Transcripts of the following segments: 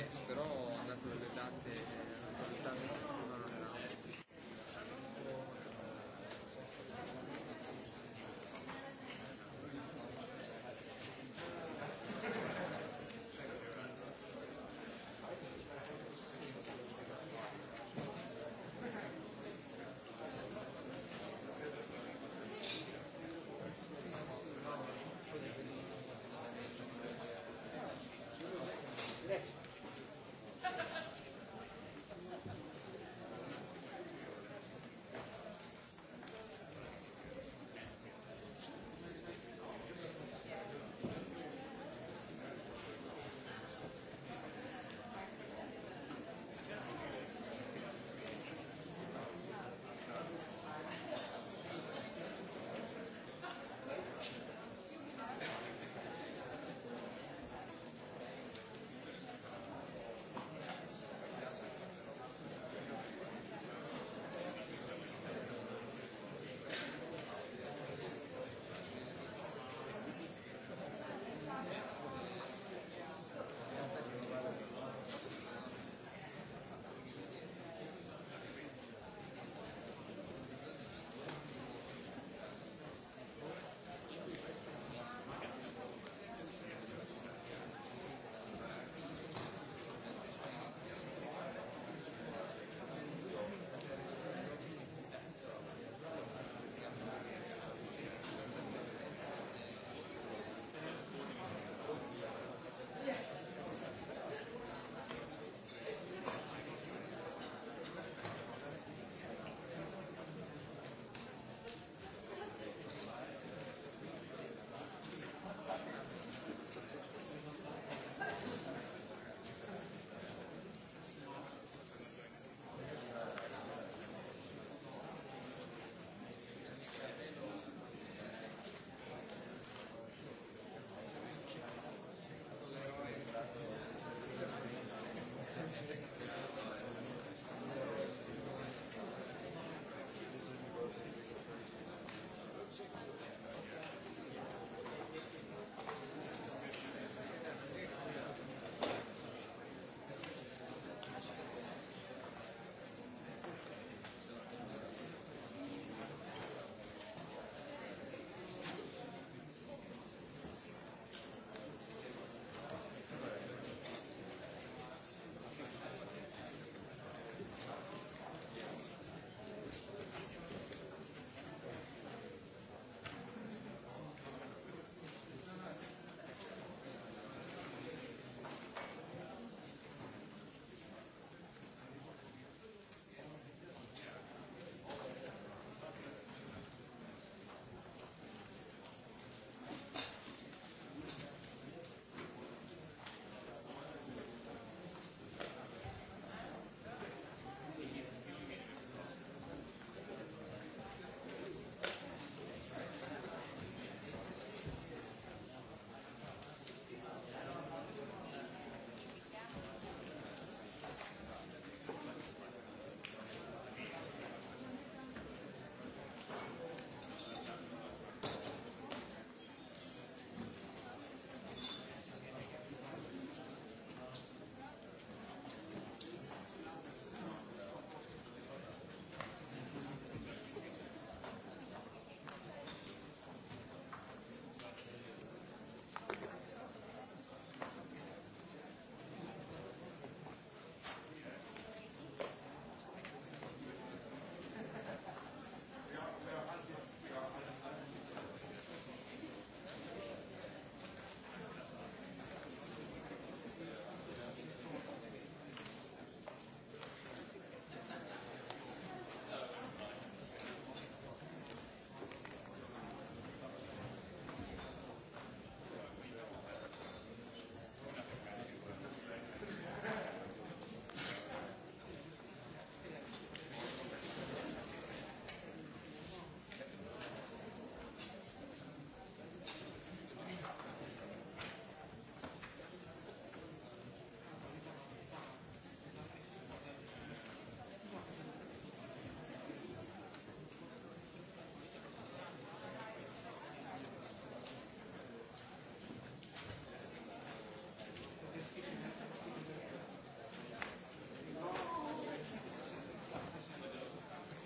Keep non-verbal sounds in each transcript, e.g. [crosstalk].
Yes, però ho dato delle date eh,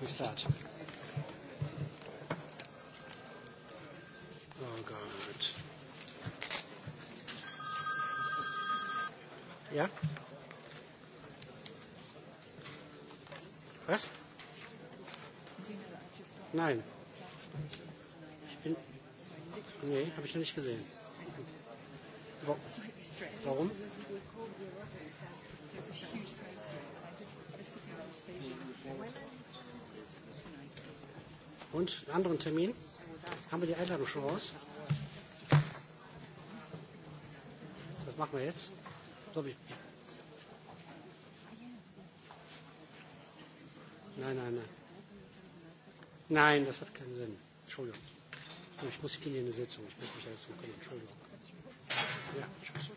we start? Oh, God. Ja? Was? Nein. Ich bin, nee, habe ich noch nicht gesehen. Warum? There's a huge snowstorm. I just, I sit here on the station. When I Und einen anderen Termin? Haben wir die Einladung schon raus? Was machen wir jetzt? Glaube ich. Nein, nein, nein. Nein, das hat keinen Sinn. Entschuldigung. Ich muss hier in eine Sitzung. Ich muss mich jetzt noch kümmern. Entschuldigung. Ja, tschüss.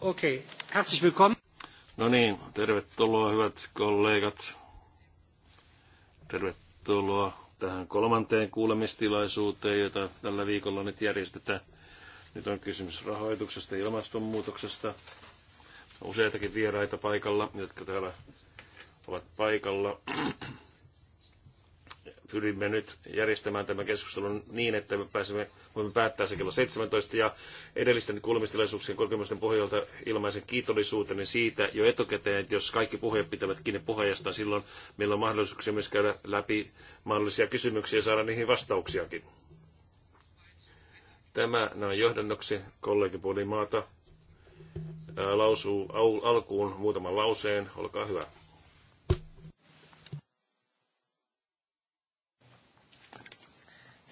Okay, herzlich willkommen. No niin, tervetuloa hyvät kollegat. Tervetuloa tähän kolmanteen kuulemistilaisuuteen, jota tällä viikolla nyt järjestetään. Nyt on kysymys rahoituksesta ja ilmastonmuutoksesta. On useitakin vieraita paikalla, jotka täällä ovat paikalla pyrimme nyt järjestämään tämän keskustelun niin, että me pääsemme, voimme päättää se kello 17. Ja edellisten kuulemistilaisuuksien kokemusten pohjalta ilmaisen kiitollisuuteni siitä jo etukäteen, että jos kaikki puhujat pitävät kiinni puheenjohtajasta, silloin meillä on mahdollisuuksia myös käydä läpi mahdollisia kysymyksiä ja saada niihin vastauksiakin. Tämä noin johdannoksi kollegipuoli maata lausuu alkuun muutaman lauseen. Olkaa hyvä.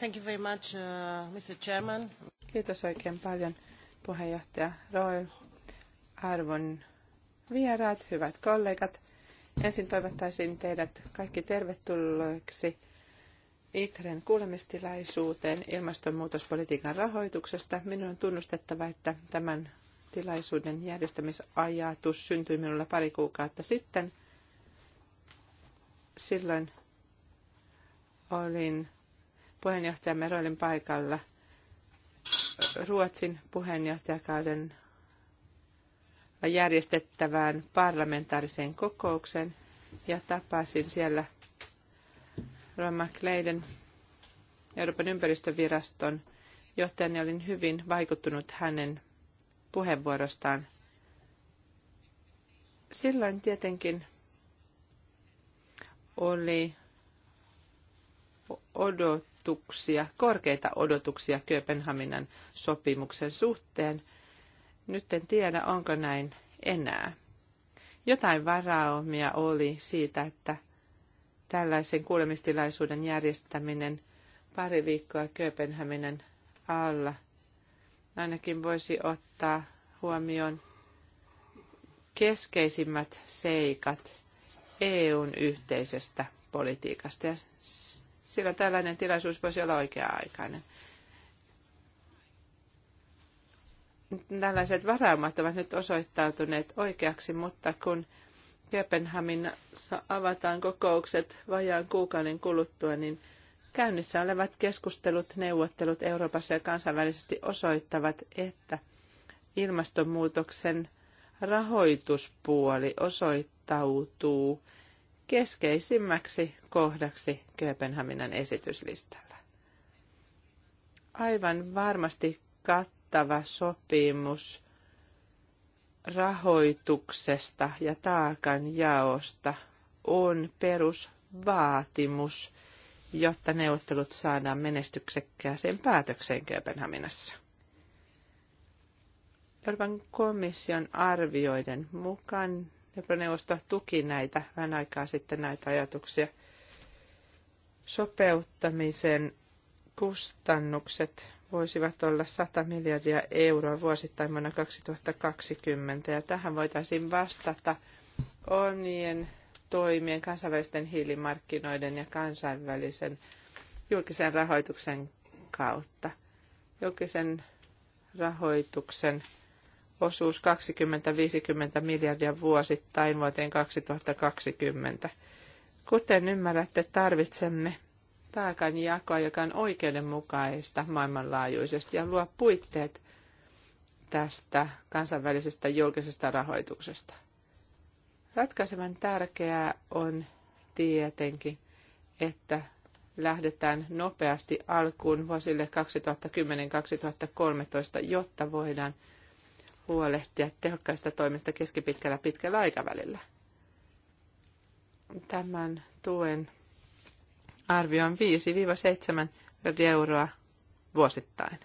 Thank you very much, uh, Mr. Chairman. Kiitos oikein paljon puheenjohtaja Roel, arvon vieraat, hyvät kollegat. Ensin toivottaisin teidät kaikki tervetulleeksi ITREn kuulemistilaisuuteen ilmastonmuutospolitiikan rahoituksesta. Minun on tunnustettava, että tämän tilaisuuden järjestämisajatus syntyi minulla pari kuukautta sitten. Silloin olin puheenjohtajamme roolin paikalla Ruotsin puheenjohtajakauden järjestettävään parlamentaariseen kokoukseen ja tapasin siellä Roma Kleiden Euroopan ympäristöviraston johtajan ja olin hyvin vaikuttunut hänen puheenvuorostaan. Silloin tietenkin oli odot odotuksia, korkeita odotuksia Kööpenhaminan sopimuksen suhteen. Nyt en tiedä, onko näin enää. Jotain varaumia oli siitä, että tällaisen kuulemistilaisuuden järjestäminen pari viikkoa Kööpenhaminan alla ainakin voisi ottaa huomioon keskeisimmät seikat EUn yhteisestä politiikasta ja sillä tällainen tilaisuus voisi olla oikea-aikainen. Tällaiset varaumat ovat nyt osoittautuneet oikeaksi, mutta kun Kööpenhaminassa avataan kokoukset vajaan kuukauden kuluttua, niin käynnissä olevat keskustelut, neuvottelut Euroopassa ja kansainvälisesti osoittavat, että ilmastonmuutoksen rahoituspuoli osoittautuu – keskeisimmäksi kohdaksi Kööpenhaminan esityslistalla. Aivan varmasti kattava sopimus rahoituksesta ja taakanjaosta on perusvaatimus, jotta neuvottelut saadaan menestyksekkääseen päätökseen Kööpenhaminassa. Euroopan komission arvioiden mukaan Neuvosto tuki näitä vähän aikaa sitten näitä ajatuksia. Sopeuttamisen kustannukset voisivat olla 100 miljardia euroa vuosittain vuonna 2020, ja tähän voitaisiin vastata omien toimien, kansainvälisten hiilimarkkinoiden ja kansainvälisen julkisen rahoituksen kautta. Julkisen rahoituksen osuus 20-50 miljardia vuosittain vuoteen 2020. Kuten ymmärrätte, tarvitsemme taakanjakoa, joka on oikeudenmukaista maailmanlaajuisesti ja luo puitteet tästä kansainvälisestä julkisesta rahoituksesta. Ratkaisevan tärkeää on tietenkin, että lähdetään nopeasti alkuun vuosille 2010-2013, jotta voidaan huolehtia tehokkaista toimista keskipitkällä pitkällä aikavälillä. Tämän tuen arvio on 5-7 miljardia euroa vuosittain.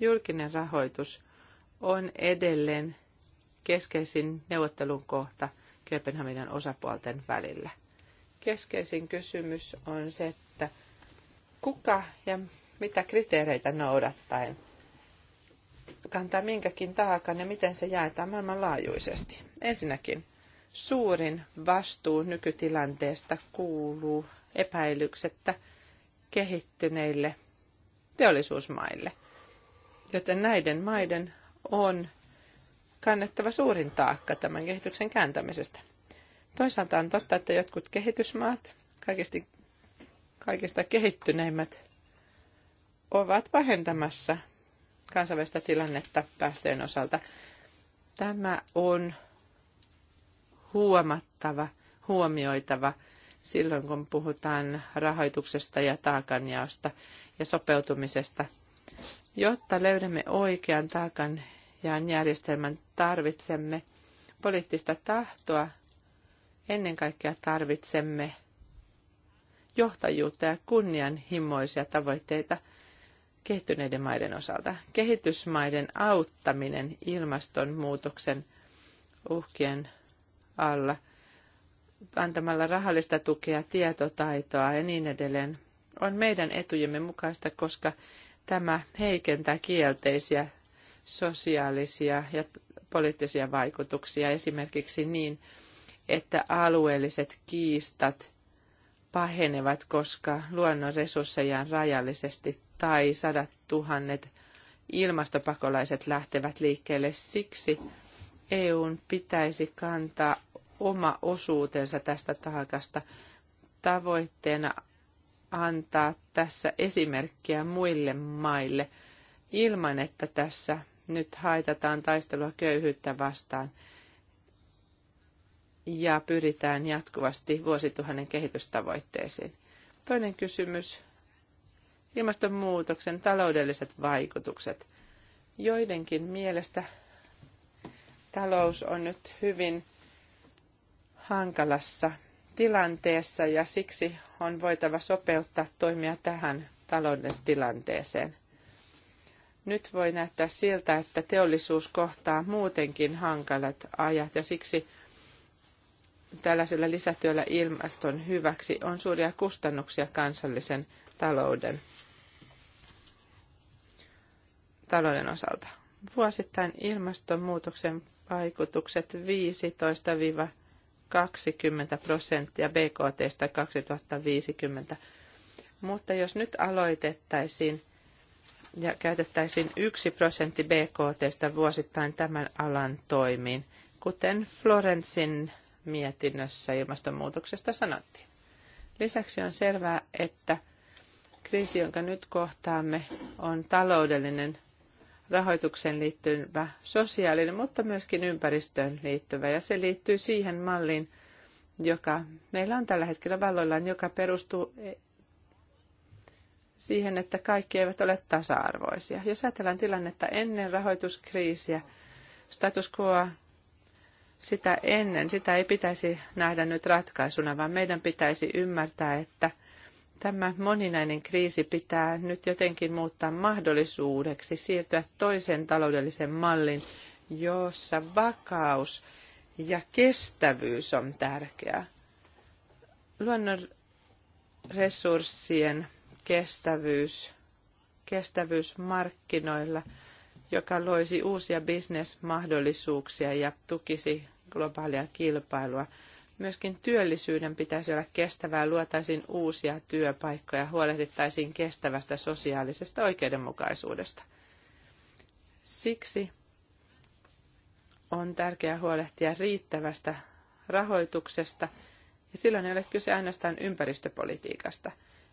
Julkinen rahoitus on edelleen keskeisin neuvottelun kohta Kööpenhaminan osapuolten välillä. Keskeisin kysymys on se, että kuka ja mitä kriteereitä noudattaen kantaa minkäkin taakan ja miten se jaetaan maailmanlaajuisesti. Ensinnäkin suurin vastuu nykytilanteesta kuuluu epäilyksettä kehittyneille teollisuusmaille, joten näiden maiden on kannettava suurin taakka tämän kehityksen kääntämisestä. Toisaalta on totta, että jotkut kehitysmaat, kaikista, kaikista kehittyneimmät ovat pahentamassa kansainvälistä tilannetta päästöjen osalta. Tämä on huomattava, huomioitava silloin, kun puhutaan rahoituksesta ja taakanjaosta ja sopeutumisesta. Jotta löydämme oikean taakanjaan järjestelmän, tarvitsemme poliittista tahtoa. Ennen kaikkea tarvitsemme johtajuutta ja kunnianhimoisia tavoitteita – kehittyneiden maiden osalta. Kehitysmaiden auttaminen ilmastonmuutoksen uhkien alla antamalla rahallista tukea, tietotaitoa ja niin edelleen on meidän etujemme mukaista, koska tämä heikentää kielteisiä sosiaalisia ja poliittisia vaikutuksia esimerkiksi niin, että alueelliset kiistat pahenevat, koska luonnon resursseja on rajallisesti tai sadat tuhannet ilmastopakolaiset lähtevät liikkeelle. Siksi EUn pitäisi kantaa oma osuutensa tästä taakasta tavoitteena antaa tässä esimerkkiä muille maille ilman, että tässä nyt haitataan taistelua köyhyyttä vastaan ja pyritään jatkuvasti vuosituhannen kehitystavoitteisiin. Toinen kysymys Ilmastonmuutoksen taloudelliset vaikutukset. Joidenkin mielestä talous on nyt hyvin hankalassa tilanteessa ja siksi on voitava sopeuttaa toimia tähän taloudelliseen tilanteeseen. Nyt voi näyttää siltä, että teollisuus kohtaa muutenkin hankalat ajat ja siksi tällaisella lisätyöllä ilmaston hyväksi on suuria kustannuksia kansallisen talouden talouden osalta. Vuosittain ilmastonmuutoksen vaikutukset 15-20 prosenttia BKTstä 2050. Mutta jos nyt aloitettaisiin ja käytettäisiin 1 prosentti BKTstä vuosittain tämän alan toimiin, kuten Florensin mietinnössä ilmastonmuutoksesta sanottiin. Lisäksi on selvää, että kriisi, jonka nyt kohtaamme, on taloudellinen – rahoitukseen liittyvä sosiaalinen, mutta myöskin ympäristöön liittyvä. Ja se liittyy siihen malliin, joka meillä on tällä hetkellä valloillaan, joka perustuu siihen, että kaikki eivät ole tasa-arvoisia. Jos ajatellaan tilannetta ennen rahoituskriisiä, status quo sitä ennen, sitä ei pitäisi nähdä nyt ratkaisuna, vaan meidän pitäisi ymmärtää, että – Tämä moninainen kriisi pitää nyt jotenkin muuttaa mahdollisuudeksi siirtyä toiseen taloudelliseen mallin, jossa vakaus ja kestävyys on tärkeää. Luonnon resurssien kestävyys, kestävyys markkinoilla, joka loisi uusia bisnesmahdollisuuksia ja tukisi globaalia kilpailua – Myöskin työllisyyden pitäisi olla kestävää, luotaisiin uusia työpaikkoja, huolehdittaisiin kestävästä sosiaalisesta oikeudenmukaisuudesta. Siksi on tärkeää huolehtia riittävästä rahoituksesta, ja silloin ei ole kyse ainoastaan ympäristöpolitiikasta.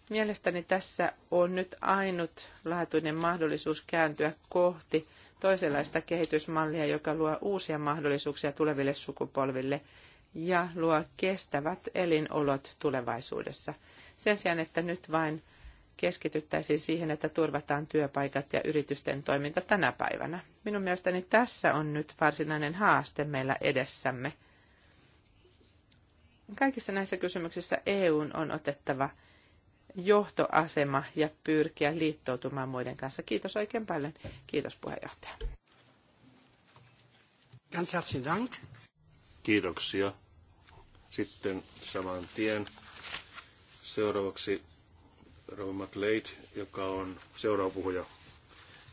Mielestäni tässä on nyt ainutlaatuinen mahdollisuus kääntyä kohti toisenlaista kehitysmallia, joka luo uusia mahdollisuuksia tuleville sukupolville ja luo kestävät elinolot tulevaisuudessa. Sen sijaan, että nyt vain keskityttäisiin siihen, että turvataan työpaikat ja yritysten toiminta tänä päivänä. Minun mielestäni tässä on nyt varsinainen haaste meillä edessämme. Kaikissa näissä kysymyksissä EUn on otettava johtoasema ja pyrkiä liittoutumaan muiden kanssa. Kiitos oikein paljon. Kiitos puheenjohtaja. Ganz herzlichen Dank. Kiitoksia. Sitten saman tien seuraavaksi Rova McLeod, joka on seuraava puhuja.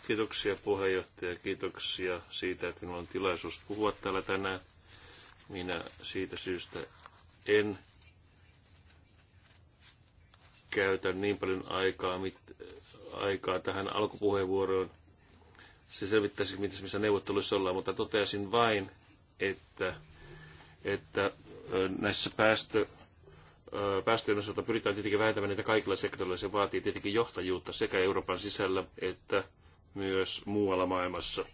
Kiitoksia puheenjohtaja, kiitoksia siitä, että minulla on tilaisuus puhua täällä tänään. Minä siitä syystä en käytä niin paljon aikaa, mit, aikaa tähän alkupuheenvuoroon. Se selvittäisi, missä neuvotteluissa ollaan, mutta toteaisin vain, että että näissä päästö, päästöjen osalta pyritään tietenkin vähentämään niitä kaikilla sektoreilla. Se vaatii tietenkin johtajuutta sekä Euroopan sisällä että myös muualla maailmassa.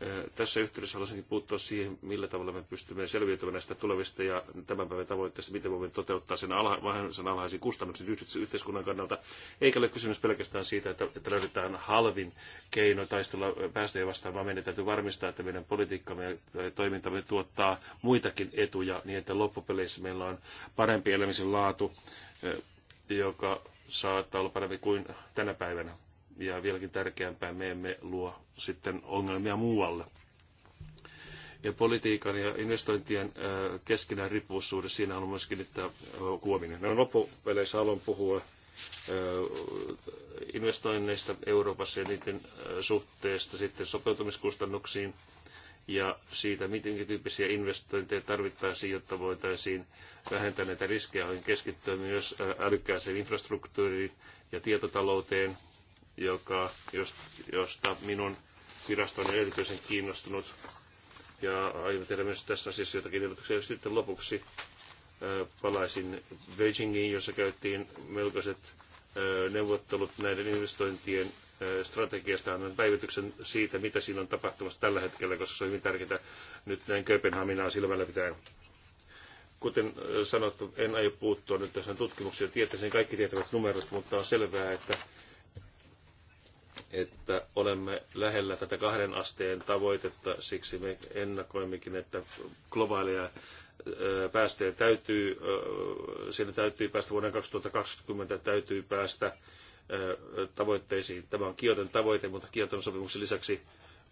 Eh, tässä yhteydessä haluaisinkin puuttua siihen, millä tavalla me pystymme selviytymään näistä tulevista ja tämän päivän tavoitteista, miten voimme toteuttaa sen, alha, sen alhaisiin kustannuksen yhteiskunnan kannalta. Eikä ole kysymys pelkästään siitä, että, että löydetään halvin keino taistella päästöjä vastaan, vaan meidän täytyy varmistaa, että meidän politiikkamme ja toimintamme tuottaa muitakin etuja niin, että loppupeleissä meillä on parempi elämisen laatu, eh, joka saattaa olla parempi kuin tänä päivänä ja vieläkin tärkeämpää, me emme luo sitten ongelmia muualle. Ja politiikan ja investointien keskinäinen riippuvuussuhde, siinä on myöskin että kuominen. No loppupeleissä haluan puhua investoinneista Euroopassa ja niiden suhteesta sitten sopeutumiskustannuksiin ja siitä, miten tyyppisiä investointeja tarvittaisiin, jotta voitaisiin vähentää näitä riskejä, on keskittyä myös älykkääseen infrastruktuuriin ja tietotalouteen joka, josta minun virastoni on erityisen kiinnostunut. Ja aion tehdä myös tässä asiassa jotakin ehdotuksia. Sitten lopuksi palaisin Beijingiin, jossa käytiin melkoiset neuvottelut näiden investointien strategiasta annan päivityksen siitä, mitä siinä on tapahtumassa tällä hetkellä, koska se on hyvin tärkeää nyt näin Kööpenhaminaa silmällä pitää. Kuten sanottu, en aio puuttua nyt tässä tutkimukseen. Tietäisin kaikki tietävät numerot, mutta on selvää, että että olemme lähellä tätä kahden asteen tavoitetta, siksi me ennakoimmekin, että globaalia päästöjä täytyy, siinä täytyy päästä vuoden 2020 täytyy päästä tavoitteisiin. Tämä on Kioton tavoite, mutta Kioton sopimuksen lisäksi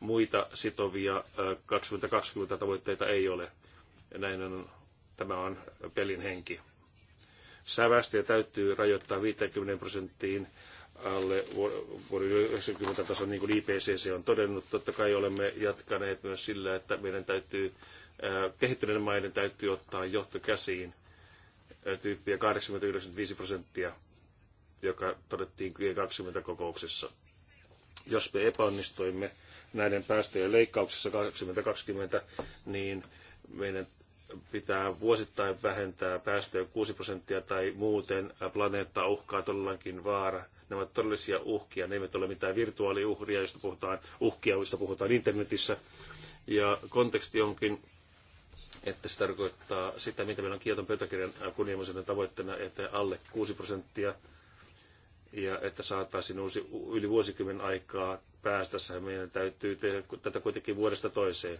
muita sitovia 2020 tavoitteita ei ole. Ja näin on, tämä on pelin henki. Sävästiä täytyy rajoittaa 50 prosenttiin alle vuoden 90 tason, niin kuin IPCC on todennut. Totta kai olemme jatkaneet myös sillä, että meidän täytyy, äh, kehittyneiden maiden täytyy ottaa johto käsiin äh, tyyppiä 80-95 prosenttia, joka todettiin G20-kokouksessa. Jos me epäonnistuimme näiden päästöjen leikkauksessa 2020, niin meidän pitää vuosittain vähentää päästöjä 6 prosenttia tai muuten planeetta uhkaa todellakin vaara – Ne ovat todellisia uhkia, ne eivät ole mitään virtuaaliuhria, joista puhutaan, uhkia, joista puhutaan internetissä. Ja konteksti onkin, että se tarkoittaa sitä, mitä meillä on Kioton pöytäkirjan kunnianhimoisena tavoitteena, että alle 6 prosenttia ja että saataisiin uusi, yli vuosikymmen aikaa päästä, meidän täytyy tehdä tätä kuitenkin vuodesta toiseen.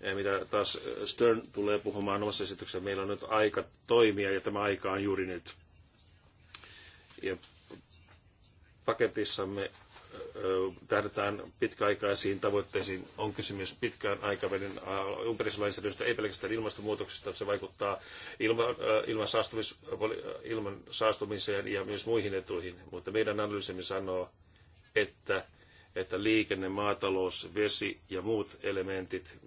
Ja mitä taas Stern tulee puhumaan omassa esityksessä, meillä on nyt aika toimia ja tämä aika on juuri nyt. Ja paketissamme tähdätään pitkäaikaisiin tavoitteisiin. On kysymys pitkän aikavälin ympäristölainsäädännöstä, ei pelkästään ilmastonmuutoksesta. Se vaikuttaa ilma, ilman, saastumis, ilman saastumiseen ja myös muihin etuihin. Mutta meidän analyysimme sanoo, että, että liikenne, maatalous, vesi ja muut elementit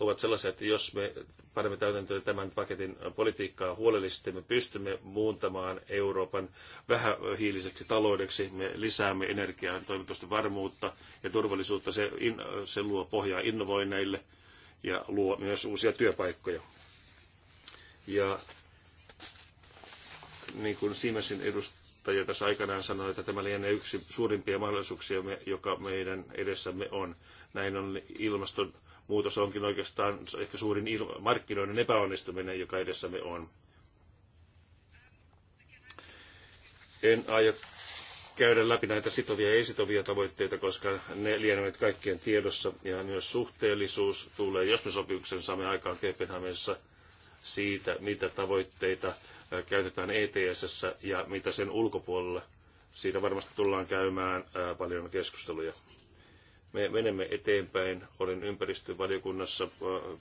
ovat sellaisia, että jos me panemme täytäntöön tämän paketin politiikkaa huolellisesti, me pystymme muuntamaan Euroopan vähähiiliseksi taloudeksi, me lisäämme energian toimitusten varmuutta ja turvallisuutta, se, in, se luo pohjaa innovoinneille ja luo myös uusia työpaikkoja. Ja niin kuin Siemensin edustaja tässä aikanaan sanoi, että tämä lienee yksi suurimpia mahdollisuuksia, joka meidän edessämme on. Näin on ilmaston Muutos onkin oikeastaan ehkä suurin markkinoiden epäonnistuminen, joka edessämme on. En aio käydä läpi näitä sitovia ja ei-sitovia tavoitteita, koska ne lienevät kaikkien tiedossa. Ja myös suhteellisuus tulee, jos me sopimuksen saamme aikaan Kööpenhaminassa siitä, mitä tavoitteita käytetään ETS ja mitä sen ulkopuolella. Siitä varmasti tullaan käymään paljon keskusteluja me menemme eteenpäin. Olin ympäristövaliokunnassa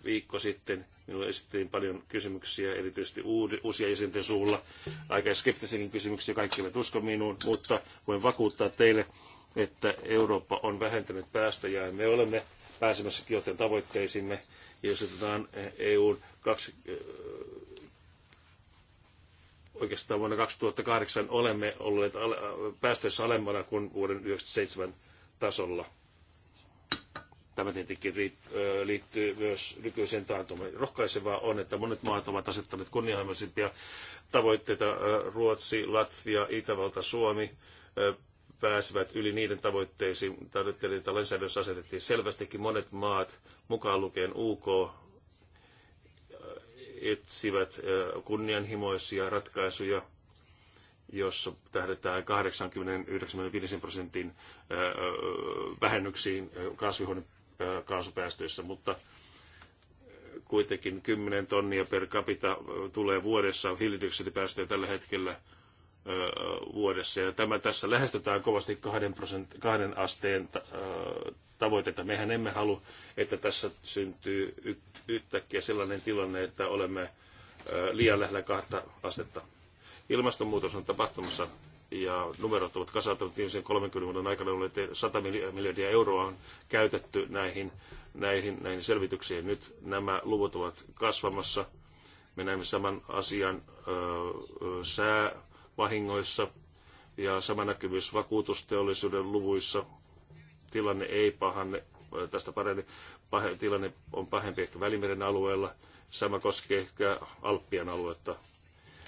viikko sitten. Minulle esitettiin paljon kysymyksiä, erityisesti uusia jäsenten suulla. Aika skeptisiäkin kysymyksiä, kaikki eivät usko minuun, mutta voin vakuuttaa teille, että Eurooppa on vähentänyt päästöjä ja me olemme pääsemässä Kioten tavoitteisimme. Ja jos otetaan eh, EUn kaksi, oikeastaan vuonna 2008 olemme olleet päästöissä alemmana kuin vuoden 1997 tasolla. Tämä tietenkin liittyy myös nykyiseen taantumaan. Rohkaisevaa on, että monet maat ovat asettaneet kunnianhimoisimpia tavoitteita. Ruotsi, Latvia, Itävalta, Suomi pääsevät yli niiden tavoitteisiin, tavoitteiden, joita lainsäädännössä asetettiin. Selvästikin monet maat, mukaan lukien UK, etsivät kunnianhimoisia ratkaisuja, jossa tähdätään 80-95 prosentin vähennyksiin kasvihuone kaasupäästöissä, mutta kuitenkin 10 tonnia per capita tulee vuodessa hiilidioksidipäästöjä tällä hetkellä vuodessa. Ja tämä tässä lähestytään kovasti kahden, prosent, kahden asteen tavoitetta. Mehän emme halua, että tässä syntyy yhtäkkiä sellainen tilanne, että olemme liian lähellä kahta astetta. Ilmastonmuutos on tapahtumassa ja numerot ovat kasautuneet viimeisen 30 vuoden aikana, jolloin 100 miljardia euroa on käytetty näihin, näihin, näihin selvityksiin. Nyt nämä luvut ovat kasvamassa. Me näemme saman asian öö, säävahingoissa ja sama näkyvyys vakuutusteollisuuden luvuissa. Tilanne ei pahanne, tästä parempi, pahe, tilanne on pahempi ehkä Välimeren alueella. Sama koskee ehkä Alppien aluetta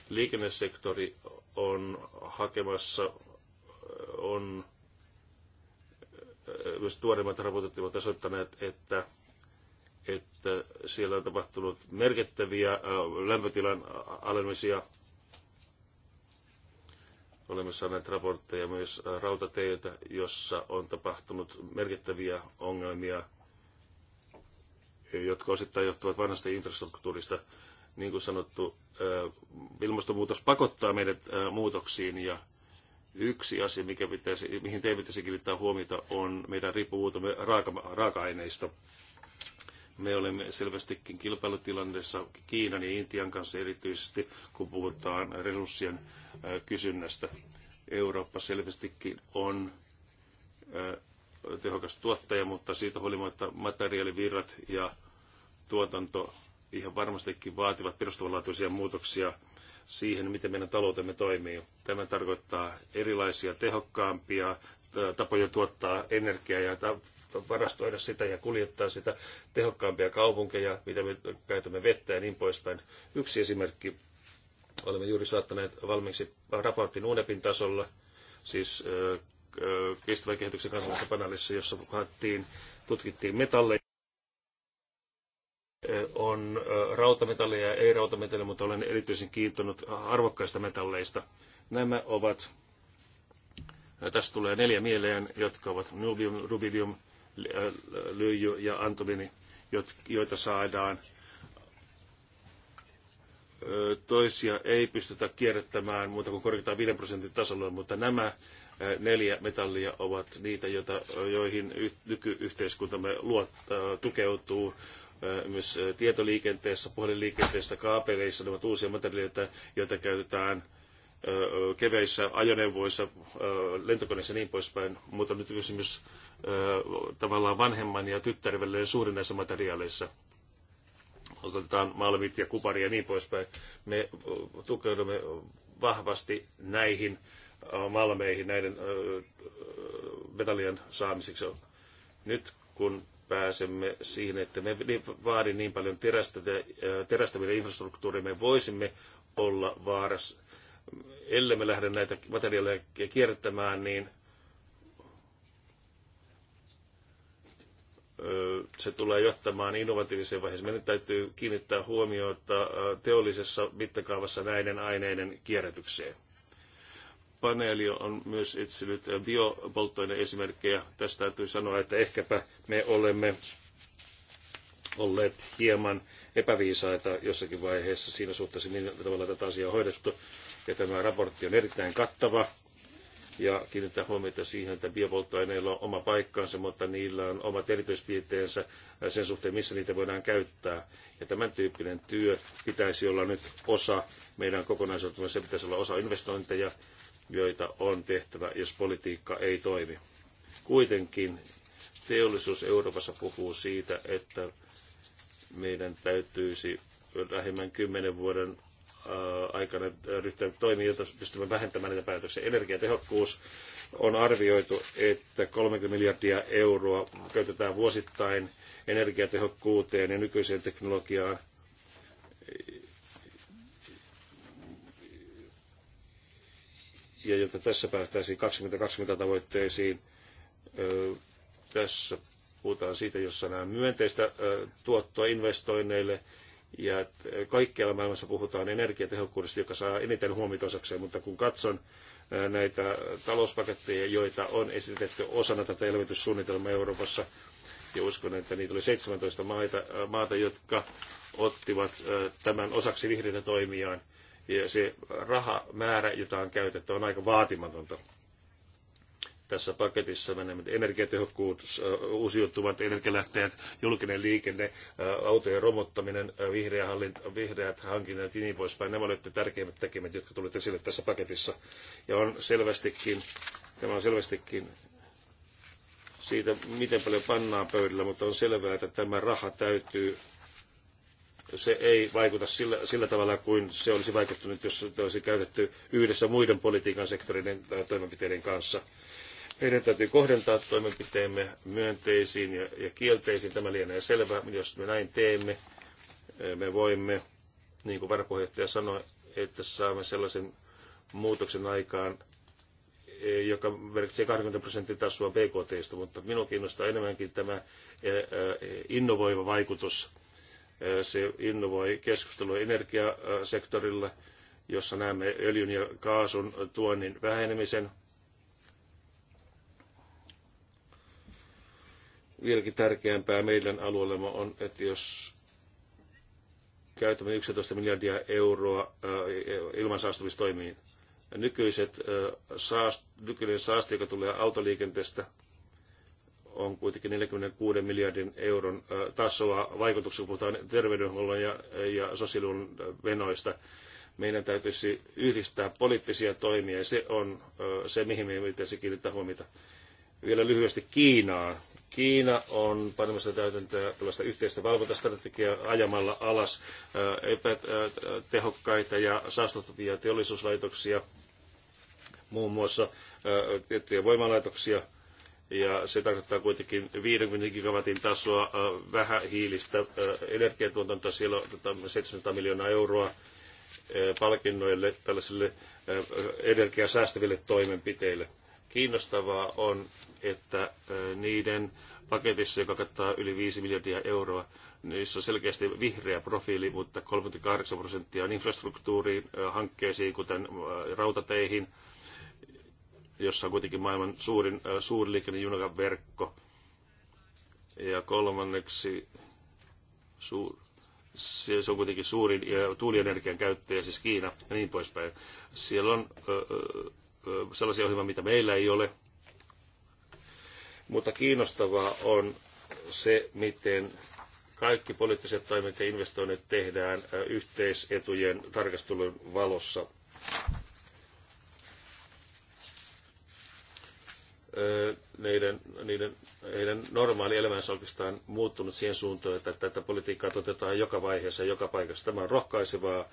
liikennesektori on hakemassa, on äh, myös tuoreimmat raportit ovat osoittaneet, että, että siellä on tapahtunut merkittäviä äh, lämpötilan alenemisia. Olemme saaneet raportteja myös äh, rautateiltä, jossa on tapahtunut merkittäviä ongelmia, jotka osittain johtuvat vanhasta infrastruktuurista. Niin kuin sanottu, ilmastonmuutos pakottaa meidät muutoksiin ja yksi asia, mikä pitäisi, mihin teidän pitäisi kiinnittää huomiota, on meidän riippuvuutemme raaka, raaka-aineista. Me olemme selvästikin kilpailutilanteessa Kiinan ja Intian kanssa erityisesti, kun puhutaan resurssien kysynnästä. Eurooppa selvästikin on tehokas tuottaja, mutta siitä huolimatta materiaalivirrat ja tuotanto ihan varmastikin vaativat perustavanlaatuisia muutoksia siihen, miten meidän taloutemme toimii. Tämä tarkoittaa erilaisia tehokkaampia tapoja tuottaa energiaa ja varastoida sitä ja kuljettaa sitä tehokkaampia kaupunkeja, mitä me käytämme vettä ja niin poispäin. Yksi esimerkki, olemme juuri saattaneet valmiiksi raportin UNEPin tasolla, siis kestävän kehityksen kansallisessa paneelissa, jossa haettiin, tutkittiin metalleja on rautametalleja ja ei-rautametalleja, mutta olen erityisen kiintonut arvokkaista metalleista. Nämä ovat, tässä tulee neljä mieleen, jotka ovat nubium, rubidium, lyijy ja antomini, joita saadaan. Toisia ei pystytä kierrättämään muuta kuin korkeintaan 5 prosentin tasolla, mutta nämä neljä metallia ovat niitä, joita, joihin nykyyhteiskuntamme luot, tukeutuu myös tietoliikenteessä, puhelinliikenteessä, kaapeleissa, ne ovat uusia materiaaleja, joita käytetään keveissä ajoneuvoissa, lentokoneissa ja niin poispäin, mutta nyt kysymys tavallaan vanhemman ja tyttären välinen suhde näissä materiaaleissa. Otetaan malmit ja kupari ja niin poispäin. Me tukeudumme vahvasti näihin malmeihin, näiden metallien saamiseksi. Nyt kun pääsemme siihen, että me vaadi niin paljon terästäminen infrastruktuuria, me voisimme olla vaarassa. Ellei me lähde näitä materiaaleja kierrättämään, niin se tulee johtamaan innovatiiviseen vaiheeseen. Meidän täytyy kiinnittää huomiota teollisessa mittakaavassa näiden aineiden kierrätykseen paneeli on myös etsinyt biopolttoaineesimerkkejä. Tästä täytyy sanoa, että ehkäpä me olemme olleet hieman epäviisaita jossakin vaiheessa siinä suhteessa, millä tavalla tätä asiaa on hoidettu. Ja tämä raportti on erittäin kattava ja kiinnittää huomiota siihen, että biopolttoaineilla on oma paikkaansa, mutta niillä on omat erityispiirteensä sen suhteen, missä niitä voidaan käyttää. Ja tämän tyyppinen työ pitäisi olla nyt osa meidän kokonaisuutta, se pitäisi olla osa investointeja, joita on tehtävä, jos politiikka ei toimi. Kuitenkin teollisuus Euroopassa puhuu siitä, että meidän täytyisi lähemmän kymmenen vuoden äh, aikana ryhtyä toimiin, jotta pystymme vähentämään näitä päätöksiä. Energiatehokkuus on arvioitu, että 30 miljardia euroa käytetään vuosittain energiatehokkuuteen ja nykyiseen teknologiaan ja jotta tässä päästäisiin 2020 tavoitteisiin, tässä puhutaan siitä, jossa nämä myönteistä tuottoa investoinneille, ja kaikkialla maailmassa puhutaan energiatehokkuudesta, joka saa eniten huomiota osakseen, mutta kun katson näitä talouspaketteja, joita on esitetty osana tätä elvytyssuunnitelmaa Euroopassa, ja uskon, että niitä oli 17 maita, maata, jotka ottivat tämän osaksi vihreitä toimiaan, ja se rahamäärä, jota on käytetty, on aika vaatimatonta. Tässä paketissa menemme energiatehokkuus, uusiutuvat energialähteet, julkinen liikenne, autojen romuttaminen, vihreä hallinta, vihreät hankinnat ja niin poispäin. Nämä olivat ne tärkeimmät tekemät, jotka tulivat esille tässä paketissa. Ja on selvästikin, tämä on selvästikin siitä, miten paljon pannaan pöydällä, mutta on selvää, että tämä raha täytyy se ei vaikuta sillä, sillä tavalla kuin se olisi vaikuttanut, jos se olisi käytetty yhdessä muiden politiikan sektoreiden äh, toimenpiteiden kanssa. Meidän täytyy kohdentaa toimenpiteemme myönteisiin ja, ja kielteisiin. Tämä lienee selvä. Jos me näin teemme, äh, me voimme, niin kuin varapuheenjohtaja sanoi, että saamme sellaisen muutoksen aikaan, eh, joka merkitsee 20 prosentin tasoa BKTstä, mutta minua kiinnostaa enemmänkin tämä eh, eh, innovoiva vaikutus Se innovoi keskustelua energiasektorilla, jossa näemme öljyn ja kaasun tuonnin vähenemisen. Vieläkin tärkeämpää meidän alueellemme on, että jos käytämme 11 miljardia euroa ilmansaastumistoimiin, nykyiset saast, nykyinen saaste, joka tulee autoliikenteestä, on kuitenkin 46 miljardin euron tasoa vaikutuksia, kun puhutaan terveydenhuollon ja, ja sosiaalihuollon menoista. Meidän täytyisi yhdistää poliittisia toimia ja se on se, mihin meidän pitäisi kiinnittää huomiota. Vielä lyhyesti Kiinaa. Kiina on panemassa täytäntöön tällaista yhteistä valvontastrategiaa ajamalla alas epätehokkaita ja saastuttavia teollisuuslaitoksia, muun muassa tiettyjä voimalaitoksia – ja se tarkoittaa kuitenkin 50 gigawatin tasoa äh, vähähiilistä äh, energiatuotantoa. Siellä on 700 tota, miljoonaa euroa äh, palkinnoille tällaisille energiaa säästäville toimenpiteille. Kiinnostavaa on, että niiden paketissa, joka kattaa yli 5 miljardia euroa, niissä on selkeästi vihreä profiili, mutta 38 prosenttia on infrastruktuuriin, hankkeisiin, kuten rautateihin, jossa on kuitenkin maailman suurin suurliikennejunaverkko. Ja kolmanneksi suur, se on kuitenkin suurin tuulienergian käyttäjä, siis Kiina ja niin poispäin. Siellä on ö, ö, sellaisia ohjelmia, mitä meillä ei ole. Mutta kiinnostavaa on se, miten kaikki poliittiset toimet ja investoinnit tehdään yhteisetujen tarkastelun valossa. Neiden, niiden, heidän normaali elämänsä oikeastaan muuttunut siihen suuntaan, että tätä politiikkaa toteutetaan joka vaiheessa ja joka paikassa. Tämä on rohkaisevaa.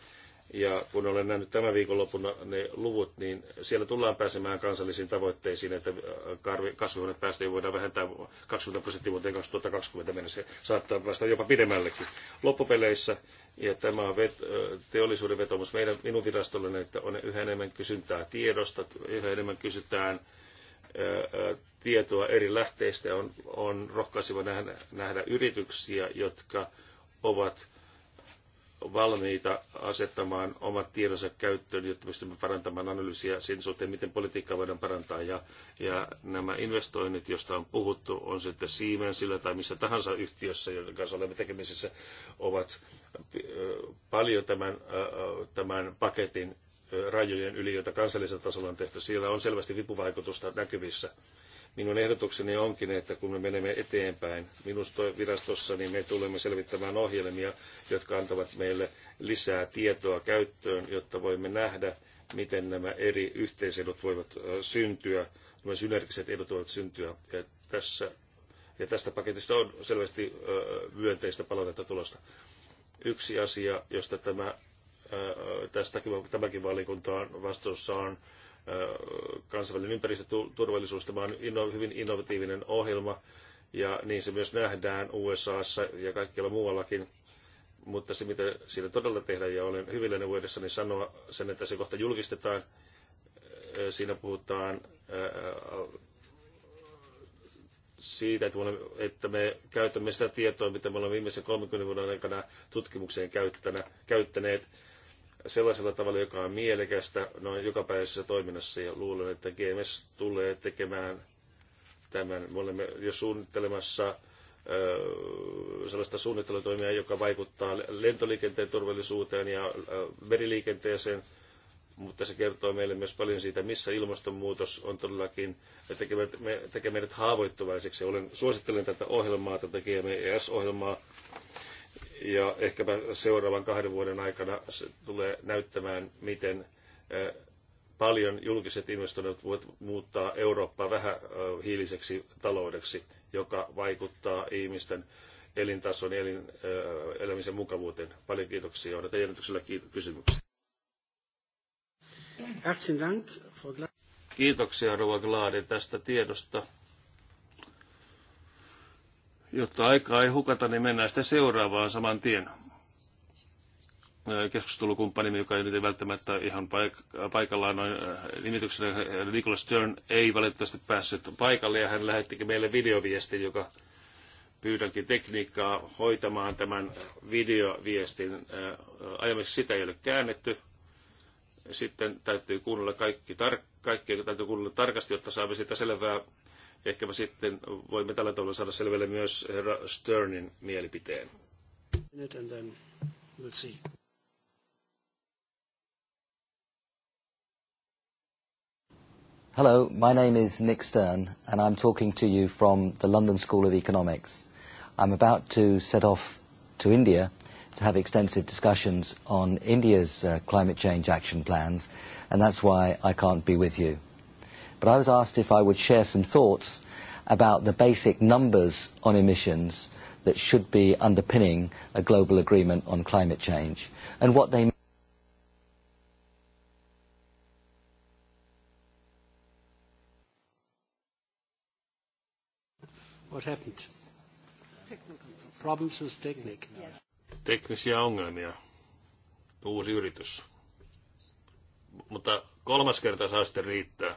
Ja kun olen nähnyt tämän viikonlopun ne luvut, niin siellä tullaan pääsemään kansallisiin tavoitteisiin, että kasvihuonepäästöjä voidaan vähentää 20 prosenttia vuoteen 2020 mennessä. Saattaa päästä jopa pidemmällekin loppupeleissä. Ja tämä on vet, teollisuuden vetomus meidän, minun virastolleni, että on yhä enemmän kysyntää tiedosta, yhä enemmän kysytään tietoa eri lähteistä. On, on rohkaiseva nähdä, nähdä yrityksiä, jotka ovat valmiita asettamaan omat tiedonsa käyttöön, jotta pystymme parantamaan analyysiä sen suhteen, miten politiikkaa voidaan parantaa. Ja, ja nämä investoinnit, joista on puhuttu, on sitten Siemensillä tai missä tahansa yhtiössä, joiden kanssa olemme tekemisissä, ovat paljon tämän, tämän paketin rajojen yli, joita kansallisella tasolla on tehty. Siellä on selvästi vipuvaikutusta näkyvissä. Minun ehdotukseni onkin, että kun me menemme eteenpäin minusta virastossa, niin me tulemme selvittämään ohjelmia, jotka antavat meille lisää tietoa käyttöön, jotta voimme nähdä, miten nämä eri yhteisedut voivat syntyä, nämä synergiset edut voivat syntyä. Ja, tässä, ja tästä paketista on selvästi myönteistä palautetta tulosta. Yksi asia, josta tämä tästäkin, tämäkin valiokunta on vastuussa on kansainvälinen ympäristöturvallisuus. Tämä on inno, hyvin innovatiivinen ohjelma ja niin se myös nähdään USAssa ja kaikkialla muuallakin. Mutta se, mitä siinä todella tehdään, ja olen hyvilläni voidessani sanoa sen, että se kohta julkistetaan, siinä puhutaan siitä, että me, olemme, että me käytämme sitä tietoa, mitä me olemme viimeisen 30 vuoden aikana tutkimukseen käyttänä, käyttäneet sellaisella tavalla, joka on mielekästä noin jokapäiväisessä toiminnassa ja luulen, että GMS tulee tekemään tämän. Me olemme jo suunnittelemassa sellaista suunnittelutoimia, joka vaikuttaa lentoliikenteen turvallisuuteen ja meriliikenteeseen, mutta se kertoo meille myös paljon siitä, missä ilmastonmuutos on todellakin tekee meidät haavoittuvaisiksi. Olen, suosittelen tätä ohjelmaa, tätä GMES-ohjelmaa, Ja ehkäpä seuraavan kahden vuoden aikana se tulee näyttämään, miten paljon julkiset investoinnit voivat muuttaa Eurooppaa vähän hiiliseksi taloudeksi, joka vaikuttaa ihmisten elintason ja elin, elämisen mukavuuteen. Paljon kiitoksia ja odotan jännityksellä kysymyksiä. Kiitoksia Rova Glaade tästä tiedosta. Jotta aikaa ei hukata, niin mennään sitten seuraavaan saman tien keskustelukumppanimme, joka ei nyt välttämättä ihan paik- paikallaan noin nimityksenä, Nicholas Stern ei valitettavasti päässyt paikalle ja hän lähettikin meille videoviestin, joka pyydänkin tekniikkaa hoitamaan tämän videoviestin. Aiemmin sitä ei ole käännetty. Sitten täytyy kuunnella kaikki tar- kaikki täytyy kuunnella tarkasti, jotta saamme siitä selvää Ehkäpä sitten voimme tällä tavalla saada selville myös herra Sternin mielipiteen. Hello, my name is Nick Stern, and I'm talking to you from the London School of Economics. I'm about to set off to India to have extensive discussions on India's uh, climate change action plans, and that's why I can't be with you but I was asked if I would share some thoughts about the basic numbers on emissions that should be underpinning a global agreement on climate change and what they What happened? Technical. Problems with technique. Yeah. Teknisiä ongelmia. Uusi yritys. Mutta kolmas kerta saa sitten riittää.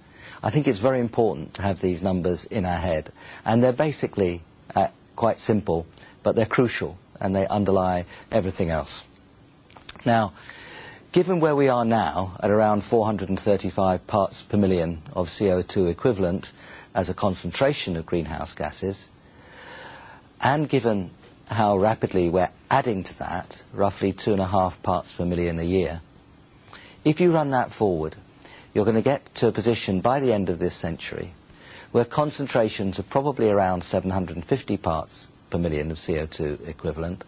I think it's very important to have these numbers in our head. And they're basically uh, quite simple, but they're crucial and they underlie everything else. Now, given where we are now at around 435 parts per million of CO2 equivalent as a concentration of greenhouse gases, and given how rapidly we're adding to that, roughly two and a half parts per million a year, if you run that forward you're going to get to a position by the end of this century where concentrations are probably around 750 parts per million of CO2 equivalent,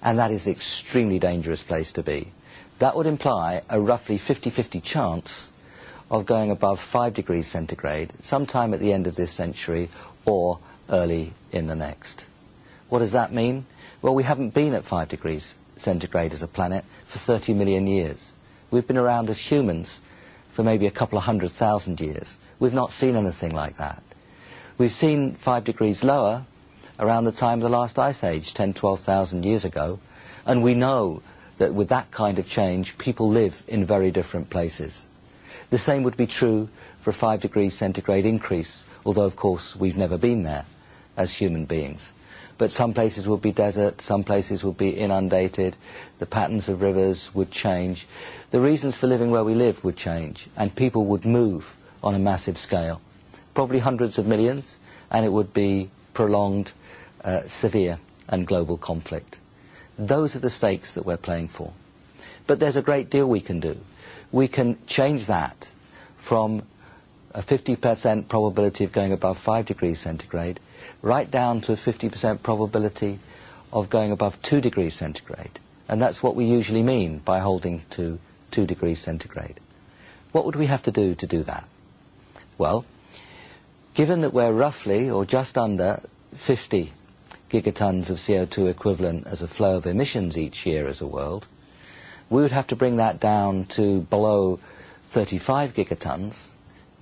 and that is an extremely dangerous place to be. That would imply a roughly 50-50 chance of going above 5 degrees centigrade sometime at the end of this century or early in the next. What does that mean? Well, we haven't been at 5 degrees centigrade as a planet for 30 million years. We've been around as humans for maybe a couple of hundred thousand years. We've not seen anything like that. We've seen five degrees lower around the time of the last ice age, 10, 12,000 years ago, and we know that with that kind of change, people live in very different places. The same would be true for a five degree centigrade increase, although of course we've never been there as human beings. But some places would be desert, some places would be inundated, the patterns of rivers would change the reasons for living where we live would change and people would move on a massive scale, probably hundreds of millions, and it would be prolonged, uh, severe and global conflict. Those are the stakes that we're playing for. But there's a great deal we can do. We can change that from a 50% probability of going above 5 degrees centigrade right down to a 50% probability of going above 2 degrees centigrade. And that's what we usually mean by holding to 2 degrees centigrade. What would we have to do to do that? Well, given that we're roughly or just under 50 gigatons of CO2 equivalent as a flow of emissions each year as a world, we would have to bring that down to below 35 gigatons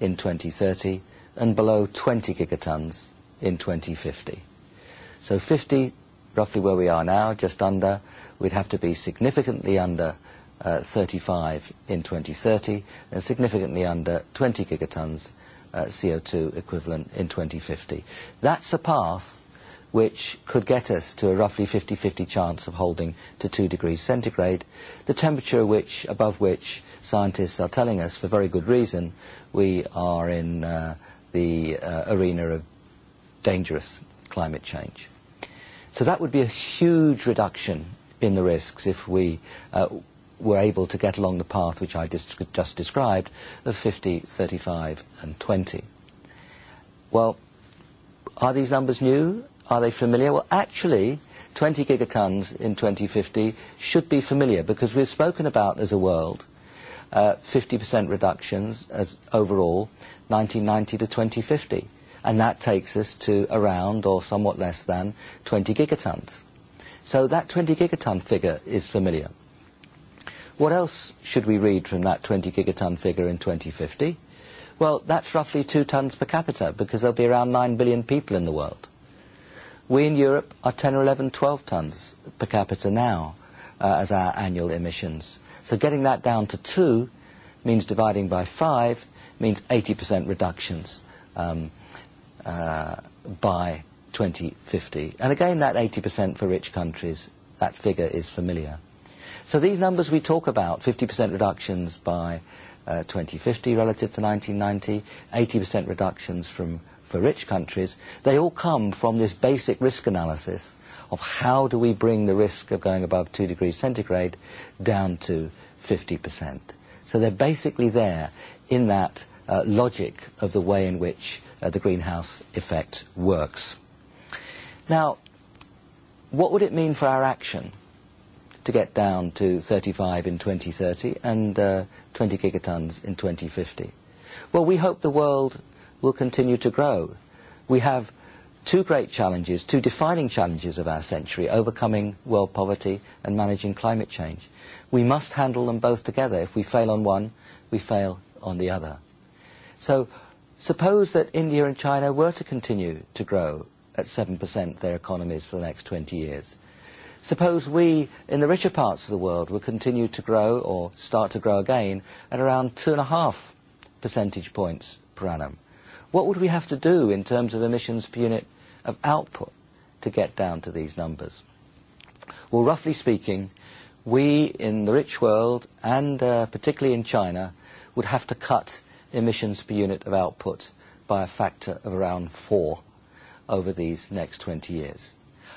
in 2030 and below 20 gigatons in 2050. So 50, roughly where we are now, just under, we'd have to be significantly under uh, 35 in 2030 and significantly under 20 gigatons uh, CO2 equivalent in 2050. That's a path which could get us to a roughly 50-50 chance of holding to 2 degrees centigrade, the temperature which, above which scientists are telling us, for very good reason, we are in uh, the uh, arena of dangerous climate change. So that would be a huge reduction in the risks if we uh, were able to get along the path which I dis- just described of 50, 35 and 20. Well, are these numbers new? Are they familiar? Well, actually, 20 gigatons in 2050 should be familiar because we've spoken about as a world uh, 50% reductions as overall 1990 to 2050. And that takes us to around or somewhat less than 20 gigatons. So that 20 gigaton figure is familiar. What else should we read from that 20 gigaton figure in 2050? Well, that's roughly two tons per capita because there'll be around 9 billion people in the world. We in Europe are 10 or 11, 12 tons per capita now uh, as our annual emissions. So getting that down to two means dividing by five means 80% reductions um, uh, by 2050. And again, that 80% for rich countries, that figure is familiar. So these numbers we talk about, 50% reductions by uh, 2050 relative to 1990, 80% reductions from for rich countries, they all come from this basic risk analysis of how do we bring the risk of going above 2 degrees centigrade down to 50%. So they're basically there in that uh, logic of the way in which uh, the greenhouse effect works. Now, what would it mean for our action? to get down to 35 in 2030 and uh, 20 gigatons in 2050. Well, we hope the world will continue to grow. We have two great challenges, two defining challenges of our century, overcoming world poverty and managing climate change. We must handle them both together. If we fail on one, we fail on the other. So suppose that India and China were to continue to grow at 7% their economies for the next 20 years Suppose we, in the richer parts of the world, would continue to grow or start to grow again at around two and a half percentage points per annum. What would we have to do in terms of emissions per unit of output to get down to these numbers? Well, roughly speaking, we in the rich world, and uh, particularly in China, would have to cut emissions per unit of output by a factor of around four over these next 20 years.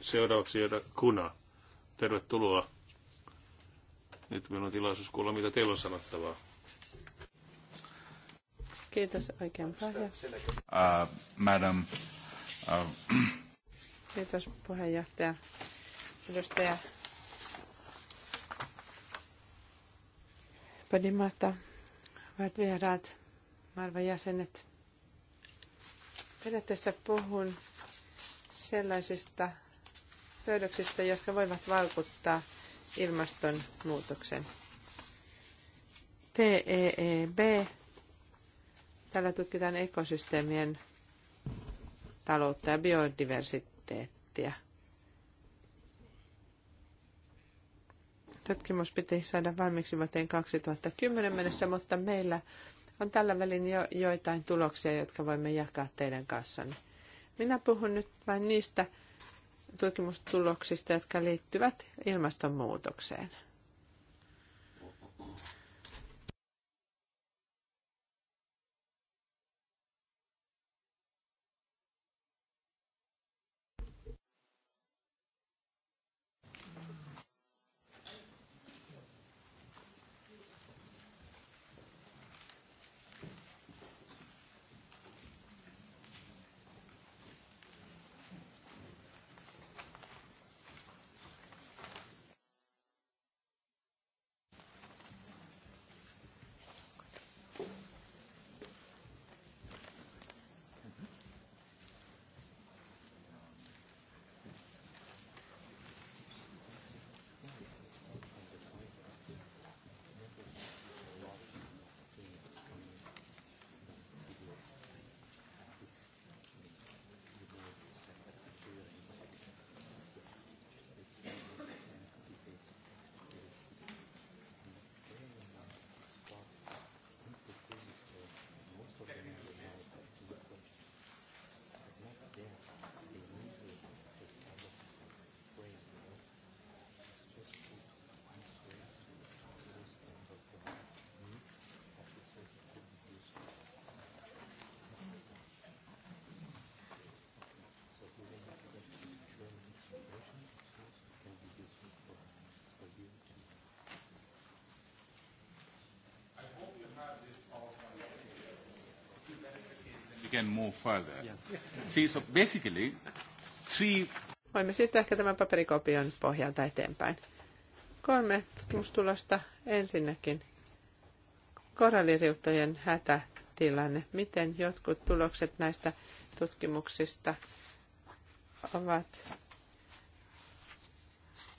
Seuraavaksi Jörä Kuna. Tervetuloa. Nyt minun on tilaisuus kuulla, mitä teillä on sanottavaa. Kiitos oikein paljon. Uh, madam, uh, [clears throat] Kiitos puheenjohtaja. Edustaja Padimata, hyvät vieraat, maailman jäsenet. Periaatteessa puhun sellaisista säädöksistä, jotka voivat vaikuttaa ilmastonmuutoksen. TEEB. Tällä tutkitaan ekosysteemien taloutta ja biodiversiteettiä. Tutkimus piti saada valmiiksi vuoteen 2010 mennessä, mutta meillä on tällä välin jo joitain tuloksia, jotka voimme jakaa teidän kanssanne. Minä puhun nyt vain niistä tutkimustuloksista, jotka liittyvät ilmastonmuutokseen. we can move further. Yeah. See, so basically, three... Voimme siirtyä ehkä tämän paperikopion pohjalta eteenpäin. Kolme tutkimustulosta ensinnäkin. Koralliriuttojen hätätilanne. Miten jotkut tulokset näistä tutkimuksista ovat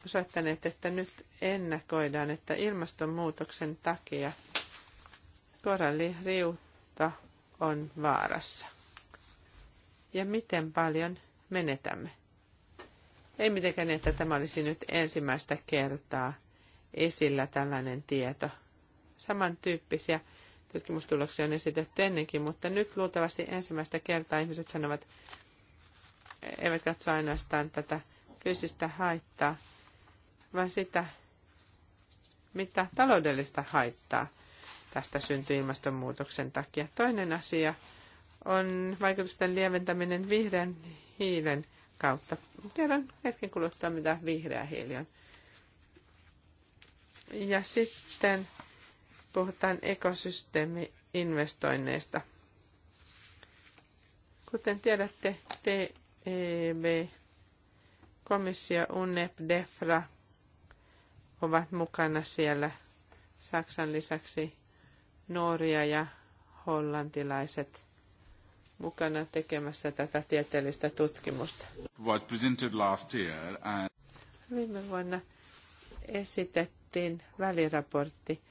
osoittaneet, että nyt ennakoidaan, että ilmastonmuutoksen takia koralliriutta on vaarassa. Ja miten paljon menetämme? Ei mitenkään, että tämä olisi nyt ensimmäistä kertaa esillä tällainen tieto. Samantyyppisiä tutkimustuloksia on esitetty ennenkin, mutta nyt luultavasti ensimmäistä kertaa ihmiset sanovat, eivät katso ainoastaan tätä fyysistä haittaa, vaan sitä, mitä taloudellista haittaa tästä syntyy ilmastonmuutoksen takia. Toinen asia on vaikutusten lieventäminen vihreän hiilen kautta. Kerron hetken kuluttua, mitä vihreä hiili on. Ja sitten puhutaan ekosysteemi-investoinneista. Kuten tiedätte, TEB, komissio, UNEP, DEFRA ovat mukana siellä Saksan lisäksi Norja ja hollantilaiset mukana tekemässä tätä tieteellistä tutkimusta. Was presented last year and... Viime vuonna esitettiin väliraportti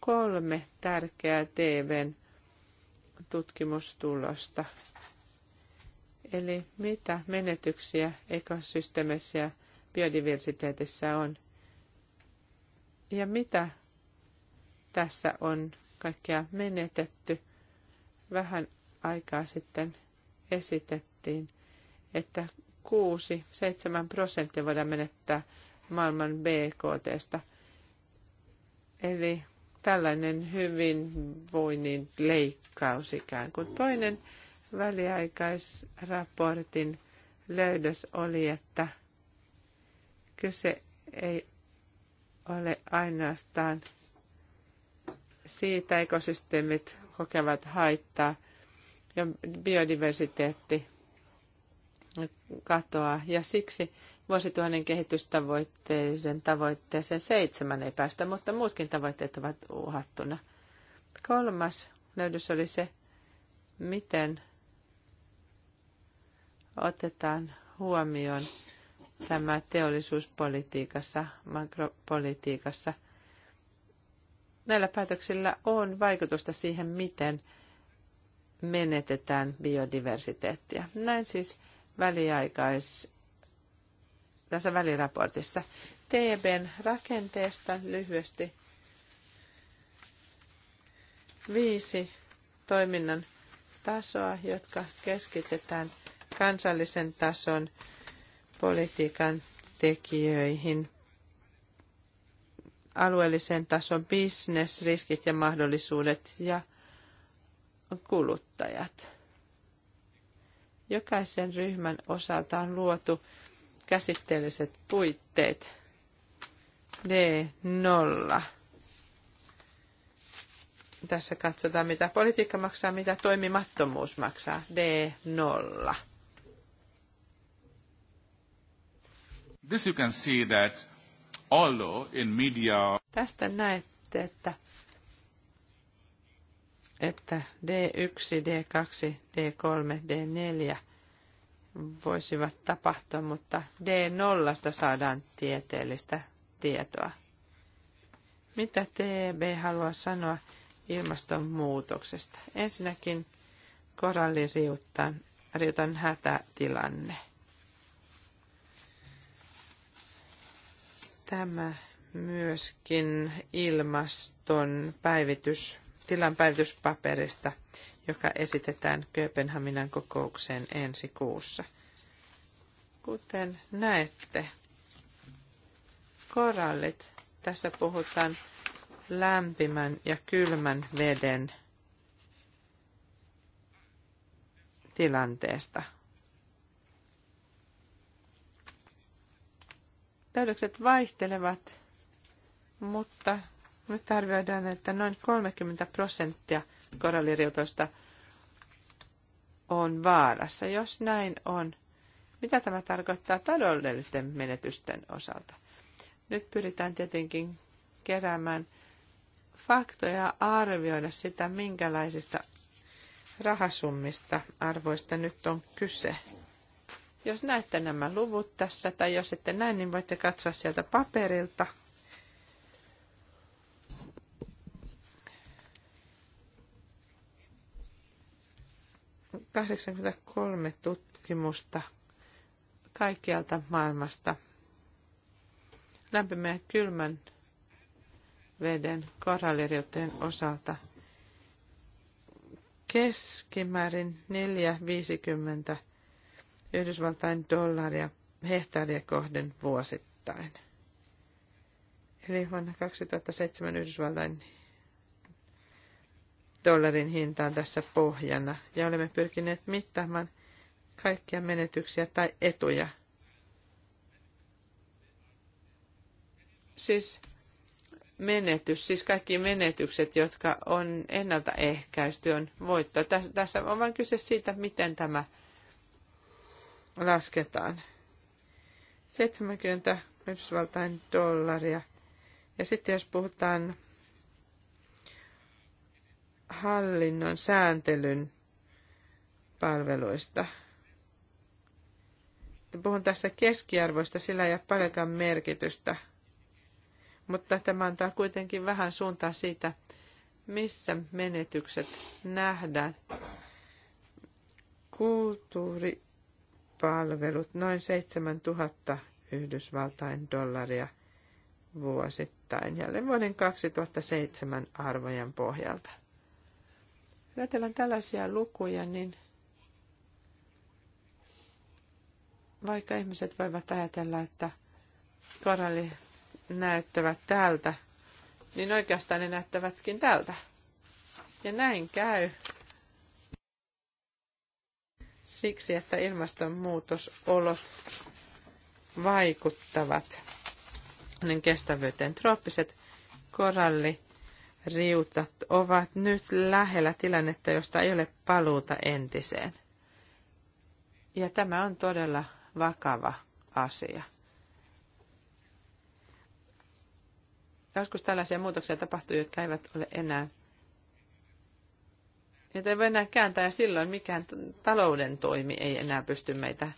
kolme tärkeää TVn tutkimustulosta. Eli mitä menetyksiä ekosysteemissä ja biodiversiteetissä on? Ja mitä tässä on kaikkea menetetty. Vähän aikaa sitten esitettiin, että 6-7 prosenttia voidaan menettää maailman BKTstä. Eli tällainen hyvinvoinnin leikkaus ikään kuin. Toinen väliaikaisraportin löydös oli, että kyse ei ole ainoastaan siitä ekosysteemit kokevat haittaa ja biodiversiteetti katoaa. Ja siksi vuosituhannen kehitystavoitteiden tavoitteeseen seitsemän ei päästä, mutta muutkin tavoitteet ovat uhattuna. Kolmas löydys oli se, miten otetaan huomioon tämä teollisuuspolitiikassa, makropolitiikassa – näillä päätöksillä on vaikutusta siihen, miten menetetään biodiversiteettiä. Näin siis väliaikais, tässä väliraportissa. TBn rakenteesta lyhyesti viisi toiminnan tasoa, jotka keskitetään kansallisen tason politiikan tekijöihin, alueellisen tason business, riskit ja mahdollisuudet ja kuluttajat. Jokaisen ryhmän osalta on luotu käsitteelliset puitteet D0. Tässä katsotaan, mitä politiikka maksaa, mitä toimimattomuus maksaa. D0. This you can see that although in media... Tästä näette, että, että D1, D2, D3, D4 voisivat tapahtua, mutta D0 saadaan tieteellistä tietoa. Mitä TEB haluaa sanoa ilmastonmuutoksesta? Ensinnäkin koralliriutan riutan hätätilanne – Tämä myöskin ilmaston päivitys, tilan päivityspaperista, joka esitetään Kööpenhaminan kokoukseen ensi kuussa. Kuten näette, korallit, tässä puhutaan lämpimän ja kylmän veden tilanteesta Löydökset vaihtelevat, mutta nyt arvioidaan, että noin 30 prosenttia koralliriutoista on vaarassa. Jos näin on, mitä tämä tarkoittaa taloudellisten menetysten osalta? Nyt pyritään tietenkin keräämään faktoja ja arvioida sitä, minkälaisista rahasummista arvoista nyt on kyse. Jos näette nämä luvut tässä, tai jos ette näe, niin voitte katsoa sieltä paperilta. Kahdeksankymmentäkolme tutkimusta kaikkialta maailmasta. Lämpimän ja kylmän veden koralliriutteen osalta keskimäärin 450 Yhdysvaltain dollaria hehtaaria kohden vuosittain. Eli vuonna 2007 Yhdysvaltain dollarin hinta on tässä pohjana, ja olemme pyrkineet mittaamaan kaikkia menetyksiä tai etuja. Siis menetys, siis kaikki menetykset, jotka on ennaltaehkäisty, on voitto. Tässä on vain kyse siitä, miten tämä lasketaan. 70 Yhdysvaltain dollaria. Ja sitten jos puhutaan hallinnon sääntelyn palveluista. Puhun tässä keskiarvoista, sillä ei ole paljonkaan merkitystä. Mutta tämä antaa kuitenkin vähän suuntaa siitä, missä menetykset nähdään. Kulttuuri palvelut noin 7000 Yhdysvaltain dollaria vuosittain, jälleen vuoden 2007 arvojen pohjalta. Ajatellaan tällaisia lukuja, niin vaikka ihmiset voivat ajatella, että koralli näyttävät tältä, niin oikeastaan ne näyttävätkin tältä. Ja näin käy siksi, että ilmastonmuutosolot vaikuttavat niin kestävyyteen. Trooppiset koralliriutat ovat nyt lähellä tilannetta, josta ei ole paluuta entiseen. Ja tämä on todella vakava asia. Joskus tällaisia muutoksia tapahtuu, jotka eivät ole enää Niitä ei voi enää kääntää ja silloin mikään talouden toimi ei enää pysty meitä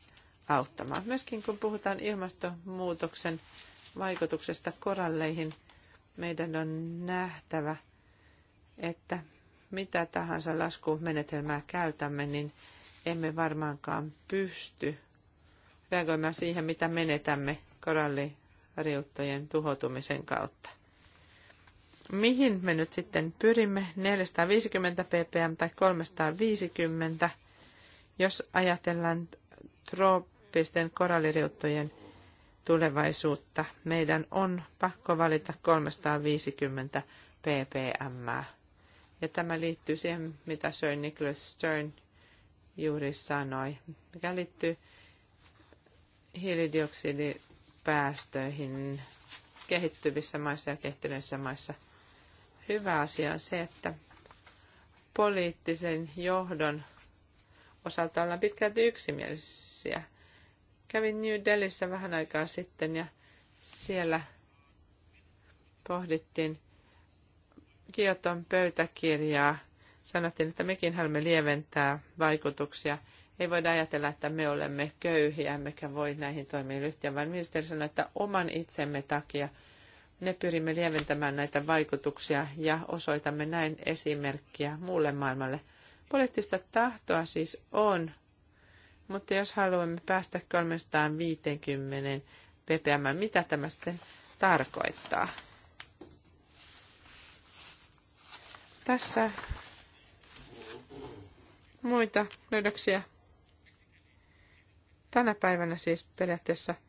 auttamaan. Myöskin kun puhutaan ilmastonmuutoksen vaikutuksesta koralleihin, meidän on nähtävä, että mitä tahansa laskumenetelmää käytämme, niin emme varmaankaan pysty reagoimaan siihen, mitä menetämme koralliriuttojen tuhoutumisen kautta mihin me nyt sitten pyrimme, 450 ppm tai 350, jos ajatellaan trooppisten koralliriuttojen tulevaisuutta. Meidän on pakko valita 350 ppm. Ja tämä liittyy siihen, mitä Sir Nicholas Stern juuri sanoi, mikä liittyy hiilidioksidipäästöihin kehittyvissä maissa ja kehittyneissä maissa – hyvä asia on se, että poliittisen johdon osalta ollaan pitkälti yksimielisiä. Kävin New Delhissä vähän aikaa sitten ja siellä pohdittiin Kioton pöytäkirjaa. Sanottiin, että mekin haluamme lieventää vaikutuksia. Ei voida ajatella, että me olemme köyhiä, emmekä voi näihin toimiin ryhtyä, vaan ministeri sanoi, että oman itsemme takia – Me pyrimme lieventämään näitä vaikutuksia ja osoitamme näin esimerkkiä muulle maailmalle. Poliittista tahtoa siis on, mutta jos haluamme päästä 350 ppm, mitä tämä sitten tarkoittaa? Tässä muita löydöksiä. Tänä päivänä siis periaatteessa –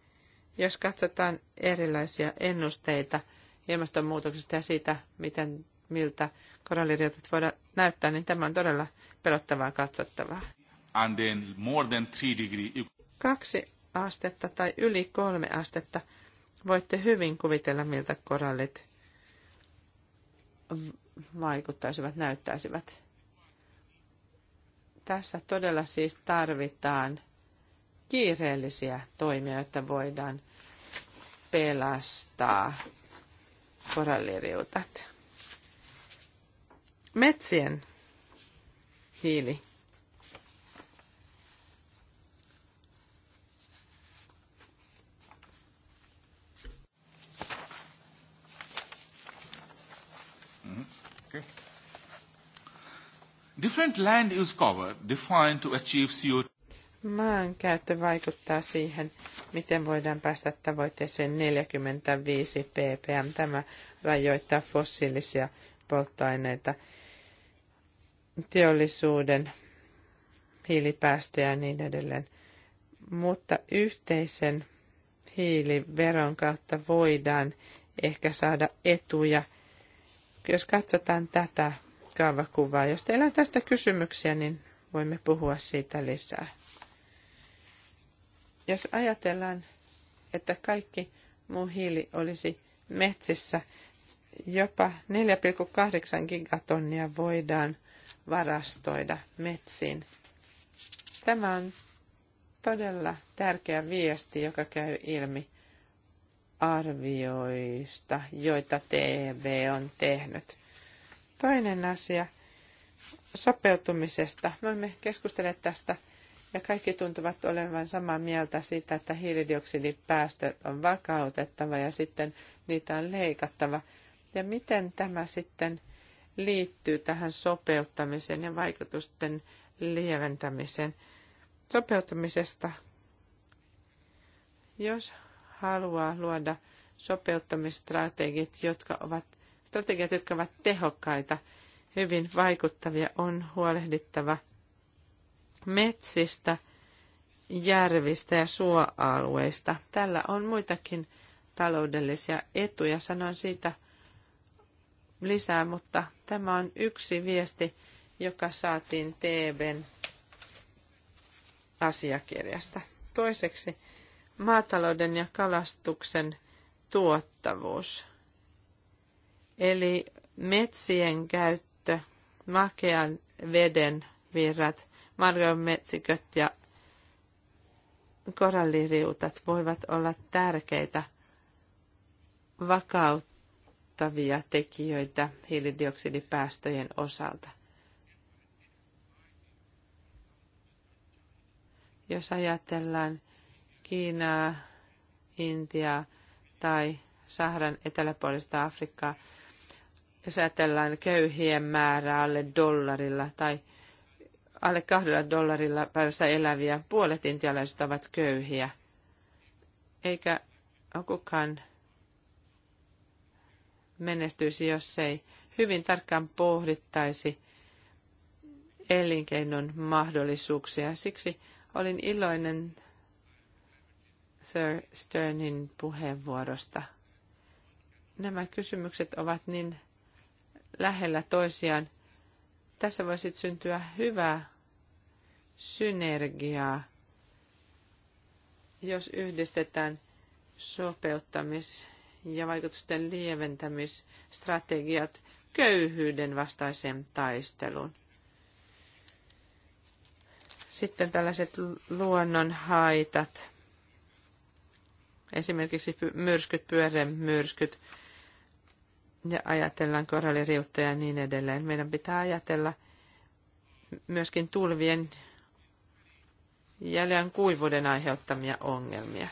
Jos katsotaan erilaisia ennusteita ilmastonmuutoksesta ja siitä, miten, miltä koralliriotat voidaan näyttää, niin tämä on todella pelottavaa katsottavaa. And then more than three degree. Kaksi astetta tai yli kolme astetta voitte hyvin kuvitella, miltä korallit vaikuttaisivat, näyttäisivät. Tässä todella siis tarvitaan kiireellisiä toimia, että voidaan pelastaa koralliriutat. Metsien hiili. Mm-hmm. Okay. Different land use cover defined to achieve CO2 maankäyttö vaikuttaa siihen, miten voidaan päästä tavoitteeseen 45 ppm. Tämä rajoittaa fossiilisia polttoaineita, teollisuuden hiilipäästöjä ja niin edelleen. Mutta yhteisen hiiliveron kautta voidaan ehkä saada etuja. Jos katsotaan tätä kaavakuvaa, jos teillä on tästä kysymyksiä, niin voimme puhua siitä lisää. Jos ajatellaan, että kaikki muu hiili olisi metsissä, jopa 4,8 gigatonnia voidaan varastoida metsiin. Tämä on todella tärkeä viesti, joka käy ilmi arvioista, joita TV on tehnyt. Toinen asia sopeutumisesta. Me olemme keskustelleet tästä Ja kaikki tuntuvat olevan samaa mieltä siitä, että hiilidioksidipäästöt on vakautettava ja sitten niitä on leikattava. Ja miten tämä sitten liittyy tähän sopeuttamiseen ja vaikutusten lieventämiseen? Sopeuttamisesta, jos haluaa luoda sopeuttamistrategiat, jotka ovat, strategiat, jotka ovat tehokkaita, hyvin vaikuttavia, on huolehdittava – metsistä, järvistä ja suoalueista. Tällä on muitakin taloudellisia etuja, sanon siitä lisää, mutta tämä on yksi viesti, joka saatiin TVn asiakirjasta. Toiseksi maatalouden ja kalastuksen tuottavuus. Eli metsien käyttö, makean veden virrat marjometsiköt ja koralliriutat voivat olla tärkeitä vakauttavia tekijöitä hiilidioksidipäästöjen osalta. Jos ajatellaan Kiinaa, Intiaa tai Saharan eteläpuolista Afrikkaa, jos ajatellaan köyhien määrää alle dollarilla tai – alle kahdella dollarilla päivässä eläviä. Puolet intialaiset ovat köyhiä. Eikä kukaan menestyisi, jos ei hyvin tarkkaan pohdittaisi elinkeinon mahdollisuuksia. Siksi olin iloinen Sir Sternin puheenvuorosta. Nämä kysymykset ovat niin lähellä toisiaan. Tässä voisi syntyä hyvää synergiaa, jos yhdistetään sopeuttamis- ja vaikutusten lieventämisstrategiat köyhyyden vastaiseen taisteluun. Sitten tällaiset luonnonhaitat, esimerkiksi myrskyt, pyörremyrskyt ja ajatellaan koralliriuttoja ja niin edelleen. Meidän pitää ajatella myöskin tulvien jäljen kuivuuden aiheuttamia ongelmia.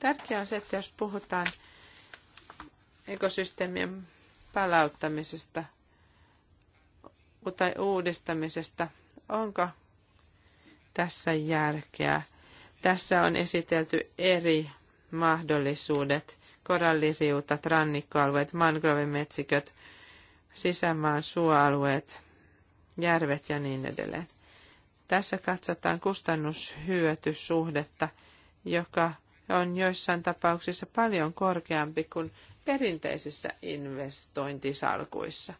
Tärkeää on se, että jos puhutaan ekosysteemien palauttamisesta tai uudistamisesta, onko tässä järkeä? Tässä on esitelty eri mahdollisuudet, koralliriutat, rannikkoalueet, mangrovemetsikot, sisämaan suoalueet, järvet ja niin edelleen. Tässä katsotaan kustannushyötysuhdetta, joka on joissain tapauksissa paljon korkeampi kuin perinteisissä investointisalkuissa.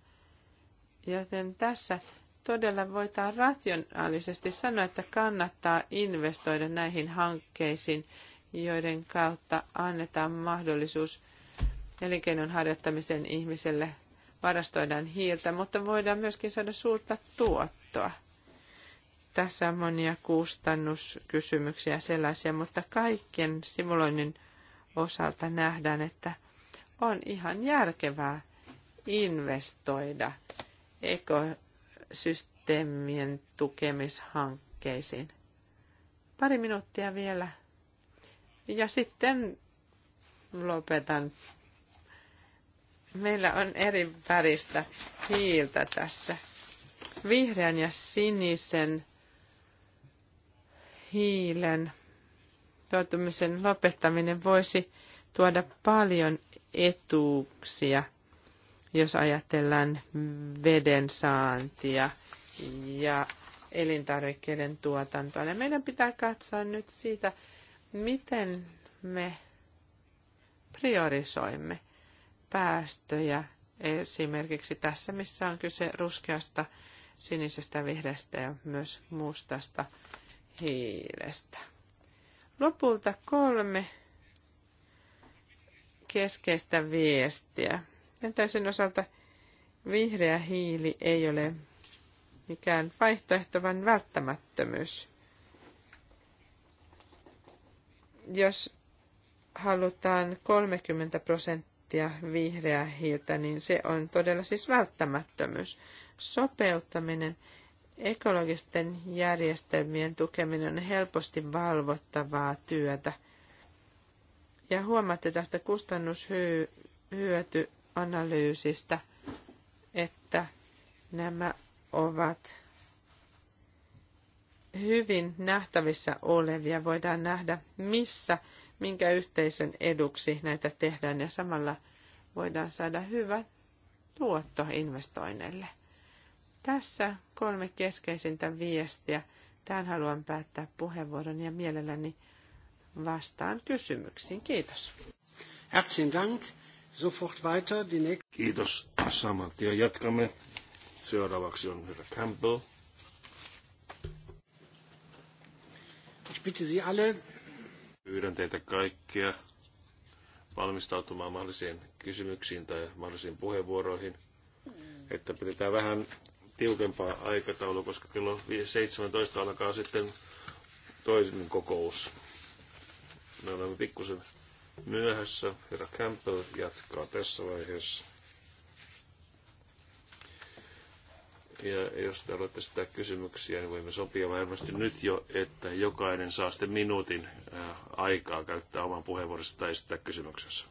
Joten tässä todella voidaan rationaalisesti sanoa, että kannattaa investoida näihin hankkeisiin, joiden kautta annetaan mahdollisuus elinkeinon harjoittamisen ihmiselle varastoidaan hiiltä, mutta voidaan myöskin saada suurta tuottoa tässä on monia kustannuskysymyksiä sellaisia, mutta kaikkien simuloinnin osalta nähdään, että on ihan järkevää investoida ekosysteemien tukemishankkeisiin. Pari minuuttia vielä. Ja sitten lopetan. Meillä on eri väristä hiiltä tässä. Vihreän ja sinisen hiilen tuotumisen lopettaminen voisi tuoda paljon etuuksia, jos ajatellaan veden saantia ja elintarvikkeiden tuotantoa. Ja meidän pitää katsoa nyt siitä, miten me priorisoimme päästöjä esimerkiksi tässä, missä on kyse ruskeasta, sinisestä, vihreästä ja myös mustasta hiilestä. Lopulta kolme keskeistä viestiä. Entäisen osalta vihreä hiili ei ole mikään vaihtoehto, vaan välttämättömyys. Jos halutaan 30 prosenttia vihreää hiiltä, niin se on todella siis välttämättömyys. Sopeuttaminen Ekologisten järjestelmien tukeminen on helposti valvottavaa työtä. Ja huomaatte tästä kustannushyötyanalyysistä, että nämä ovat hyvin nähtävissä olevia. Voidaan nähdä, missä, minkä yhteisön eduksi näitä tehdään ja samalla voidaan saada hyvä tuotto investoinneille. Tässä kolme keskeisintä viestiä. Tähän haluan päättää puheenvuoron ja mielelläni vastaan kysymyksiin. Kiitos. Herzlichen Dank. Sofort weiter. Die Kiitos. Saman tien jatkamme. Seuraavaksi on herra Campbell. Ich bitte Sie alle. Pyydän teitä kaikkia valmistautumaan mahdollisiin kysymyksiin tai mahdollisiin puheenvuoroihin, että pidetään vähän tiukempaa aikataulua, koska kello 17 alkaa sitten toinen kokous. Me olemme pikkusen myöhässä. Herra Campbell jatkaa tässä vaiheessa. Ja jos te haluatte sitä kysymyksiä, niin voimme sopia varmasti nyt jo, että jokainen saa sitten minuutin aikaa käyttää oman puheenvuoronsa tai esittää kysymyksensä.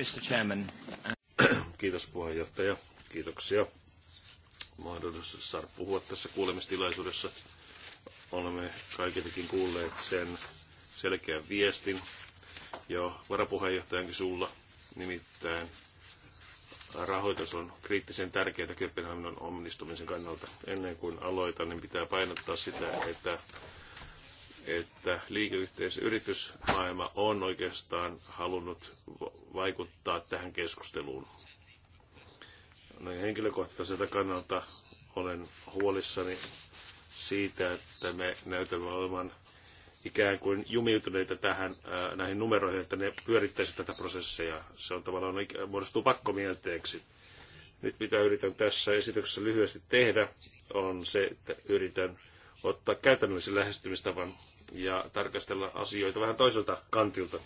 Mr. Chairman. Kiitos puheenjohtaja. Kiitoksia mahdollisuus saada puhua tässä kuulemistilaisuudessa. Olemme kaikiltakin kuulleet sen selkeän viestin jo varapuheenjohtajankin sulla. Nimittäin rahoitus on kriittisen tärkeää Kööpenhaminan onnistumisen kannalta. Ennen kuin aloitan, niin pitää painottaa sitä, että että liikeyhteisö, yritysmaailma on oikeastaan halunnut vaikuttaa tähän keskusteluun. No henkilökohtaiselta kannalta olen huolissani siitä, että me näytämme olevan ikään kuin jumiutuneita tähän, näihin numeroihin, että ne pyörittäisivät tätä prosessia. Se on tavallaan muodostuu pakkomielteeksi. Nyt mitä yritän tässä esityksessä lyhyesti tehdä, on se, että yritän ottaa käytännöllisen lähestymistavan ja tarkastella asioita vähän toiselta kantilta.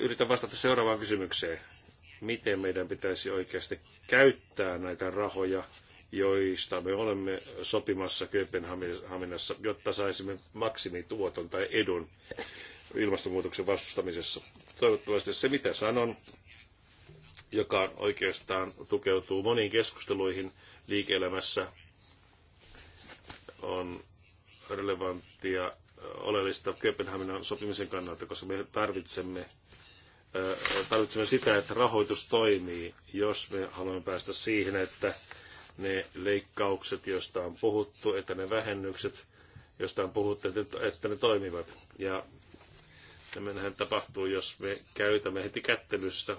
Yritän vastata seuraavaan kysymykseen. Miten meidän pitäisi oikeasti käyttää näitä rahoja, joista me olemme sopimassa Kööpenhaminassa, jotta saisimme maksimituoton tai edun ilmastonmuutoksen vastustamisessa. Toivottavasti se, mitä sanon, joka oikeastaan tukeutuu moniin keskusteluihin liike-elämässä on relevanttia oleellista Kööpenhaminan sopimisen kannalta, koska me tarvitsemme, tarvitsemme sitä, että rahoitus toimii, jos me haluamme päästä siihen, että ne leikkaukset, joista on puhuttu, että ne vähennykset, joista on puhuttu, että ne toimivat. Ja tämähän tapahtuu, jos me käytämme heti kättelyssä,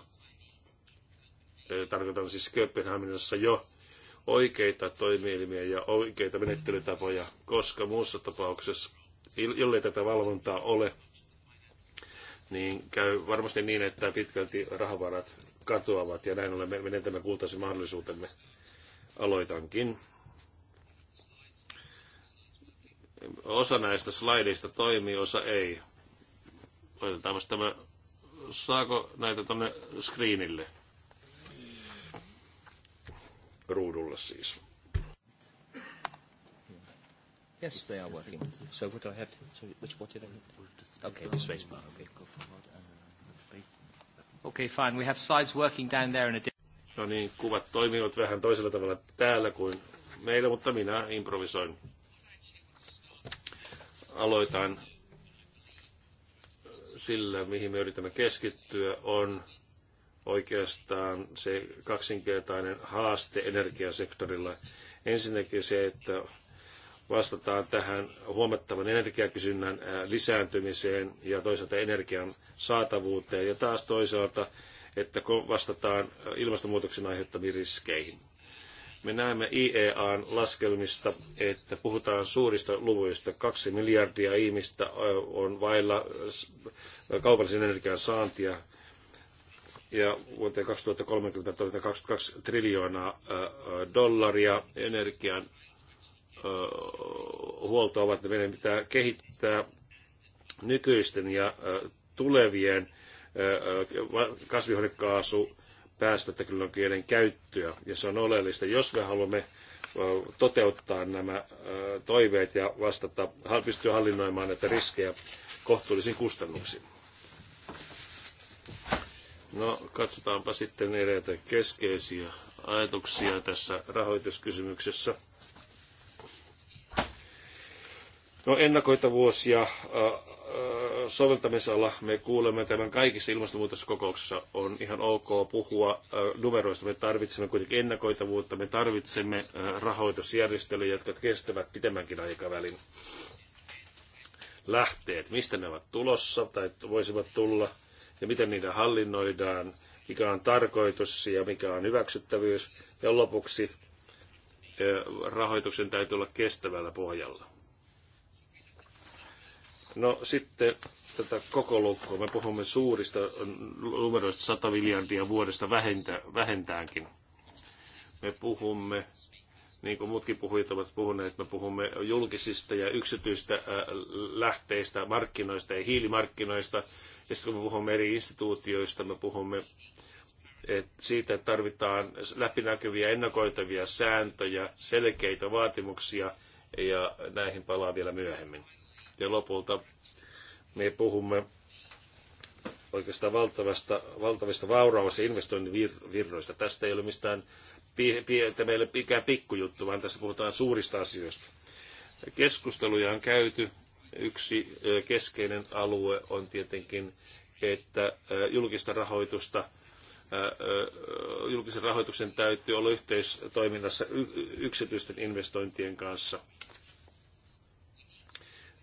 tarkoitan siis Kööpenhaminassa jo oikeita toimielimiä ja oikeita menettelytapoja, koska muussa tapauksessa, jollei tätä valvontaa ole, niin käy varmasti niin, että pitkälti rahavarat katoavat ja näin ollen menetämme kultaisen mahdollisuutemme. Aloitankin. Osa näistä slaideista toimii, osa ei. Laitetaan tämä, saako näitä tuonne screenille? ruudulla siis. Yes, they are working. So what do I have? To, so which what did I need? Okay, the space bar. Okay. Okay, fine. We have slides working down there in a No niin, kuvat toimivat vähän toisella tavalla täällä kuin meillä, mutta minä improvisoin. Aloitan sillä, mihin me yritämme keskittyä, on oikeastaan se kaksinkertainen haaste energiasektorilla. Ensinnäkin se, että vastataan tähän huomattavan energiakysynnän lisääntymiseen ja toisaalta energian saatavuuteen ja taas toisaalta, että vastataan ilmastonmuutoksen aiheuttamiin riskeihin. Me näemme IEAn laskelmista, että puhutaan suurista luvuista. Kaksi miljardia ihmistä on vailla kaupallisen energian saantia ja vuoteen 2030 tarvitaan 22 triljoonaa dollaria energian huoltoa varten. Meidän pitää kehittää nykyisten ja tulevien kasvihuonekaasu päästöteknologioiden käyttöä, ja se on oleellista, jos me haluamme toteuttaa nämä toiveet ja vastata, pystyä hallinnoimaan näitä riskejä kohtuullisiin kustannuksiin. No katsotaanpa sitten eräitä keskeisiä ajatuksia tässä rahoituskysymyksessä. No ennakoitavuus ja äh, äh, soveltamisala, me kuulemme tämän kaikissa ilmastonmuutoskokouksissa, on ihan ok puhua äh, numeroista. Me tarvitsemme kuitenkin ennakoitavuutta, me tarvitsemme rahoitusjärjestelyjä, jotka kestävät pitemmänkin aikavälin lähteet, mistä ne ovat tulossa tai voisivat tulla – ja miten niitä hallinnoidaan, mikä on tarkoitus ja mikä on hyväksyttävyys. Ja lopuksi rahoituksen täytyy olla kestävällä pohjalla. No sitten tätä koko lukkoa. Me puhumme suurista numeroista 100 miljardia vuodesta vähentä, vähentäänkin. Me puhumme, niin kuin muutkin puhujat ovat puhuneet, me puhumme julkisista ja yksityistä lähteistä, markkinoista ja hiilimarkkinoista, Ja sitten kun me puhumme eri instituutioista, me puhumme että siitä että tarvitaan läpinäkyviä, ennakoitavia sääntöjä, selkeitä vaatimuksia, ja näihin palaan vielä myöhemmin. Ja lopulta me puhumme oikeastaan valtavasta, valtavista vauraus- ja investointivirroista. Tästä ei ole mistään että meille mikään pikkujuttu, vaan tässä puhutaan suurista asioista. Keskusteluja on käyty Yksi keskeinen alue on tietenkin, että julkista rahoitusta julkisen rahoituksen täytyy olla yhteistoiminnassa yksityisten investointien kanssa.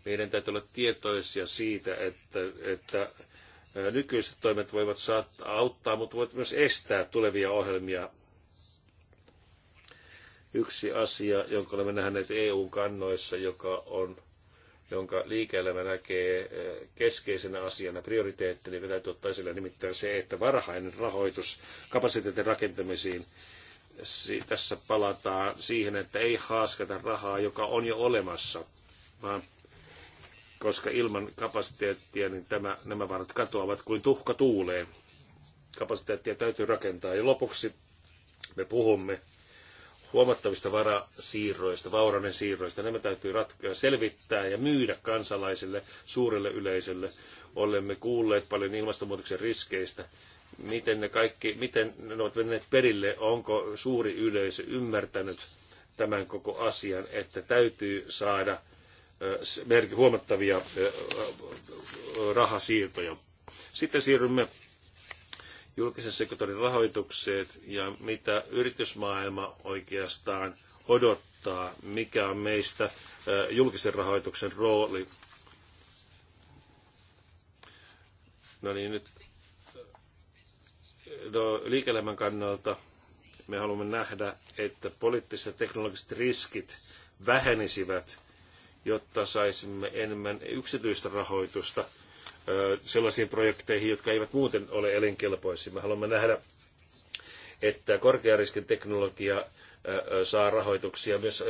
Meidän täytyy olla tietoisia siitä, että, että nykyiset toimet voivat saattaa auttaa, mutta voivat myös estää tulevia ohjelmia. Yksi asia, jonka olemme nähneet EUn kannoissa, joka on jonka liike-elämä näkee eh, keskeisenä asiana, prioriteettina, niin täytyy ottaa esille nimittäin se, että varhainen rahoitus kapasiteetin rakentamisiin, tässä palataan siihen, että ei haaskata rahaa, joka on jo olemassa, vaan koska ilman kapasiteettia niin tämä, nämä varat katoavat kuin tuhka tuuleen. Kapasiteettia täytyy rakentaa. Ja lopuksi me puhumme huomattavista varasiirroista, vaurauden siirroista. Nämä täytyy ratkaa, selvittää ja myydä kansalaisille, suurelle yleisölle. Olemme kuulleet paljon ilmastonmuutoksen riskeistä. Miten ne kaikki, miten ne ovat menneet perille, onko suuri yleisö ymmärtänyt tämän koko asian, että täytyy saada huomattavia rahasiirtoja. Sitten siirrymme julkisen sektorin rahoitukset ja mitä yritysmaailma oikeastaan odottaa, mikä on meistä julkisen rahoituksen rooli. No niin, nyt no, liike-elämän kannalta me haluamme nähdä, että poliittiset ja teknologiset riskit vähenisivät, jotta saisimme enemmän yksityistä rahoitusta – sellaisiin projekteihin, jotka eivät muuten ole elinkelpoisia. Me haluamme nähdä, että korkeariskin teknologia saa rahoituksia myös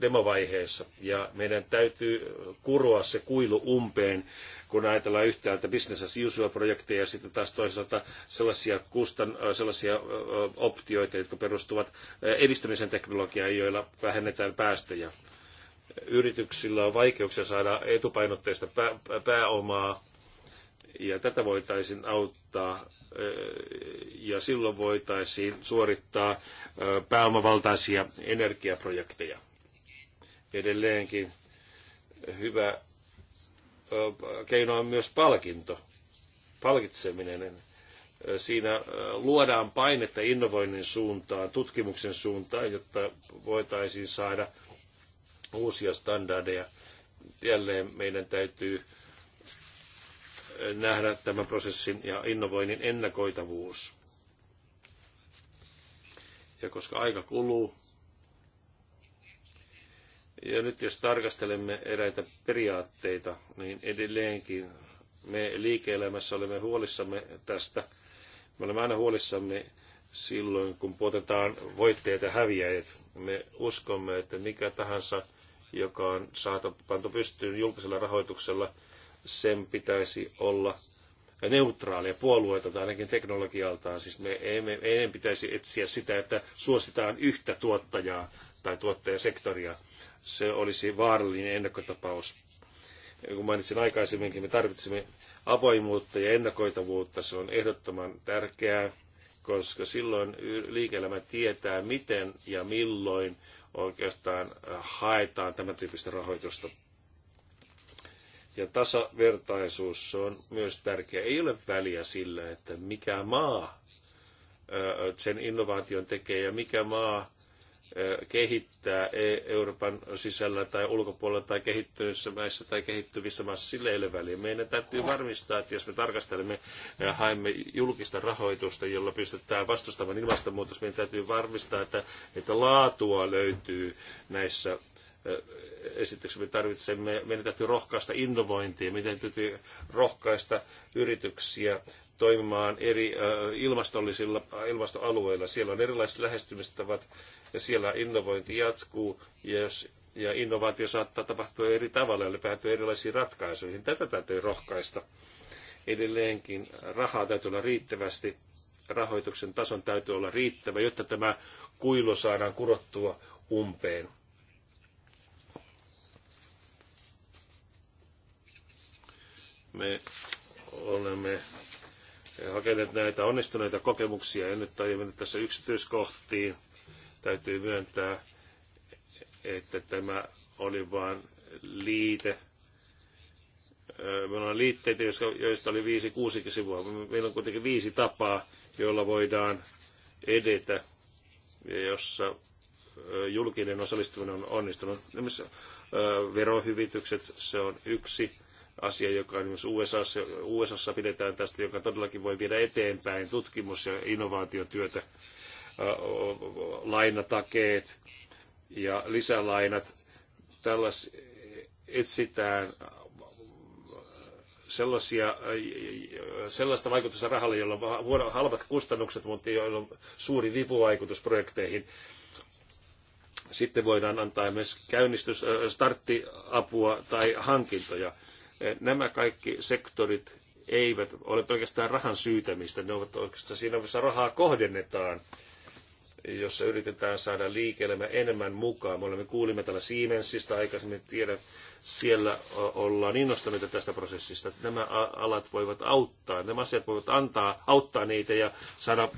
demovaiheessa. Ja meidän täytyy kuroa se kuilu umpeen, kun ajatellaan yhtäältä business as usual-projekteja ja sitten taas toisaalta sellaisia, kustan, sellaisia optioita, jotka perustuvat edistämisen teknologiaan, joilla vähennetään päästöjä. Yrityksillä on vaikeuksia saada etupainotteista pääomaa Ja tätä voitaisiin auttaa ja silloin voitaisiin suorittaa pääomavaltaisia energiaprojekteja. Edelleenkin hyvä keino on myös palkinto, palkitseminen. Siinä luodaan painetta innovoinnin suuntaan, tutkimuksen suuntaan, jotta voitaisiin saada uusia standardeja. Jälleen meidän täytyy nähdä tämän prosessin ja innovoinnin ennakoitavuus. Ja koska aika kuluu, ja nyt jos tarkastelemme eräitä periaatteita, niin edelleenkin me liike-elämässä olemme huolissamme tästä. Me olemme aina huolissamme silloin, kun puotetaan voittajat ja häviäjät. Me uskomme, että mikä tahansa, joka on saatu pantu pystyyn julkisella rahoituksella, sen pitäisi olla neutraalia puolueita tai ainakin teknologialtaan. Siis me emme, meidän pitäisi etsiä sitä, että suositaan yhtä tuottajaa tai tuottajasektoria. Se olisi vaarallinen ennakkotapaus. Kun mainitsin aikaisemminkin, me tarvitsemme avoimuutta ja ennakoitavuutta. Se on ehdottoman tärkeää, koska silloin liike-elämä tietää, miten ja milloin oikeastaan haetaan tämän tyyppistä rahoitusta. Ja tasavertaisuus on myös tärkeä. Ei ole väliä sillä, että mikä maa sen innovaation tekee ja mikä maa kehittää e- Euroopan sisällä tai ulkopuolella tai kehittyneissä maissa tai kehittyvissä maissa sille ei väliä. Meidän täytyy varmistaa, että jos me tarkastelemme ja haemme julkista rahoitusta, jolla pystytään vastustamaan ilmastonmuutosta, meidän täytyy varmistaa, että, että laatua löytyy näissä esityksen me tarvitsemme, meidän täytyy rohkaista innovointia, meidän täytyy rohkaista yrityksiä toimimaan eri ilmastollisilla ilmastoalueilla. Siellä on erilaiset lähestymistavat ja siellä innovointi jatkuu ja, jos, ja innovaatio saattaa tapahtua eri tavalla ja päätyä erilaisiin ratkaisuihin. Tätä täytyy rohkaista. Edelleenkin rahaa täytyy olla riittävästi, rahoituksen tason täytyy olla riittävä, jotta tämä kuilu saadaan kurottua umpeen Me olemme hakeneet näitä onnistuneita kokemuksia. En nyt aio mennä tässä yksityiskohtiin. Täytyy myöntää, että tämä oli vain liite. Meillä on liitteitä, joista oli viisi, kuusikin sivua. Meillä on kuitenkin viisi tapaa, joilla voidaan edetä, jossa julkinen osallistuminen on onnistunut. Esimerkiksi verohyvitykset, se on yksi asia, joka myös USAssa, USAssa pidetään tästä, joka todellakin voi viedä eteenpäin tutkimus- ja innovaatiotyötä, lainatakeet ja lisälainat. Tällas etsitään sellaisia, sellaista vaikutusta rahalle, jolla on halvat kustannukset, mutta joilla on suuri vipuvaikutus projekteihin. Sitten voidaan antaa myös käynnistys, starttiapua tai hankintoja Nämä kaikki sektorit eivät ole pelkästään rahan syytämistä, ne ovat oikeastaan siinä, missä rahaa kohdennetaan, jossa yritetään saada liike-elämä enemmän mukaan. Me olemme kuulimme täällä Siemensistä aikaisemmin, tiedän, siellä ollaan innostuneita tästä prosessista. Nämä alat voivat auttaa, nämä asiat voivat antaa, auttaa niitä ja saada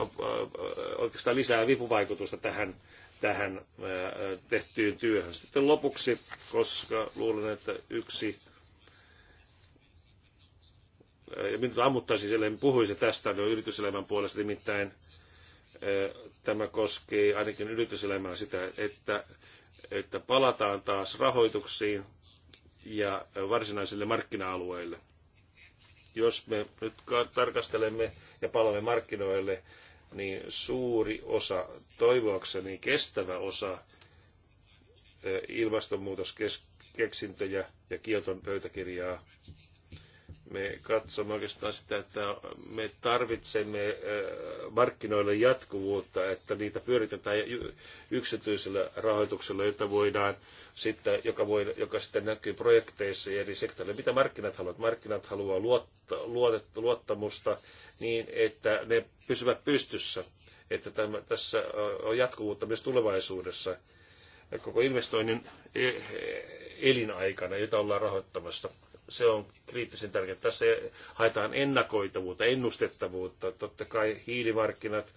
oikeastaan lisää vipuvaikutusta tähän, tähän tehtyyn työhön. Sitten lopuksi, koska luulen, että yksi Äh, minut ammuttaisi, ellen puhuisi tästä no, yrityselämän puolesta, nimittäin äh, tämä koskee ainakin yrityselämää sitä, että, että palataan taas rahoituksiin ja varsinaisille markkina-alueille. Jos me nyt tarkastelemme ja palaamme markkinoille, niin suuri osa, toivoakseni kestävä osa äh, ilmastonmuutoskeksintöjä ja kioton pöytäkirjaa me katsomme oikeastaan sitä, että me tarvitsemme äh, markkinoille jatkuvuutta, että niitä pyöritetään yksityisellä rahoituksella, jota voidaan sitten, joka, voi, joka sitten näkyy projekteissa eri sektoreilla. Mitä markkinat haluavat? Markkinat haluaa luotta, luotet, luottamusta niin, että ne pysyvät pystyssä, että tämä, tässä äh, on jatkuvuutta myös tulevaisuudessa koko investoinnin e-, e-, elinaikana, jota ollaan rahoittamassa se on kriittisen tärkeää. Tässä haetaan ennakoitavuutta, ennustettavuutta. Totta kai hiilimarkkinat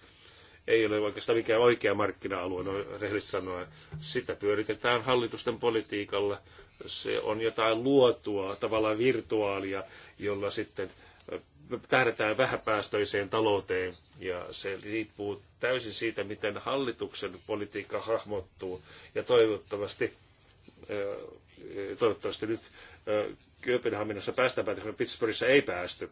ei ole oikeastaan mikään oikea markkina-alue, no, rehellisesti sanoen. Sitä pyöritetään hallitusten politiikalla. Se on jotain luotua, tavallaan virtuaalia, jolla sitten äh, tähdätään vähäpäästöiseen talouteen ja se riippuu täysin siitä, miten hallituksen politiikka hahmottuu ja toivottavasti, äh, toivottavasti nyt äh, Kööpenhaminassa päästään päätöksen, Pittsburghissa ei päästy.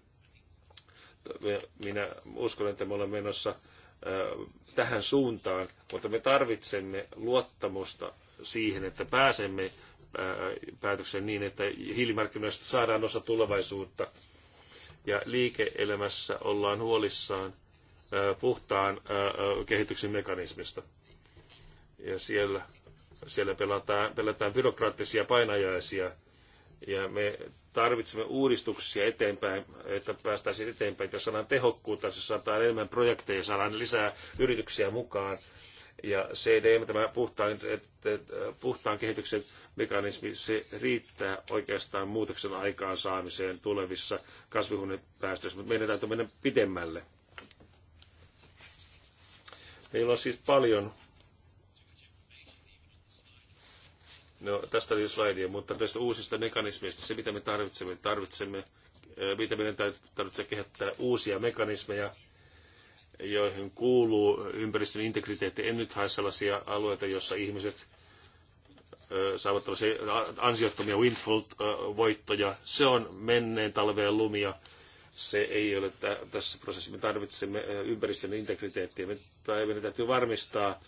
Minä uskon, että me olemme menossa äh, tähän suuntaan, mutta me tarvitsemme luottamusta siihen, että pääsemme äh, päätöksen niin, että hiilimarkkinoista saadaan osa tulevaisuutta. Ja liike-elämässä ollaan huolissaan äh, puhtaan kehityksen mekanismista. Ja siellä, siellä pelataan, pelataan byrokraattisia painajaisia Ja me tarvitsemme uudistuksia eteenpäin, että päästäisiin eteenpäin, että saadaan tehokkuutta, se saadaan enemmän projekteja, saadaan lisää yrityksiä mukaan. Ja CDM, tämä puhtaan, et, et, puhtaan kehityksen mekanismi, se riittää oikeastaan muutoksen aikaansaamiseen tulevissa kasvihuonepäästöissä, mutta meidän täytyy mennä pidemmälle. Meillä on siis paljon No, tästä oli jo slaidia, mutta tästä uusista mekanismeista, se mitä me tarvitsemme, tarvitsemme, eh, mitä meidän tarvitsee kehittää uusia mekanismeja, joihin kuuluu ympäristön integriteetti. En nyt hae sellaisia alueita, joissa ihmiset eh, saavat tällaisia ansiottomia windfall-voittoja. Eh, se on menneen talveen lumia. Se ei ole tässä prosessissa. Me tarvitsemme ympäristön integriteettiä. Me, tai meidän täytyy varmistaa,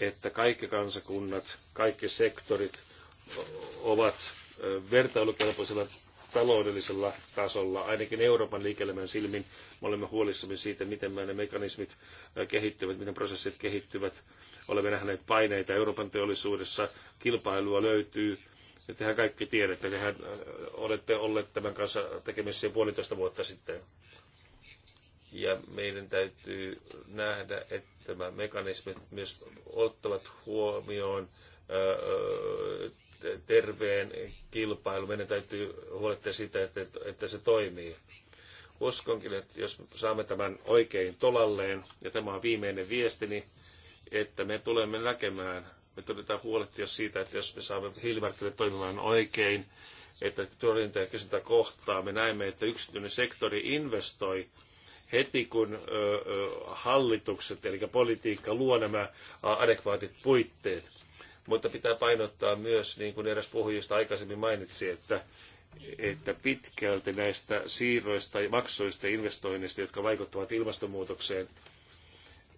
että kaikki kansakunnat, kaikki sektorit ovat vertailukelpoisella taloudellisella tasolla, ainakin Euroopan liikelemän silmin. Me olemme huolissamme siitä, miten ne mekanismit kehittyvät, miten prosessit kehittyvät. Olemme nähneet paineita Euroopan teollisuudessa, kilpailua löytyy. Ja tehän kaikki tiedätte, tehän olette olleet tämän kanssa tekemisissä puolitoista vuotta sitten. Ja meidän täytyy nähdä, että tämä mekanismit myös ottavat huomioon terveen kilpailu. Meidän täytyy huolehtia sitä, että, että se toimii. Uskonkin, että jos saamme tämän oikein tolalleen, ja tämä on viimeinen viestini, että me tulemme näkemään, me tulemme huolehtia siitä, että jos me saamme hiilimarkkinoille toimimaan oikein, että torjunta ja kysyntä kohtaa, me näemme, että yksityinen sektori investoi heti kun hallitukset, eli politiikka, luo nämä adekvaatit puitteet. Mutta pitää painottaa myös, niin kuin eräs puhujista aikaisemmin mainitsi, että, että pitkälti näistä siirroista ja maksoista ja investoinneista, jotka vaikuttavat ilmastonmuutokseen,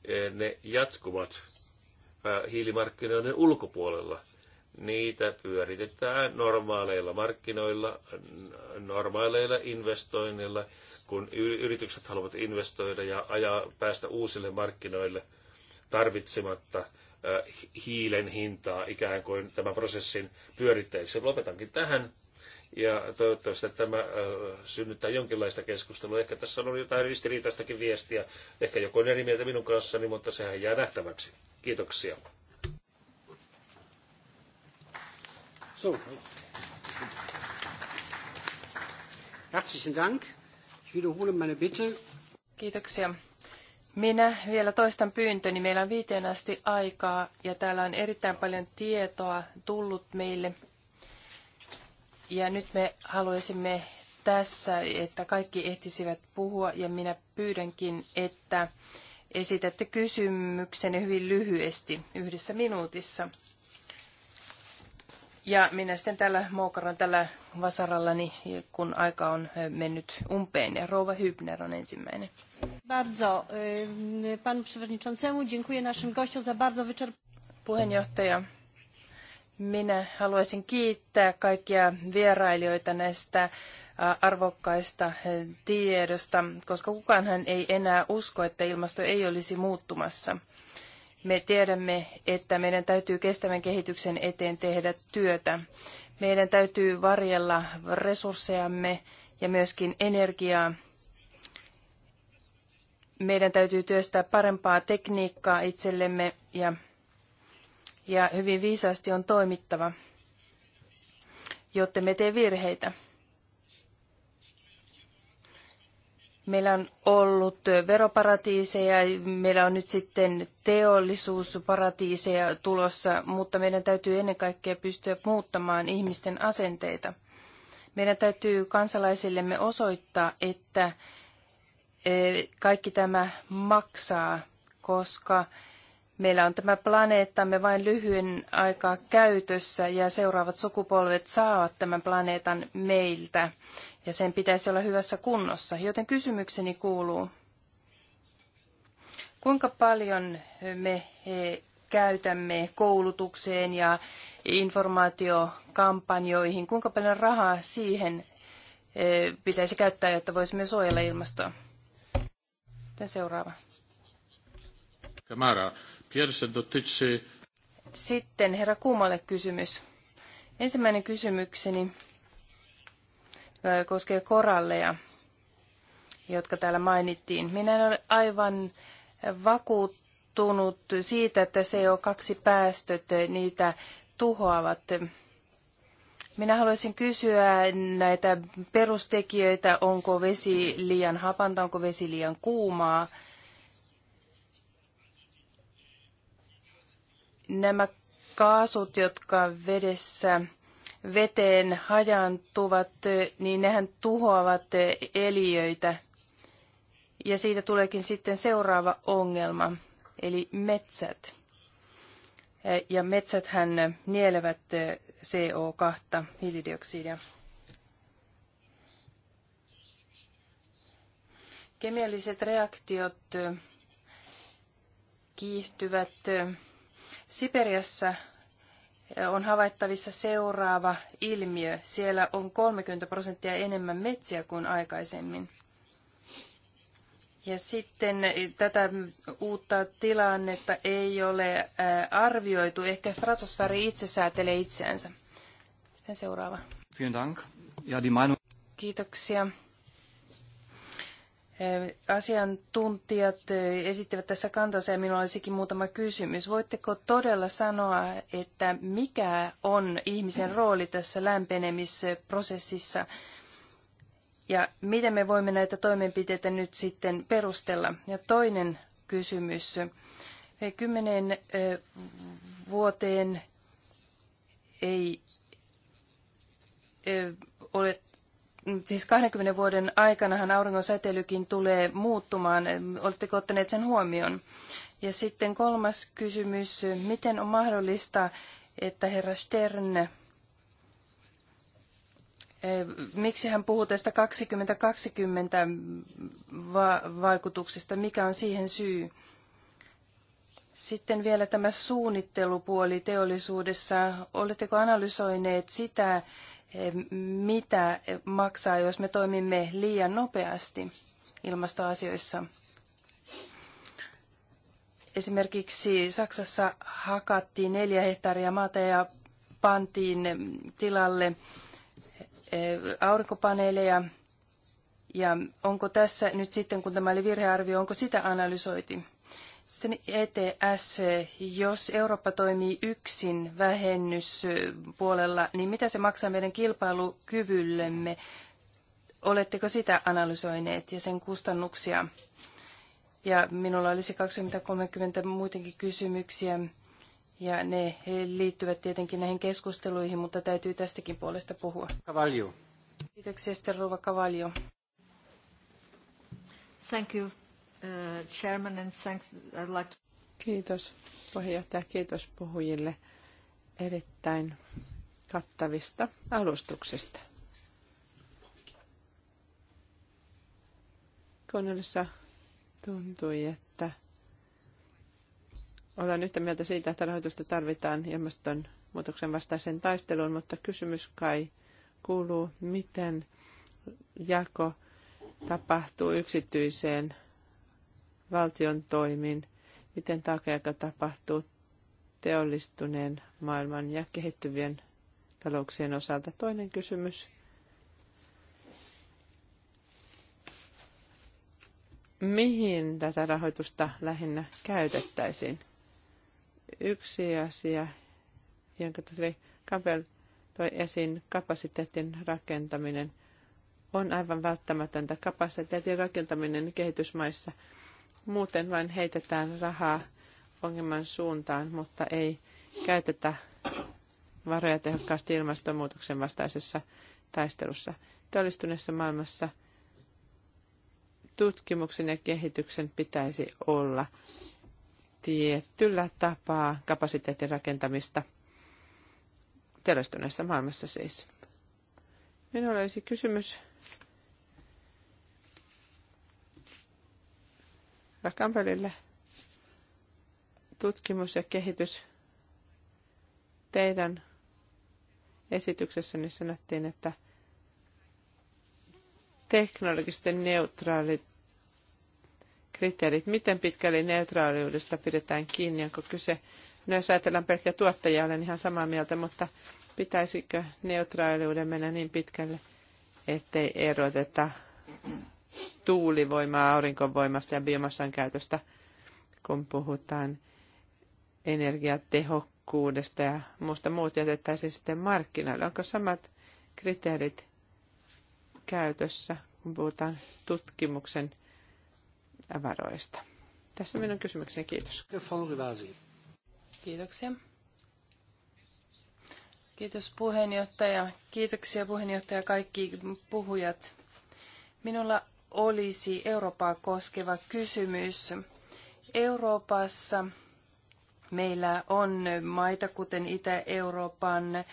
e, ne jatkuvat hiilimarkkinoiden ulkopuolella – niitä pyöritetään normaaleilla markkinoilla, normaaleilla investoinneilla, kun yritykset haluavat investoida ja ajaa, päästä uusille markkinoille tarvitsematta hiilen hintaa ikään kuin tämän prosessin pyörittäjiksi. Lopetankin tähän. Ja toivottavasti tämä synnyttää jonkinlaista keskustelua. Ehkä tässä on ollut jotain ristiriitaistakin viestiä. Ehkä joku on eri mieltä minun kanssani, mutta sehän jää nähtäväksi. Kiitoksia. So. Herzlichen Dank. Ich wiederhole meine Bitte. Kiitoksia. Minä vielä toistan pyyntöni. Meillä on viiteen asti aikaa ja täällä on erittäin paljon tietoa tullut meille. Ja nyt me haluaisimme tässä, että kaikki ehtisivät puhua ja minä pyydänkin, että esitätte kysymyksenne hyvin lyhyesti yhdessä minuutissa. Ja minä sitten tällä moukaran tällä vasarallani, kun aika on mennyt umpeen. Ja Rouva Hybner on ensimmäinen. Bardzo panu przewodniczącemu dziękuję naszym gościom za bardzo wyczerpujące. Puheenjohtaja, minä haluaisin kiittää kaikkia vierailijoita näistä arvokkaista tiedosta, koska kukaanhan ei enää usko, että ilmasto ei olisi muuttumassa. Me tiedämme, että meidän täytyy kestävän kehityksen eteen tehdä työtä. Meidän täytyy varjella resurssejamme ja myöskin energiaa. Meidän täytyy työstää parempaa tekniikkaa itsellemme ja, ja hyvin viisaasti on toimittava, jotta me tee virheitä. Meillä on ollut veroparatiiseja, meillä on nyt sitten teollisuusparatiiseja tulossa, mutta meidän täytyy ennen kaikkea pystyä muuttamaan ihmisten asenteita. Meidän täytyy kansalaisillemme osoittaa, että eh, kaikki tämä maksaa, koska Meillä on tämä planeettamme vain lyhyen aikaa käytössä ja seuraavat sukupolvet saavat tämän planeetan meiltä ja sen pitäisi olla hyvässä kunnossa. Joten kysymykseni kuuluu, kuinka paljon me käytämme koulutukseen ja informaatiokampanjoihin, kuinka paljon rahaa siihen e, pitäisi käyttää, jotta voisimme suojella ilmastoa. Sitten seuraava. Kamara. Pierwsze dotyczy... Sitten herra Kuumalle kysymys. Ensimmäinen kysymykseni koskee koralleja, jotka täällä mainittiin. Minä en ole aivan vakuuttunut siitä, että CO2-päästöt niitä tuhoavat. Minä haluaisin kysyä näitä perustekijöitä, onko vesi liian hapanta, onko vesi liian kuumaa, nämä kaasut, jotka vedessä veteen hajantuvat, niin nehän tuhoavat eliöitä. Ja siitä tuleekin sitten seuraava ongelma, eli metsät. Ja metsäthän nielevät CO2, hiilidioksidia. Kemialliset reaktiot kiihtyvät Siperiassa eh, on havaittavissa seuraava ilmiö. Siellä on 30 prosenttia enemmän metsiä kuin aikaisemmin. Ja sitten eh, tätä uutta tilannetta ei ole eh, arvioitu. Ehkä stratosfääri itse säätelee itseänsä. Sitten seuraava. Vielen Dank. Ja, die Meinung... Kiitoksia. Eh, asiantuntijat eh, esittivät tässä kantansa ja minulla olisikin muutama kysymys. Voitteko todella sanoa, että mikä on ihmisen rooli tässä lämpenemisprosessissa ja miten me voimme näitä toimenpiteitä nyt sitten perustella? Ja toinen kysymys. Eh, Kymmenen vuoteen ei ole siis 20 vuoden aikanahan auringon säteilykin tulee muuttumaan. Oletteko ottaneet sen huomioon? Ja sitten kolmas kysymys. Miten on mahdollista, että herra Stern, eh, miksi hän puhuu tästä 2020 va- vaikutuksesta? Mikä on siihen syy? Sitten vielä tämä suunnittelupuoli teollisuudessa. Oletteko analysoineet sitä, mitä maksaa, jos me toimimme liian nopeasti ilmastoasioissa. Esimerkiksi Saksassa hakattiin neljä hehtaaria maata ja pantiin tilalle eh, aurinkopaneeleja. Ja onko tässä nyt sitten, kun tämä oli virhearvio, onko sitä analysoiti? Sitten ETS, jos Eurooppa toimii yksin vähennyspuolella, niin mitä se maksaa meidän kilpailukyvyllemme? Oletteko sitä analysoineet ja sen kustannuksia? Ja minulla olisi 20-30 muutenkin kysymyksiä, ja ne liittyvät tietenkin näihin keskusteluihin, mutta täytyy tästäkin puolesta puhua. Kavalju. Kiitoksia, Rouva Kavalju. Thank you Uh, chairman and thanks, I'd like to... Kiitos puheenjohtaja, kiitos puhujille erittäin kattavista alustuksista. Kuunnellessa tuntui, että olen yhtä mieltä siitä, että rahoitusta tarvitaan ilmastonmuutoksen vastaiseen taisteluun, mutta kysymys kai kuuluu, miten jako tapahtuu yksityiseen valtion toimin, miten taakajako tapahtuu teollistuneen maailman ja kehittyvien talouksien osalta. Toinen kysymys. Mihin tätä rahoitusta lähinnä käytettäisiin? Yksi asia, jonka tuli Kampel toi esiin, kapasiteetin rakentaminen on aivan välttämätöntä. Kapasiteetin rakentaminen kehitysmaissa – Muuten vain heitetään rahaa ongelman suuntaan, mutta ei käytetä varoja tehokkaasti ilmastonmuutoksen vastaisessa taistelussa. Teollistuneessa maailmassa tutkimuksen ja kehityksen pitäisi olla tietyllä tapaa kapasiteetin rakentamista teollistuneessa maailmassa siis. Minulla olisi kysymys Rakan välille tutkimus ja kehitys. Teidän esityksessäni sanottiin, että teknologisesti neutraalit kriteerit, miten pitkälle neutraaliudesta pidetään kiinni, onko kyse, no jos ajatellaan pelkkiä tuottajia, olen ihan samaa mieltä, mutta pitäisikö neutraaliuden mennä niin pitkälle, ettei eroteta tuulivoimaa, aurinkovoimasta ja biomassan käytöstä, kun puhutaan energiatehokkuudesta ja muusta muut jätettäisiin sitten markkinoille. Onko samat kriteerit käytössä, kun puhutaan tutkimuksen avaroista? Tässä minun kysymykseni. Kiitos. Kiitoksia. Kiitos puheenjohtaja. Kiitoksia puheenjohtaja kaikki puhujat. Minulla olisi Eurooppaa koskeva kysymys. Euroopassa meillä on maita, kuten Itä-Euroopan eh,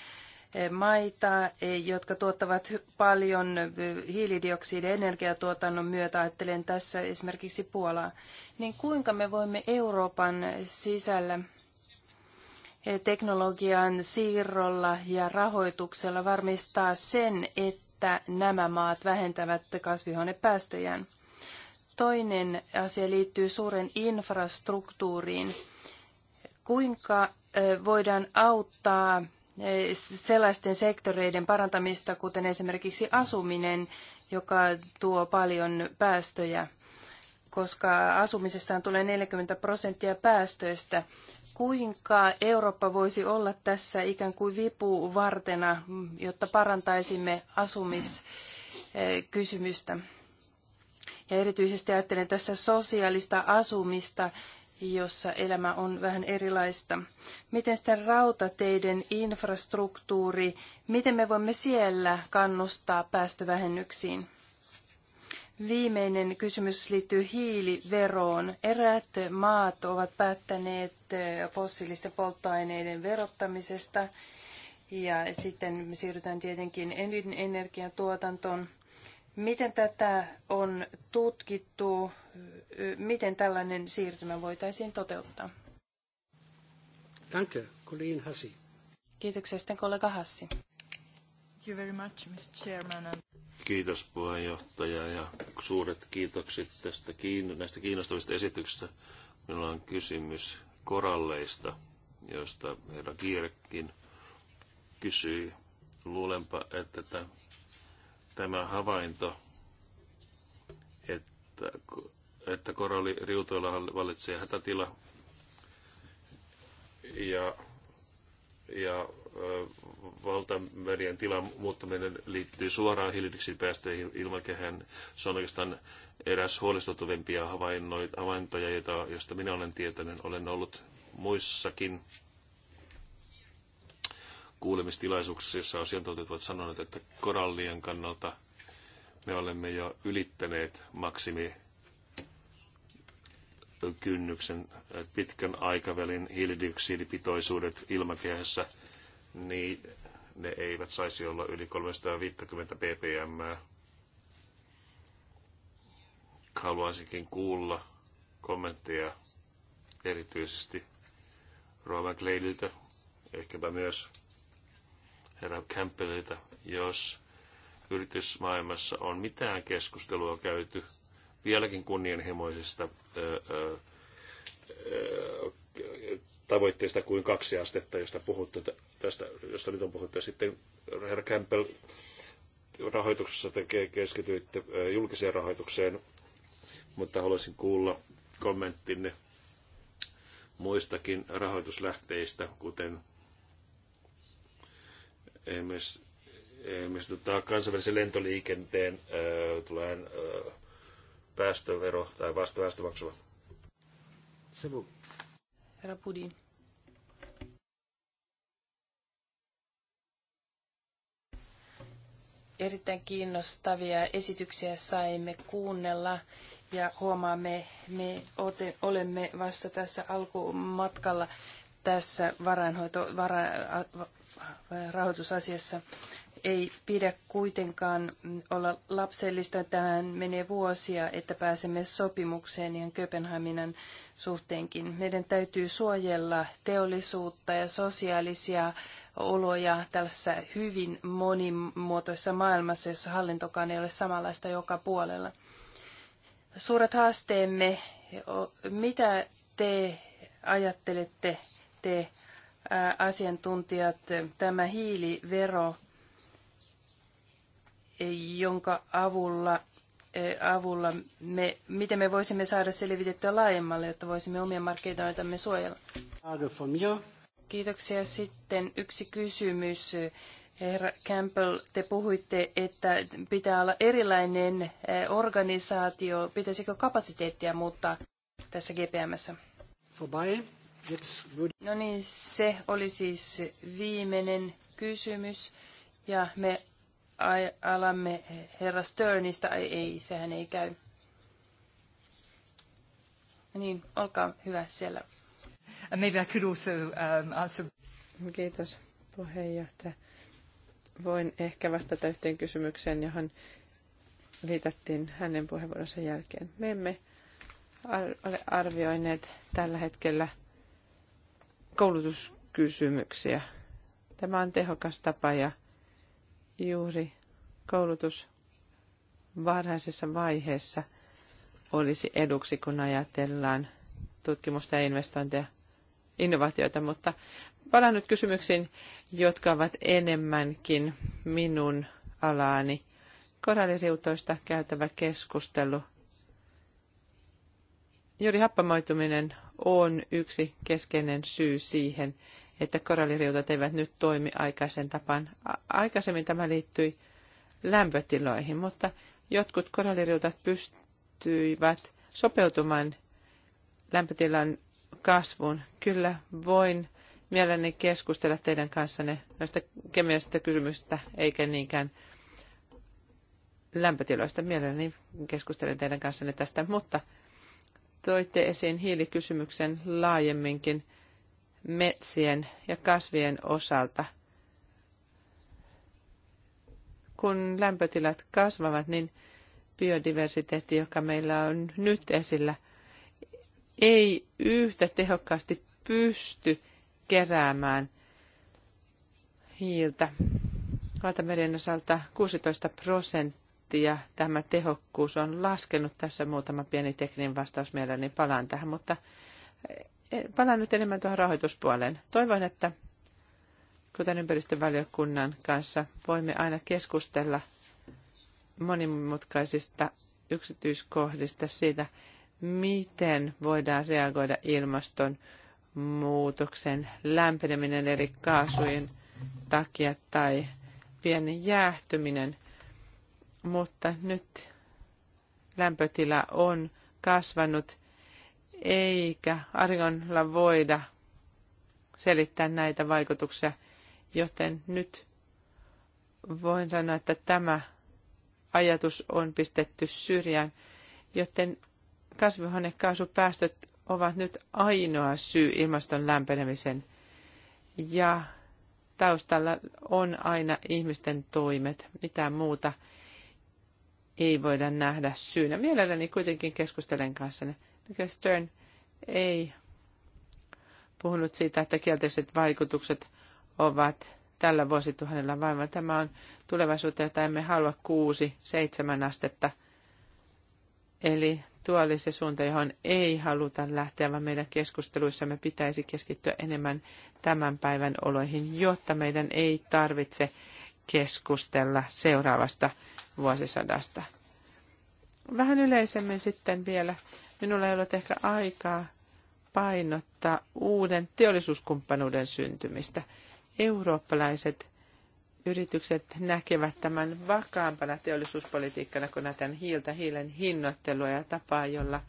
maita, eh, jotka tuottavat paljon eh, hiilidioksidia energiatuotannon myötä, ajattelen tässä esimerkiksi Puolaa, niin kuinka me voimme Euroopan sisällä teknologian siirrolla ja rahoituksella varmistaa sen, että että nämä maat vähentävät kasvihuonepäästöjään. Toinen asia liittyy suuren infrastruktuuriin. Kuinka voidaan auttaa sellaisten sektoreiden parantamista, kuten esimerkiksi asuminen, joka tuo paljon päästöjä, koska asumisestaan tulee 40 prosenttia päästöistä kuinka Eurooppa voisi olla tässä ikään kuin vipuvartena, jotta parantaisimme asumiskysymystä. Ja erityisesti ajattelen tässä sosiaalista asumista, jossa elämä on vähän erilaista. Miten sitten rautateiden infrastruktuuri, miten me voimme siellä kannustaa päästövähennyksiin? Viimeinen kysymys liittyy hiiliveroon. Eräät maat ovat päättäneet eh, fossiilisten polttoaineiden verottamisesta ja sitten me siirrytään tietenkin energian tuotantoon. Miten tätä on tutkittu? Eh, miten tällainen siirtymä voitaisiin toteuttaa? Danke, Colleen Hassi. Kiitoksia sitten kollega Hassi. Thank you very much, Mr. Chairman. Kiitos puheenjohtaja ja suuret kiitokset tästä kiin- näistä kiinnostavista esityksistä. Minulla on kysymys koralleista, joista herra Kiirekin kysyi. Luulenpa, että tämä havainto, että, että koralliriutoilla vallitsee hätätila ja, ja valtamerien tilan muuttaminen liittyy suoraan hiilidioksidipäästöihin ilmakehään. Se on oikeastaan eräs huolestuttavimpia havaintoja, jota, josta minä olen tietoinen. Olen ollut muissakin kuulemistilaisuuksissa, joissa asiantuntijat ovat sanoneet, että korallien kannalta me olemme jo ylittäneet maksimi kynnyksen äh, pitkän aikavälin hiilidioksidipitoisuudet ilmakehässä – niin ne eivät saisi olla yli 350 ppm. Haluaisinkin kuulla kommentteja erityisesti Roman Gleililtä, ehkäpä myös herra Campbellilta, jos yritysmaailmassa on mitään keskustelua käyty vieläkin kunnianhimoisista ö, ö, tavoitteesta kuin kaksi astetta, josta, puhuttu, tästä, josta nyt on puhuttu. Ja sitten herra Campbell, rahoituksessa te keskityitte julkiseen rahoitukseen, mutta haluaisin kuulla kommenttinne muistakin rahoituslähteistä, kuten esimerkiksi, esimerkiksi tota, kansainvälisen lentoliikenteen tulee päästövero tai vasta päästömaksua Se vous. Rapudi. Erittäin kiinnostavia esityksiä saimme kuunnella ja huomaamme, me ote, olemme vasta tässä alkumatkalla tässä varainhoito, vara, rahoitusasiassa ei pidä kuitenkaan olla lapsellista. Tähän menee vuosia, että pääsemme sopimukseen ihan Kööpenhaminan suhteenkin. Meidän täytyy suojella teollisuutta ja sosiaalisia oloja tässä hyvin monimuotoisessa maailmassa, jossa hallintokaan ei ole samanlaista joka puolella. Suuret haasteemme, mitä te ajattelette, te asiantuntijat, tämä hiilivero jonka avulla, e, avulla me, miten me voisimme saada selvitettyä laajemmalle, jotta voisimme omia markkinoitamme suojella. Kiitoksia. Sitten yksi kysymys. Herra Campbell, te puhuitte, että pitää olla erilainen e, organisaatio. Pitäisikö kapasiteettia muuttaa tässä GPMssä? No niin, se oli siis viimeinen kysymys. Ja me alamme herra Sternista, ei, ei, sehän ei käy. Niin, olkaa hyvä siellä. Maybe I could also um, answer. Kiitos puheenjohtaja. Voin ehkä vastata yhteen kysymykseen, johon viitattiin hänen puheenvuoronsa jälkeen. Me emme ar- ole arvioineet tällä hetkellä koulutuskysymyksiä. Tämä on tehokas tapa ja juuri koulutus varhaisessa vaiheessa olisi eduksi, kun ajatellaan tutkimusta ja investointeja, innovaatioita, mutta palaan nyt kysymyksiin, jotka ovat enemmänkin minun alaani. Koralliriutoista käytävä keskustelu. Juuri happamoituminen on yksi keskeinen syy siihen, että koralliriutat eivät nyt toimi aikaisen tapaan. Aikaisemmin tämä liittyi lämpötiloihin, mutta jotkut koralliriutat pystyivät sopeutumaan lämpötilan kasvuun. Kyllä voin mielelläni keskustella teidän kanssanne noista kemiallisista kysymyksistä, eikä niinkään lämpötiloista. Mielelläni keskustelen teidän kanssanne tästä, mutta toitte esiin hiilikysymyksen laajemminkin – metsien ja kasvien osalta. Kun lämpötilat kasvavat, niin biodiversiteetti, joka meillä on nyt esillä, ei yhtä tehokkaasti pysty keräämään hiiltä. Valtameren osalta 16 prosenttia tämä tehokkuus on laskenut. Tässä muutama pieni tekninen vastaus mielelläni niin palaan tähän, mutta palaan nyt enemmän tuohon rahoituspuoleen. Toivon, että kuten ympäristövaliokunnan kanssa voimme aina keskustella monimutkaisista yksityiskohdista siitä, miten voidaan reagoida ilmastonmuutoksen lämpeneminen eri kaasujen takia tai pieni jäähtyminen. Mutta nyt lämpötila on kasvanut eikä argonilla voida selittää näitä vaikutuksia, joten nyt voin sanoa, että tämä ajatus on pistetty syrjään, joten kasvihuonekaasupäästöt ovat nyt ainoa syy ilmaston lämpenemisen ja taustalla on aina ihmisten toimet, mitään muuta ei voida nähdä syynä. Mielelläni kuitenkin keskustelen kanssanne. Stern ei puhunut siitä, että kielteiset vaikutukset ovat tällä vuosituhannella vaivan. Tämä on tulevaisuutta, jota emme halua kuusi, seitsemän astetta. Eli tuo oli se suunta, johon ei haluta lähteä, vaan meidän keskusteluissamme pitäisi keskittyä enemmän tämän päivän oloihin, jotta meidän ei tarvitse keskustella seuraavasta vuosisadasta. Vähän yleisemmin sitten vielä Minulla ei ole ehkä aikaa painottaa uuden teollisuuskumppanuuden syntymistä. Eurooppalaiset yritykset näkevät tämän vakaampana teollisuuspolitiikkana kuin tämän hiiltä, hiilen hinnoittelua ja tapaa, jolla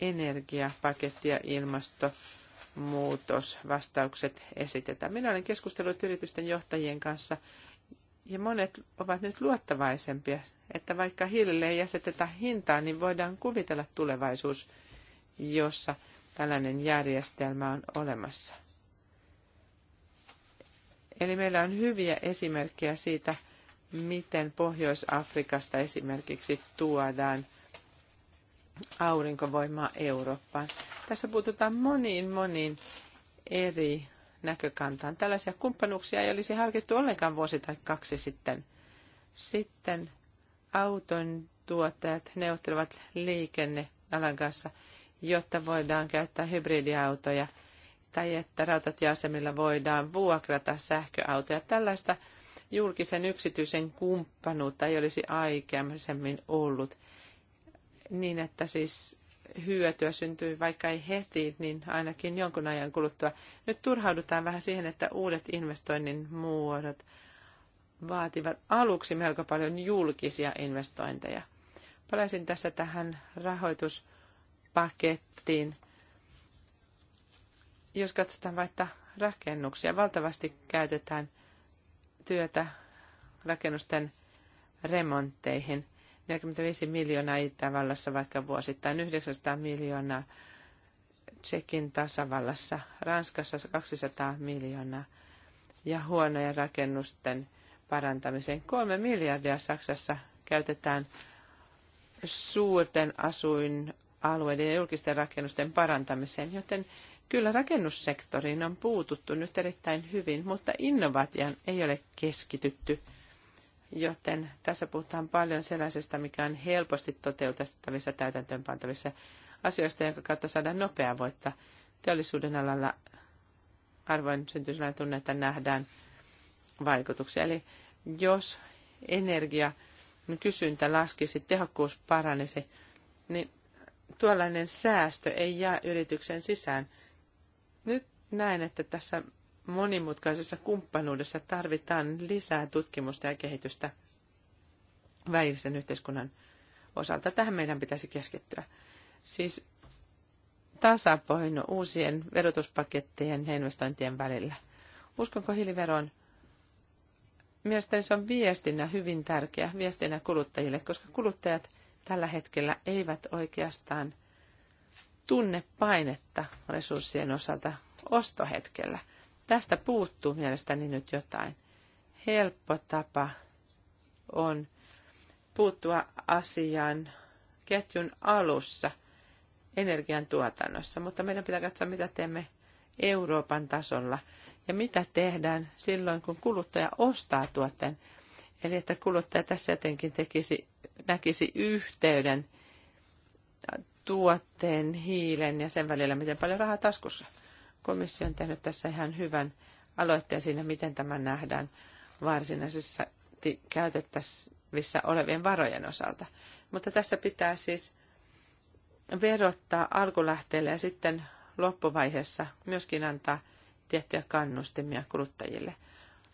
energiapaketti ja ilmastonmuutos vastaukset esitetään. Minä olen keskustellut yritysten johtajien kanssa Ja monet ovat nyt luottavaisempia, että vaikka hiilelle ei aseteta hintaa, niin voidaan kuvitella tulevaisuus, jossa tällainen järjestelmä on olemassa. Eli meillä on hyviä esimerkkejä siitä, miten Pohjois-Afrikasta esimerkiksi tuodaan aurinkovoimaa Eurooppaan. Tässä puututaan moniin moniin eri näkökantaan. Tällaisia kumppanuuksia ei olisi harkittu ollenkaan vuosi tai kaksi sitten. Sitten auton tuottajat neuvottelevat liikennealan kanssa, jotta voidaan käyttää hybridiautoja tai että rautatieasemilla voidaan vuokrata sähköautoja. Tällaista julkisen yksityisen kumppanuutta ei olisi aikaisemmin ollut niin, että siis hyötyä syntyy, vaikka ei heti, niin ainakin jonkun ajan kuluttua. Nyt turhaudutaan vähän siihen, että uudet investoinnin muodot vaativat aluksi melko paljon julkisia investointeja. Palaisin tässä tähän rahoituspakettiin. Jos katsotaan vaikka rakennuksia, valtavasti käytetään työtä rakennusten remontteihin – 45 miljoonaa Itävallassa vaikka vuosittain, 900 miljoonaa Tsekin tasavallassa, Ranskassa 200 miljoonaa ja huonojen rakennusten parantamiseen. Kolme miljardia Saksassa käytetään suurten asuinalueiden ja julkisten rakennusten parantamiseen, joten kyllä rakennussektoriin on puututtu nyt erittäin hyvin, mutta innovaatioon ei ole keskitytty – Joten tässä puhutaan paljon sellaisesta, mikä on helposti toteutettavissa täytäntöönpantavissa asioista, jonka kautta saadaan nopeaa voittaa. Teollisuuden alalla arvoin syntyisellä tunne, että nähdään vaikutuksia. Eli jos energia kysyntä laskisi, tehokkuus paranisi, niin tuollainen säästö ei jää yrityksen sisään. Nyt näen, että tässä monimutkaisessa kumppanuudessa tarvitaan lisää tutkimusta ja kehitystä välisen yhteiskunnan osalta. Tähän meidän pitäisi keskittyä. Siis tasapaino uusien verotuspakettien ja investointien välillä. Uskonko hiiliveroon? Mielestäni se on viestinnä hyvin tärkeä, viestinnä kuluttajille, koska kuluttajat tällä hetkellä eivät oikeastaan tunne painetta resurssien osalta ostohetkellä – Tästä puuttuu mielestäni nyt jotain. Helppo tapa on puuttua asiaan ketjun alussa energiantuotannossa, mutta meidän pitää katsoa, mitä teemme Euroopan tasolla ja mitä tehdään silloin, kun kuluttaja ostaa tuotteen. Eli että kuluttaja tässä jotenkin tekisi, näkisi yhteyden tuotteen, hiilen ja sen välillä, miten paljon rahaa taskussa. Komissio on tehnyt tässä ihan hyvän aloitteen siinä, miten tämä nähdään varsinaisessa käytettävissä olevien varojen osalta. Mutta tässä pitää siis verottaa alkulähteelle ja sitten loppuvaiheessa myöskin antaa tiettyjä kannustimia kuluttajille.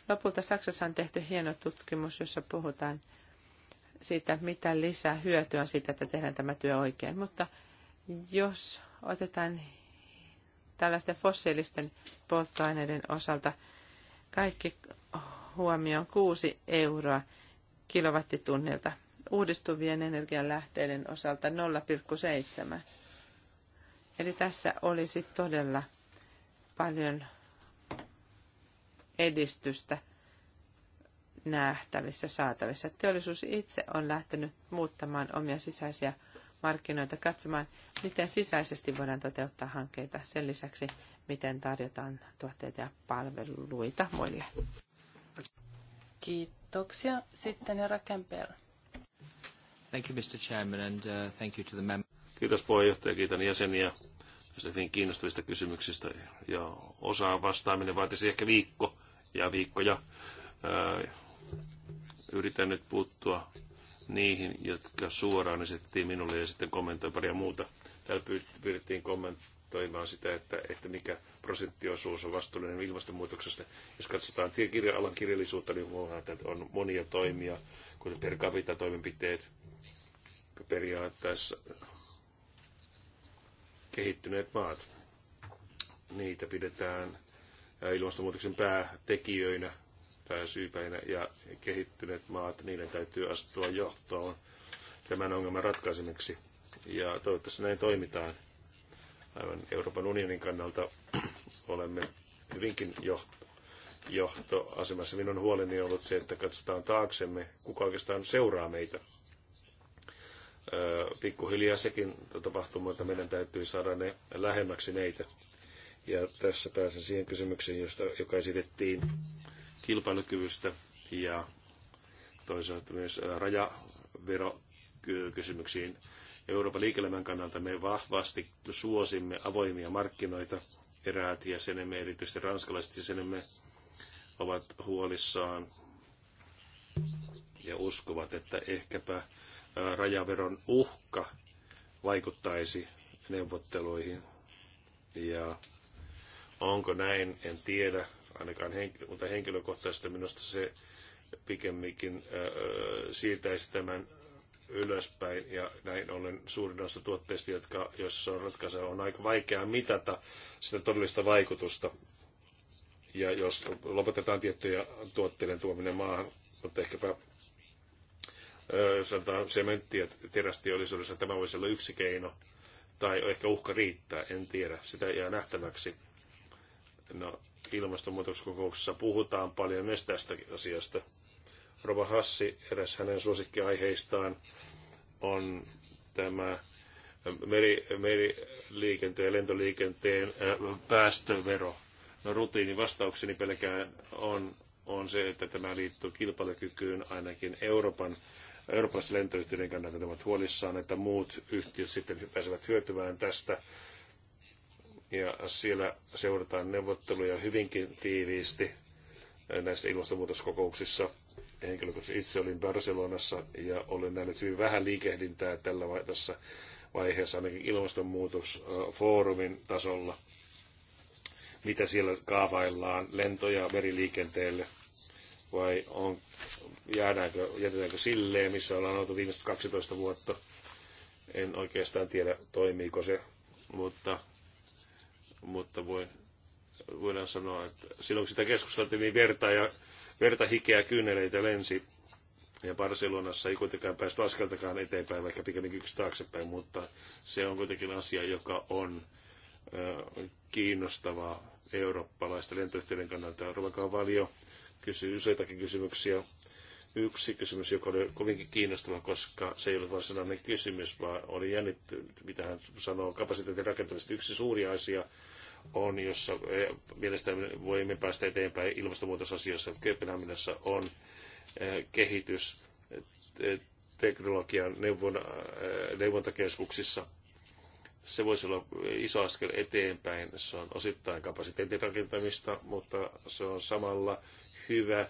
Lopulta Saksassa on tehty hieno tutkimus, jossa puhutaan siitä, mitä lisää hyötyä on siitä, että tehdään tämä työ oikein. Mutta jos otetaan tällaisten fossiilisten polttoaineiden osalta kaikki huomioon 6 euroa kilowattitunnilta. Uudistuvien energianlähteiden osalta 0,7. Eli tässä olisi todella paljon edistystä nähtävissä, saatavissa. Teollisuus itse on lähtenyt muuttamaan omia sisäisiä markkinoita katsomaan, miten sisäisesti voidaan toteuttaa hankkeita sen lisäksi, miten tarjotaan tuotteita ja palveluita muille. Kiitoksia. Sitten Herra Kemper. Thank you, Mr. Chairman, and uh, thank you to the member. Kiitos puheenjohtaja, kiitän jäseniä näistä hyvin kiinnostavista kysymyksistä. Ja osaan vastaaminen vaatisi ehkä viikko ja viikkoja. Ää, yritän nyt puuttua niihin, jotka suoraan esitettiin minulle ja sitten kommentoin paria muuta. Täällä pyydettiin kommentoimaan sitä, että, että mikä prosenttiosuus on vastuullinen ilmastonmuutoksesta. Jos katsotaan kirja-alan kirjallisuutta, niin huomaa, että on monia toimia, kuten per capita toimenpiteet, periaatteessa kehittyneet maat. Niitä pidetään ilmastonmuutoksen päätekijöinä pääsyypäinä ja kehittyneet maat, niiden täytyy astua johtoon tämän ongelman ratkaisemiseksi. Ja toivottavasti näin toimitaan. Aivan Euroopan unionin kannalta [clears throat] olemme hyvinkin johto, johtoasemassa. Minun huoleni on ollut se, että katsotaan taaksemme, kuka oikeastaan seuraa meitä. Öö, pikkuhiljaa sekin tapahtuu, mutta meidän täytyy saada ne lähemmäksi meitä. Ja tässä pääsen siihen kysymykseen, josta, joka esitettiin kilpailukyvystä ja toisaalta myös rajaverokysymyksiin. Euroopan liikelemän kannalta me vahvasti suosimme avoimia markkinoita. Eräät jäsenemme, erityisesti ranskalaiset jäsenemme, ovat huolissaan ja uskovat, että ehkäpä rajaveron uhka vaikuttaisi neuvotteluihin. Ja onko näin, en tiedä ainakaan henk- mutta henkilökohtaisesti minusta se pikemminkin ää, siirtäisi tämän ylöspäin ja näin ollen suurin osa tuotteista, jotka, joissa on ratkaiseva, on aika vaikea mitata sitä todellista vaikutusta. Ja jos lopetetaan tiettyjä tuotteiden tuominen maahan, mutta ehkäpä sanotaan sementti- ja terästeollisuudessa tämä voisi olla yksi keino, tai ehkä uhka riittää, en tiedä, sitä jää nähtäväksi. No, ilmastonmuutoskokouksessa puhutaan paljon myös tästä asiasta. Rova Hassi, eräs hänen suosikkiaiheistaan, on tämä meri, meriliikenteen ja lentoliikenteen äh, päästövero. No rutiini vastaukseni pelkään on, on se, että tämä liittyy kilpailukykyyn ainakin Euroopan eurooppalaisen lentoyhtiöiden kannalta ovat huolissaan, että muut yhtiöt sitten pääsevät hyötymään tästä ja siellä seurataan neuvotteluja hyvinkin tiiviisti näissä ilmastonmuutoskokouksissa. Henkilökohtaisesti itse olin Barcelonassa ja olen nähnyt hyvin vähän liikehdintää tällä vai- tässä vaiheessa ainakin ilmastonmuutosfoorumin tasolla, mitä siellä kaavaillaan lentoja meriliikenteelle vai on, jäädäänkö, jätetäänkö silleen, missä ollaan oltu viimeiset 12 vuotta. En oikeastaan tiedä, toimiiko se, mutta mutta voi, voidaan sanoa, että silloin kun sitä keskusteltiin, niin verta, ja, verta hikeä kyyneleitä lensi. Ja Barcelonassa ei kuitenkaan päästy askeltakaan eteenpäin, vaikka pikemminkin yksi taaksepäin, mutta se on kuitenkin asia, joka on äh, kiinnostava eurooppalaisten lentoyhtiöiden kannalta. Ruokaa valio kysyy useitakin kysymyksiä. Yksi kysymys, joka oli kovinkin kiinnostava, koska se ei ollut varsinainen kysymys, vaan oli jännitty, mitä hän sanoo kapasiteetin rakentamisesta. Yksi suuri asia, on, jossa e, mielestäni voimme päästä eteenpäin ilmastonmuutosasioissa. Kööpenhaminassa on e, kehitys e, teknologian neuvon, neuvontakeskuksissa. Se voisi olla iso askel eteenpäin. Se on osittain kapasiteetin rakentamista, mutta se on samalla hyvä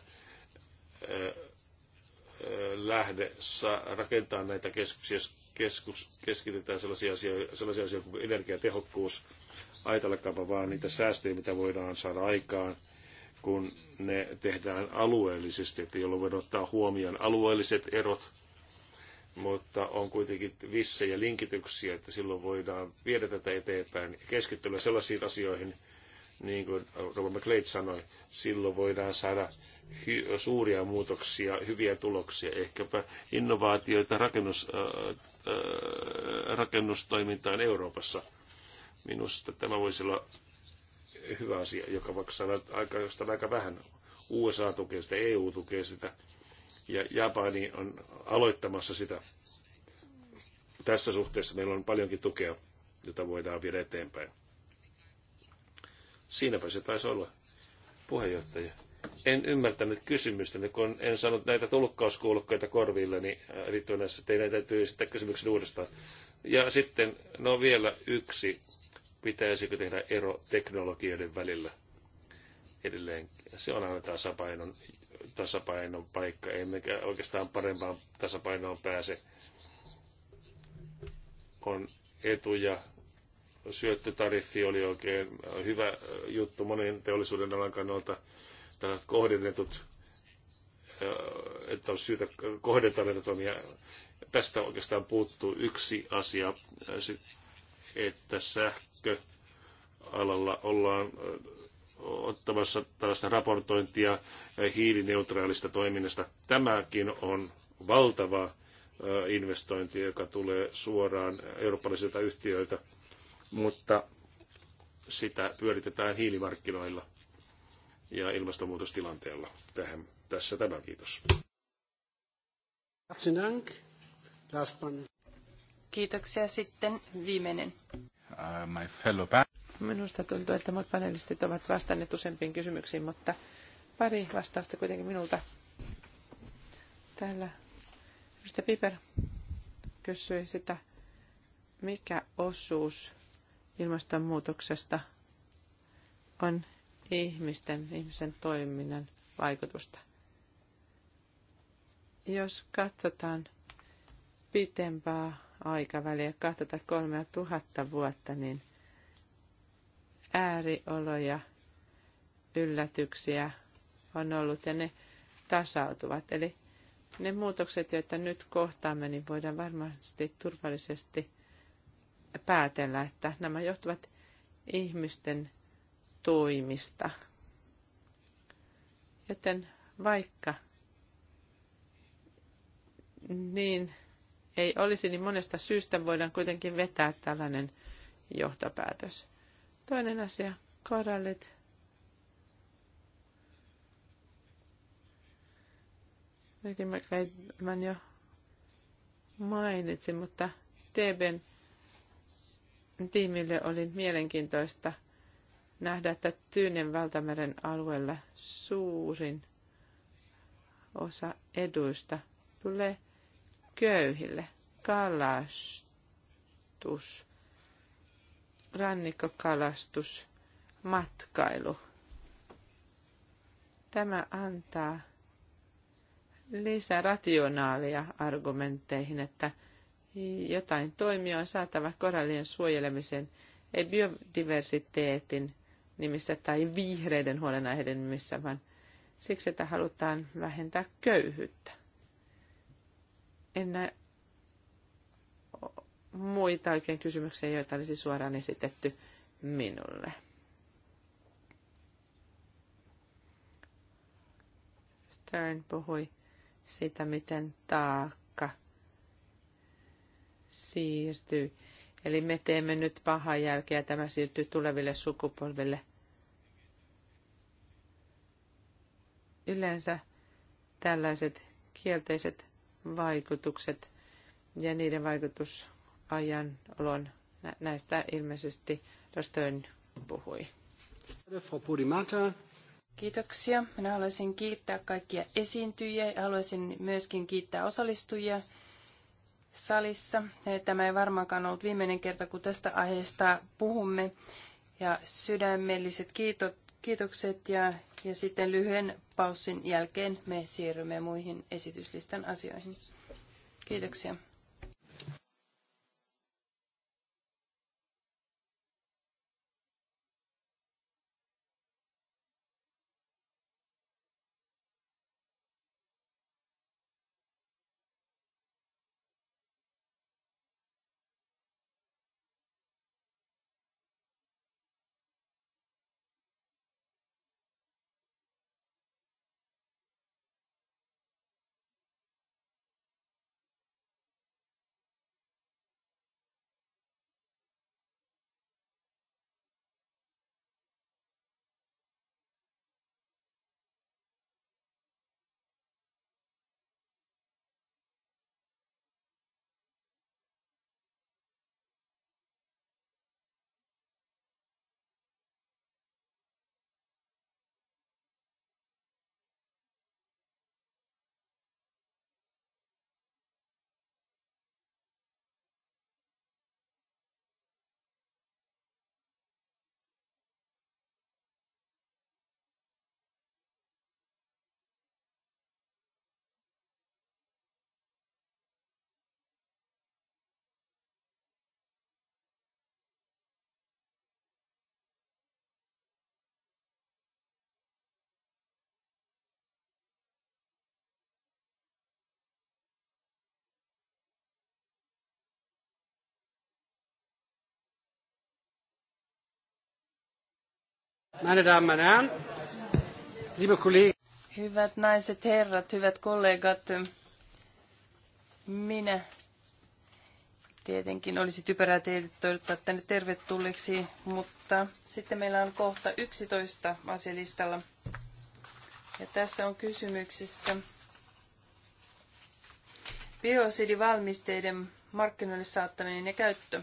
lähde rakentaa näitä keskuksia, jos keskus, keskitytään sellaisia asioita, sellaisia asioita kuin energiatehokkuus, ajatelkaapa vaan niitä säästöjä, mitä voidaan saada aikaan, kun ne tehdään alueellisesti, että jolloin voidaan ottaa huomioon alueelliset erot, mutta on kuitenkin vissejä linkityksiä, että silloin voidaan viedä tätä eteenpäin ja keskittyä sellaisiin asioihin, niin kuin Robert McLeod sanoi, silloin voidaan saada suuria muutoksia, hyviä tuloksia, ehkäpä innovaatioita rakennus, äh, äh, rakennustoimintaan Euroopassa – Minusta tämä voisi olla hyvä asia, joka maksaa aika, jostain aika vähän. USA tukee sitä, EU tukee sitä ja Japani on aloittamassa sitä. Tässä suhteessa meillä on paljonkin tukea, jota voidaan viedä eteenpäin. Siinäpä se taisi olla, puheenjohtaja. En ymmärtänyt kysymystä, kun en saanut näitä tulkkauskuulokkeita korvilleni riittävän äh, näissä. Teidän täytyy esittää kysymyksen uudestaan. Ja sitten, no vielä yksi pitäisikö tehdä ero teknologioiden välillä edelleen. Se on aina tasapainon, tasapainon paikka, emmekä oikeastaan parempaan tasapainoon pääse. On etuja. Syöttötariffi oli oikein hyvä juttu monen teollisuuden alan kannalta. Tällaiset kohdennetut, että on syytä kohdentaa näitä toimia. Tästä oikeastaan puuttuu yksi asia, että sähkö sähköalalla ollaan ottamassa tällaista raportointia hiilineutraalista toiminnasta. Tämäkin on valtava investointi, joka tulee suoraan eurooppalaisilta yhtiöiltä, mutta sitä pyöritetään hiilimarkkinoilla ja ilmastonmuutostilanteella. Tähän, tässä tämä kiitos. Kiitoksia sitten viimeinen uh, my fellow Minusta tuntuu, että muut panelistit ovat vastanneet useampiin kysymyksiin, mutta pari vastausta kuitenkin minulta. Täällä Mr. Piper kysyi sitä, mikä osuus ilmastonmuutoksesta on ihmisten, ihmisen toiminnan vaikutusta. Jos katsotaan pitempää aikaväliä, 23 tuhatta vuotta, niin äärioloja, yllätyksiä on ollut ja ne tasautuvat. Eli ne muutokset, joita nyt kohtaamme, niin voidaan varmasti turvallisesti päätellä, että nämä johtuvat ihmisten toimista. Joten vaikka niin ei olisi, niin monesta syystä voidaan kuitenkin vetää tällainen johtopäätös. Toinen asia, korallit. Mäkin mä jo mainitsin, mutta TBn tiimille oli mielenkiintoista nähdä, että Tyynen valtameren alueella suurin osa eduista tulee – köyhille. Kalastus, rannikkokalastus, matkailu. Tämä antaa lisää rationaalia argumentteihin, että jotain toimia on saatava korallien suojelemisen, ei biodiversiteetin nimissä tai vihreiden huolenaiheiden nimissä, vaan siksi, että halutaan vähentää köyhyyttä. En näe muita oikein kysymyksiä, joita olisi suoraan esitetty minulle. Stern puhui siitä, miten taakka siirtyy. Eli me teemme nyt pahaa jälkeä ja tämä siirtyy tuleville sukupolville. Yleensä tällaiset kielteiset vaikutukset ja niiden vaikutusajan olon. Näistä ilmeisesti Rostön puhui. Kiitoksia. Minä haluaisin kiittää kaikkia esiintyjiä ja haluaisin myöskin kiittää osallistujia salissa. Tämä ei varmaankaan ollut viimeinen kerta, kun tästä aiheesta puhumme. Ja sydämelliset kiitot Kiitokset ja, ja sitten lyhyen paussin jälkeen me siirrymme muihin esityslistan asioihin. Kiitoksia. Meine Damen und Herren, liebe Kollegen. Hyvät naiset, herrat, hyvät kollegat, minä tietenkin olisi typerää teille toivottaa tänne tervetulleeksi, mutta sitten meillä on kohta 11 asialistalla. Ja tässä on kysymyksessä biosidivalmisteiden markkinoille saattaminen ja käyttö.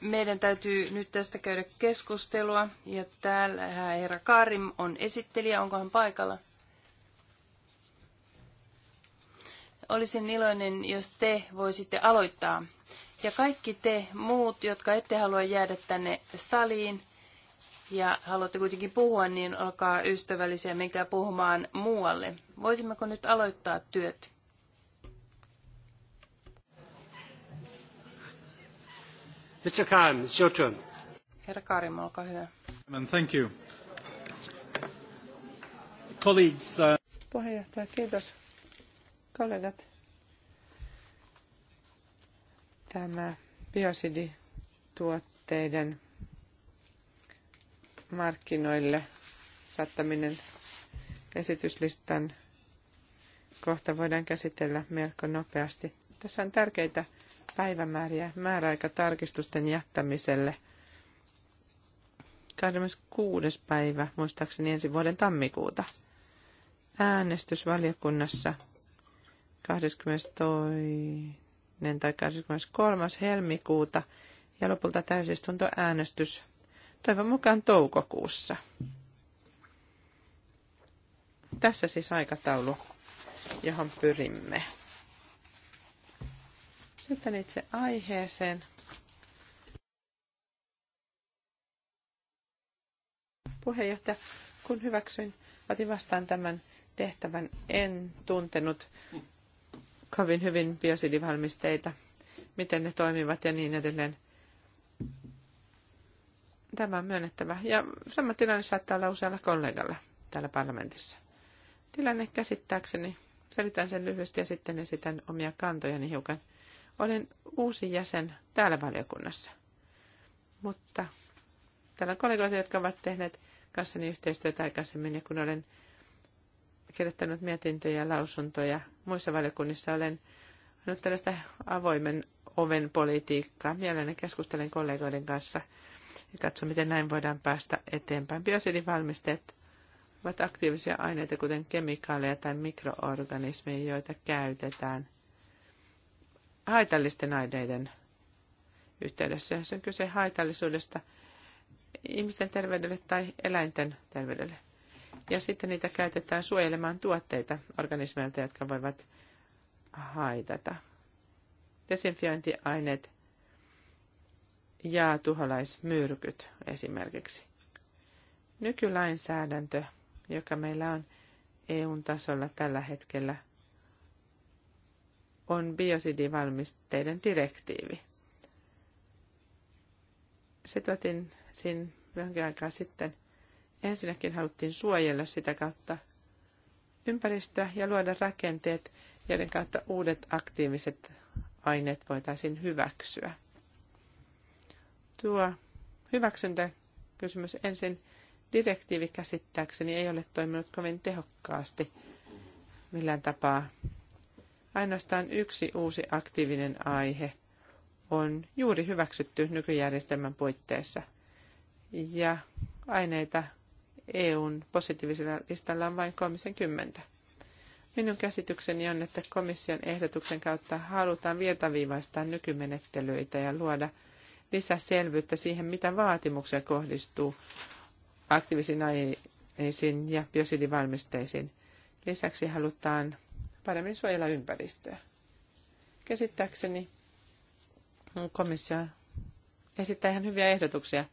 Meidän täytyy nyt tästä käydä keskustelua. Ja täällä herra Karim on esittelijä. Onko hän paikalla? Olisin iloinen, jos te voisitte aloittaa. Ja kaikki te muut, jotka ette halua jäädä tänne saliin ja haluatte kuitenkin puhua, niin olkaa ystävällisiä, menkää puhumaan muualle. Voisimmeko nyt aloittaa työt? Mr. Karim, it's your turn. Herra Karim, olkaa hyvä. Thank you. Colleagues, uh... Puheenjohtaja, kiitos. Kollegat. Tämä biosidituotteiden markkinoille saattaminen esityslistan kohta voidaan käsitellä melko nopeasti. Tässä on tärkeitä päivämääriä määräaika tarkistusten jättämiselle. 26. päivä, muistaakseni ensi vuoden tammikuuta. Äänestysvaliokunnassa 22. tai 23. helmikuuta ja lopulta täysistuntoäänestys toivon mukaan toukokuussa. Tässä siis aikataulu, johon pyrimme. Sitten itse aiheeseen. Puheenjohtaja, kun hyväksyin, otin vastaan tämän tehtävän. En tuntenut kovin hyvin biosidivalmisteita, miten ne toimivat ja niin edelleen. Tämä on myönnettävä. Ja sama tilanne saattaa olla usealla kollegalla täällä parlamentissa. Tilanne käsittääkseni, selitän sen lyhyesti ja sitten esitän omia kantojani hiukan – Olen uusi jäsen täällä valiokunnassa, mutta täällä on kollegoita, jotka ovat tehneet kanssani yhteistyötä aikaisemmin ja kun olen kirjoittanut mietintöjä ja lausuntoja muissa valiokunnissa, olen ollut tällaista avoimen oven politiikkaa. Mielelläni keskustelen kollegoiden kanssa ja katson, miten näin voidaan päästä eteenpäin. Biosidivalmisteet ovat aktiivisia aineita, kuten kemikaaleja tai mikroorganismeja, joita käytetään haitallisten aineiden yhteydessä, jos on kyse haitallisuudesta ihmisten terveydelle tai eläinten terveydelle. Ja sitten niitä käytetään suojelemaan tuotteita organismeilta, jotka voivat haitata. Desinfiointiaineet ja tuholaismyrkyt esimerkiksi. Nykylainsäädäntö, joka meillä on EUn tasolla tällä hetkellä – on biosidivalmisteiden direktiivi. Se tuotiin siinä jonkin aikaa sitten. Ensinnäkin haluttiin suojella sitä kautta ympäristöä ja luoda rakenteet, joiden kautta uudet aktiiviset aineet voitaisiin hyväksyä. Tuo hyväksyntäkysymys ensin direktiivi käsittääkseni ei ole toiminut kovin tehokkaasti millään tapaa Ainoastaan yksi uusi aktiivinen aihe on juuri hyväksytty nykyjärjestelmän puitteissa. Ja aineita EUn positiivisella listalla on vain 30. Minun käsitykseni on, että komission ehdotuksen kautta halutaan virtaviivaistaa nykymenettelyitä ja luoda lisäselvyyttä siihen, mitä vaatimuksia kohdistuu aktiivisiin aineisiin ja biosidivalmisteisiin. Lisäksi halutaan paremmin suojella ympäristöä. Käsittääkseni komissio esittää ihan hyviä ehdotuksia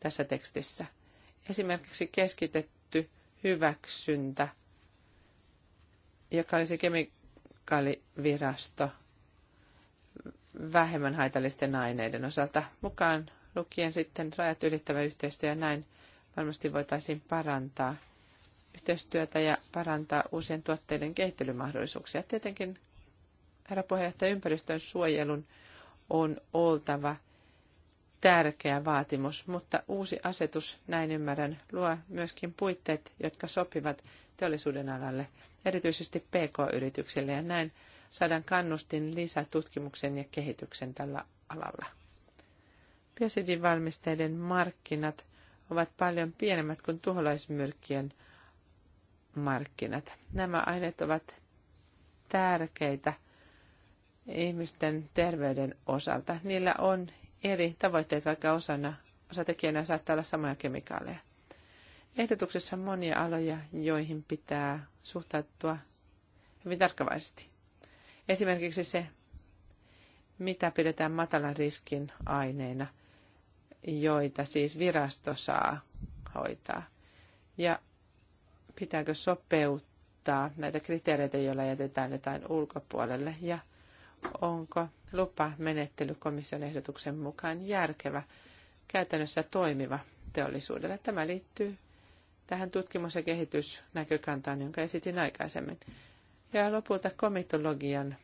tässä tekstissä. Esimerkiksi keskitetty hyväksyntä, joka olisi kemikaalivirasto vähemmän haitallisten aineiden osalta, mukaan lukien sitten rajat ylittävä yhteistyö ja näin varmasti voitaisiin parantaa – yhteistyötä ja parantaa uusien tuotteiden kehittelymahdollisuuksia. Tietenkin, herra puheenjohtaja, ympäristön suojelun on oltava tärkeä vaatimus, mutta uusi asetus, näin ymmärrän, luo myöskin puitteet, jotka sopivat teollisuuden alalle, erityisesti PK-yrityksille, ja näin saadaan kannustin lisää tutkimuksen ja kehityksen tällä alalla. Biosidivalmisteiden markkinat ovat paljon pienemmät kuin tuholaismyrkkien markkinat. Nämä aineet ovat tärkeitä ihmisten terveyden osalta. Niillä on eri tavoitteet, vaikka osana, osatekijänä saattaa olla samoja kemikaaleja. Ehdotuksessa on monia aloja, joihin pitää suhtautua hyvin tarkkavaisesti. Esimerkiksi se, mitä pidetään matalan riskin aineina, joita siis virasto saa hoitaa. Ja pitääkö sopeuttaa näitä kriteereitä, joilla jätetään jotain ulkopuolelle, ja onko lupamenettely komission ehdotuksen mukaan järkevä, käytännössä toimiva teollisuudelle. Tämä liittyy tähän tutkimus- ja kehitysnäkökantaan, jonka esitin aikaisemmin. Ja lopulta komitologian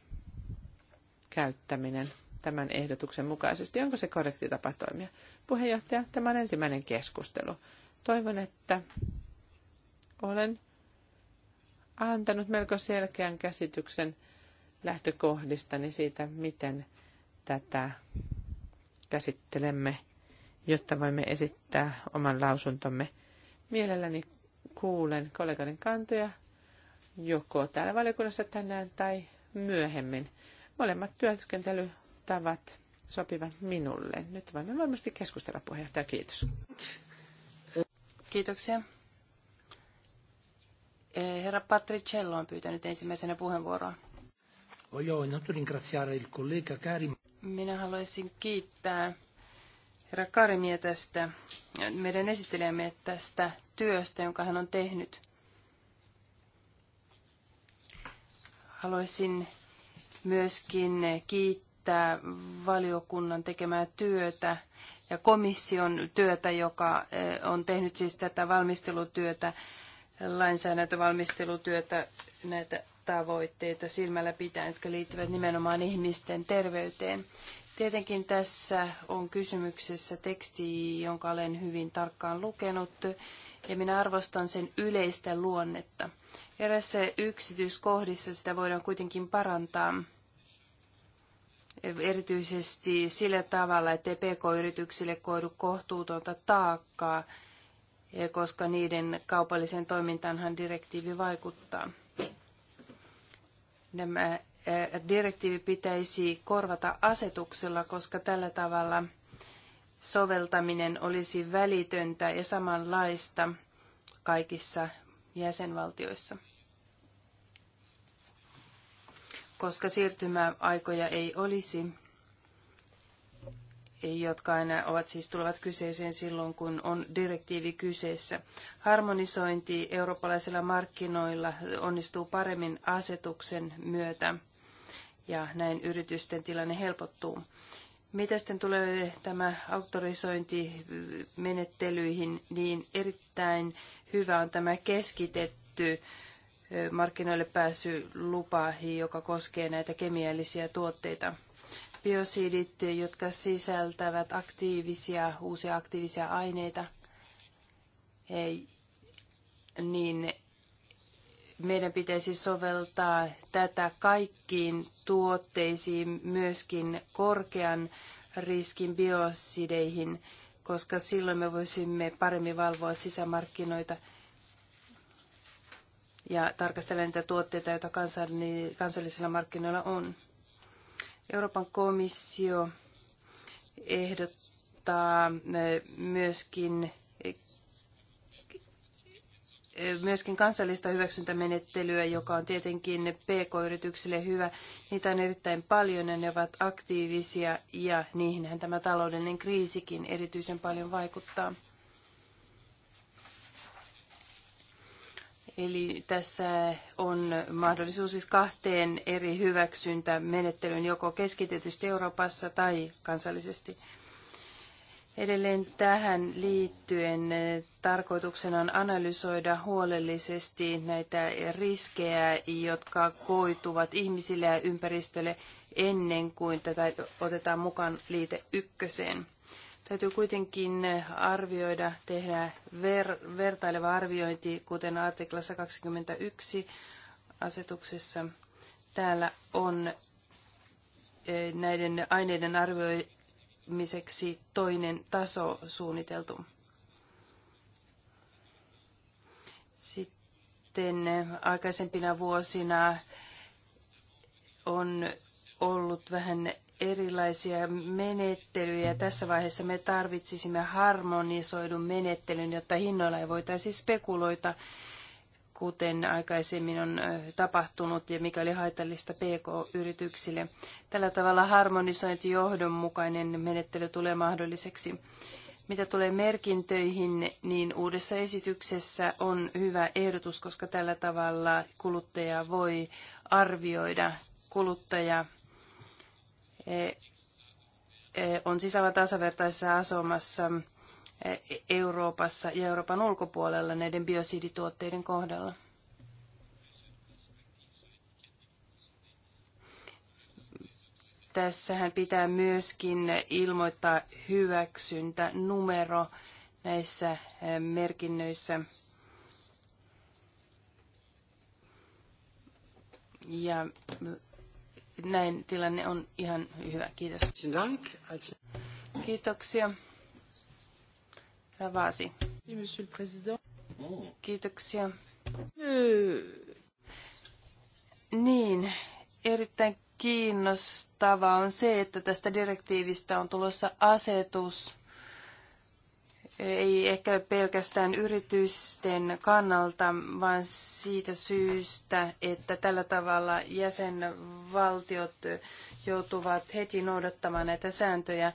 käyttäminen tämän ehdotuksen mukaisesti. Onko se korrekti tapa toimia? Puheenjohtaja, tämä on ensimmäinen keskustelu. Toivon, että olen antanut melko selkeän käsityksen lähtökohdistani siitä, miten tätä käsittelemme, jotta voimme esittää oman lausuntomme. Mielelläni kuulen kollegoiden kantoja joko täällä valiokunnassa tänään tai myöhemmin. Molemmat työskentelytavat sopivat minulle. Nyt voimme varmasti keskustella puheenjohtaja. Kiitos. Kiitoksia. Eh, herra Patricello on pyytänyt ensimmäisenä puheenvuoroa. Oh, Minä haluaisin kiittää herra Karimia tästä, meidän esittelemme tästä työstä, jonka hän on tehnyt. Haluaisin myöskin kiittää valiokunnan tekemää työtä ja komission työtä, joka eh, on tehnyt siis tätä valmistelutyötä lainsäädäntövalmistelutyötä näitä tavoitteita silmällä pitää, jotka liittyvät nimenomaan ihmisten terveyteen. Tietenkin tässä on kysymyksessä teksti, jonka olen hyvin tarkkaan lukenut, ja minä arvostan sen yleistä luonnetta. Erässä yksityiskohdissa sitä voidaan kuitenkin parantaa erityisesti sillä tavalla, ettei pk-yrityksille koidu kohtuutonta taakkaa – koska niiden kaupalliseen toimintaanhan direktiivi vaikuttaa. Nämä direktiivi pitäisi korvata asetuksella, koska tällä tavalla soveltaminen olisi välitöntä ja samanlaista kaikissa jäsenvaltioissa. Koska siirtymäaikoja ei olisi, jotka aina ovat siis tulevat kyseeseen silloin, kun on direktiivi kyseessä. Harmonisointi eurooppalaisilla markkinoilla onnistuu paremmin asetuksen myötä ja näin yritysten tilanne helpottuu. Mitä sitten tulee tämä auktorisointimenettelyihin, niin erittäin hyvä on tämä keskitetty markkinoille pääsy lupa, joka koskee näitä kemiallisia tuotteita biosidit, jotka sisältävät aktiivisia, uusia aktiivisia aineita, niin meidän pitäisi soveltaa tätä kaikkiin tuotteisiin, myöskin korkean riskin biosideihin, koska silloin me voisimme paremmin valvoa sisämarkkinoita ja tarkastella niitä tuotteita, joita kansallisilla markkinoilla on. Euroopan komissio ehdottaa eh, myöskin eh, myöskin kansallista hyväksyntämenettelyä, joka on tietenkin PK-yrityksille hyvä. Niitä on erittäin paljon ja ne ovat aktiivisia ja niihinhän tämä taloudellinen kriisikin erityisen paljon vaikuttaa. Eli tässä on mahdollisuus siis kahteen eri hyväksyntämenettelyyn, joko keskitetysti Euroopassa tai kansallisesti. Edelleen tähän liittyen tarkoituksena on analysoida huolellisesti näitä riskejä, jotka koituvat ihmisille ja ympäristölle ennen kuin tätä otetaan mukaan liite ykköseen. Täytyy kuitenkin arvioida, tehdä ver, vertaileva arviointi, kuten artiklassa 21 asetuksessa. Täällä on e, näiden aineiden arvioimiseksi toinen taso suunniteltu. Sitten aikaisempina vuosina on ollut vähän erilaisia menettelyjä. Tässä vaiheessa me tarvitsisimme harmonisoidun menettelyn, jotta hinnoilla ei voitaisi spekuloita, kuten aikaisemmin on tapahtunut ja mikä oli haitallista PK-yrityksille. Tällä tavalla harmonisointi johdonmukainen menettely tulee mahdolliseksi. Mitä tulee merkintöihin, niin uudessa esityksessä on hyvä ehdotus, koska tällä tavalla kuluttaja voi arvioida kuluttaja E, e, on siis aivan tasavertaisessa asemassa e, Euroopassa ja Euroopan ulkopuolella näiden biosidituotteiden kohdalla. Tässähän pitää myöskin ilmoittaa hyväksyntä numero näissä merkinnöissä. Ja näin tilanne on ihan hyvä. Kiitos. Kiitoksia. Ravasi. Kiitoksia. Niin, erittäin kiinnostavaa on se, että tästä direktiivistä on tulossa asetus ei ehkä pelkästään yritysten kannalta, vaan siitä syystä, että tällä tavalla jäsenvaltiot joutuvat heti noudattamaan näitä sääntöjä.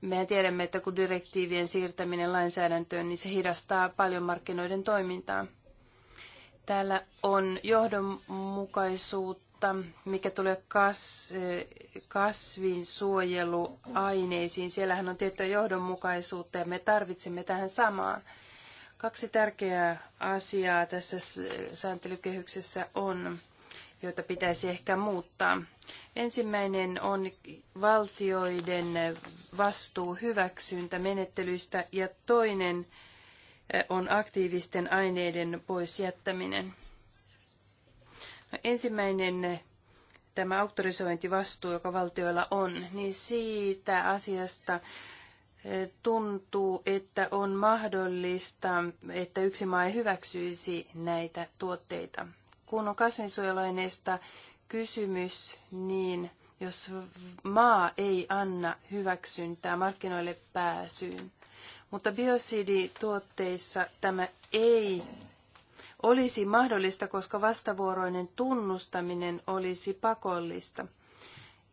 Mehän tiedämme, että kun direktiivien siirtäminen lainsäädäntöön, niin se hidastaa paljon markkinoiden toimintaa. Täällä on johdonmukaisuutta kohta, mikä tulee kas, kasvinsuojeluaineisiin. Siellähän on tiettyä johdonmukaisuutta ja me tarvitsemme tähän samaan. Kaksi tärkeää asiaa tässä sääntelykehyksessä on, joita pitäisi ehkä muuttaa. Ensimmäinen on valtioiden vastuu hyväksyntämenettelyistä ja toinen eh, on aktiivisten aineiden pois jättäminen. Ensimmäinen eh, tämä auktorisointivastuu, joka valtioilla on, niin siitä asiasta eh, tuntuu, että on mahdollista, että yksi maa ei hyväksyisi näitä tuotteita. Kun on kasvinsuojeluaineista kysymys, niin jos maa ei anna hyväksyntää markkinoille pääsyyn, mutta biosidituotteissa tämä ei olisi mahdollista, koska vastavuoroinen tunnustaminen olisi pakollista.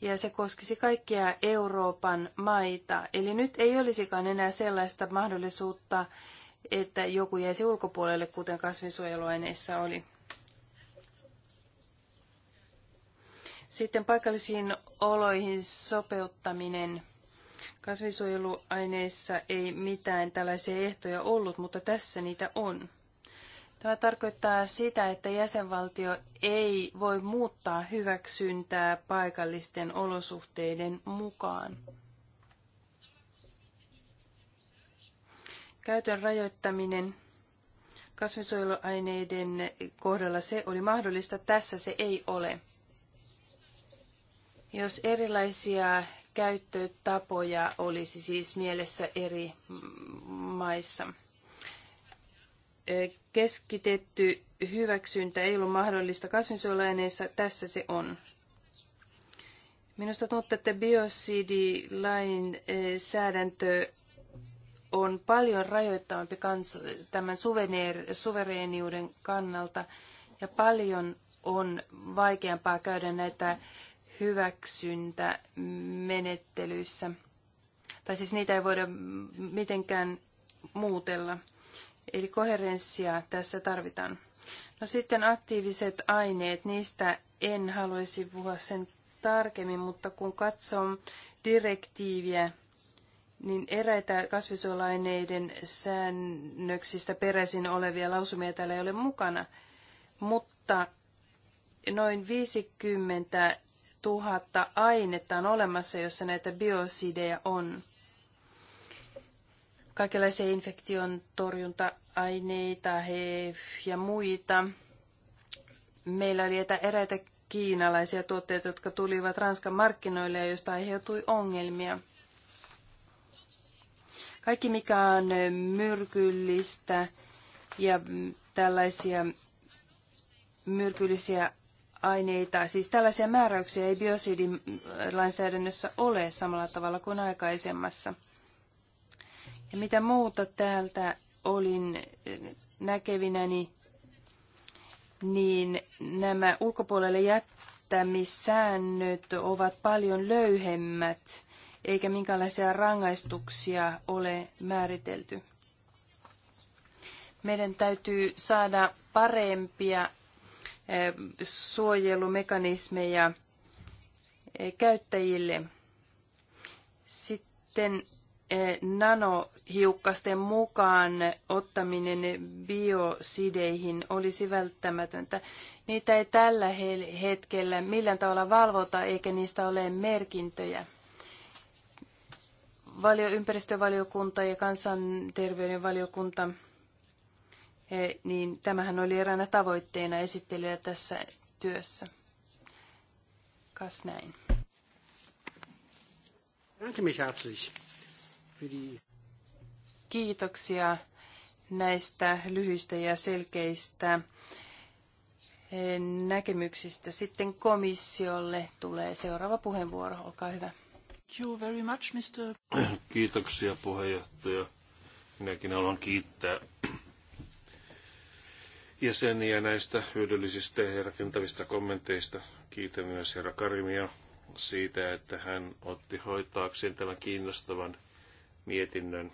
Ja se koskisi kaikkia Euroopan maita. Eli nyt ei olisikaan enää sellaista mahdollisuutta, että joku jäisi ulkopuolelle, kuten kasvinsuojeluaineissa oli. Sitten paikallisiin oloihin sopeuttaminen. Kasvinsuojeluaineissa ei mitään tällaisia ehtoja ollut, mutta tässä niitä on. Tämä tarkoittaa sitä, että jäsenvaltio ei voi muuttaa hyväksyntää paikallisten olosuhteiden mukaan. Käytön rajoittaminen kasvinsuojeluaineiden kohdalla se oli mahdollista, tässä se ei ole. Jos erilaisia käyttötapoja olisi siis mielessä eri maissa keskitetty hyväksyntä ei ollut mahdollista kasvinsuojeluaineissa, tässä se on. Minusta tuntuu, että biosidilain eh, säädäntö on paljon rajoittavampi kans, tämän suveneer, suvereeniuden kannalta ja paljon on vaikeampaa käydä näitä hyväksyntämenettelyissä. Tai siis niitä ei voida mitenkään muutella. Eli koherenssia tässä tarvitaan. No sitten aktiiviset aineet, niistä en haluaisi puhua sen tarkemmin, mutta kun katson direktiiviä, niin eräitä kasvisuolaineiden säännöksistä peräisin olevia lausumia täällä ei ole mukana, mutta noin 50 000 ainetta on olemassa, jossa näitä biosideja on kaikenlaisia infektion torjunta-aineita ja muita. Meillä oli eräitä kiinalaisia tuotteita, jotka tulivat Ranskan markkinoille ja joista aiheutui ongelmia. Kaikki, mikä on myrkyllistä ja tällaisia myrkyllisiä aineita, siis tällaisia määräyksiä ei biosidin lainsäädännössä ole samalla tavalla kuin aikaisemmassa – Ja mitä muuta täältä olin näkevinäni, niin nämä ulkopuolelle jättämissäännöt ovat paljon löyhemmät, eikä minkälaisia rangaistuksia ole määritelty. Meidän täytyy saada parempia eh, suojelumekanismeja eh, käyttäjille. Sitten nanohiukkasten mukaan ottaminen biosideihin olisi välttämätöntä. Niitä ei tällä hetkellä millään tavalla valvota eikä niistä ole merkintöjä. Valio, ympäristövaliokunta ja kansanterveyden valiokunta, niin tämähän oli eräänä tavoitteena esittelijä tässä työssä. Kas näin. Danke mich herzlich. Kiitoksia näistä lyhyistä ja selkeistä eh, näkemyksistä. Sitten komissiolle tulee seuraava puheenvuoro. Olkaa hyvä. [clears throat] Kiitoksia puheenjohtaja. Minäkin haluan kiittää jäseniä näistä hyödyllisistä ja rakentavista kommenteista. Kiitän myös herra Karimia siitä, että hän otti hoitaakseen tämän kiinnostavan mietinnön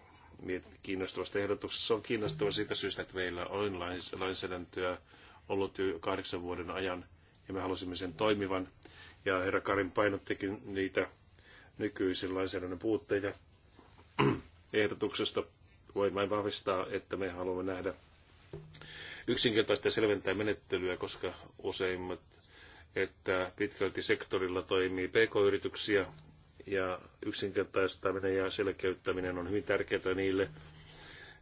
kiinnostavasta ehdotuksesta. Se on kiinnostava siitä syystä, että meillä on lainsäädäntöä ollut jo kahdeksan vuoden ajan ja me halusimme sen toimivan. Ja herra Karin painottikin niitä nykyisen lainsäädännön puutteita [clears throat] ehdotuksesta. Voin vain vahvistaa, että me haluamme nähdä yksinkertaista selventää menettelyä, koska useimmat, että pitkälti sektorilla toimii pk-yrityksiä, ja yksinkertaistaminen ja selkeyttäminen on hyvin tärkeää niille.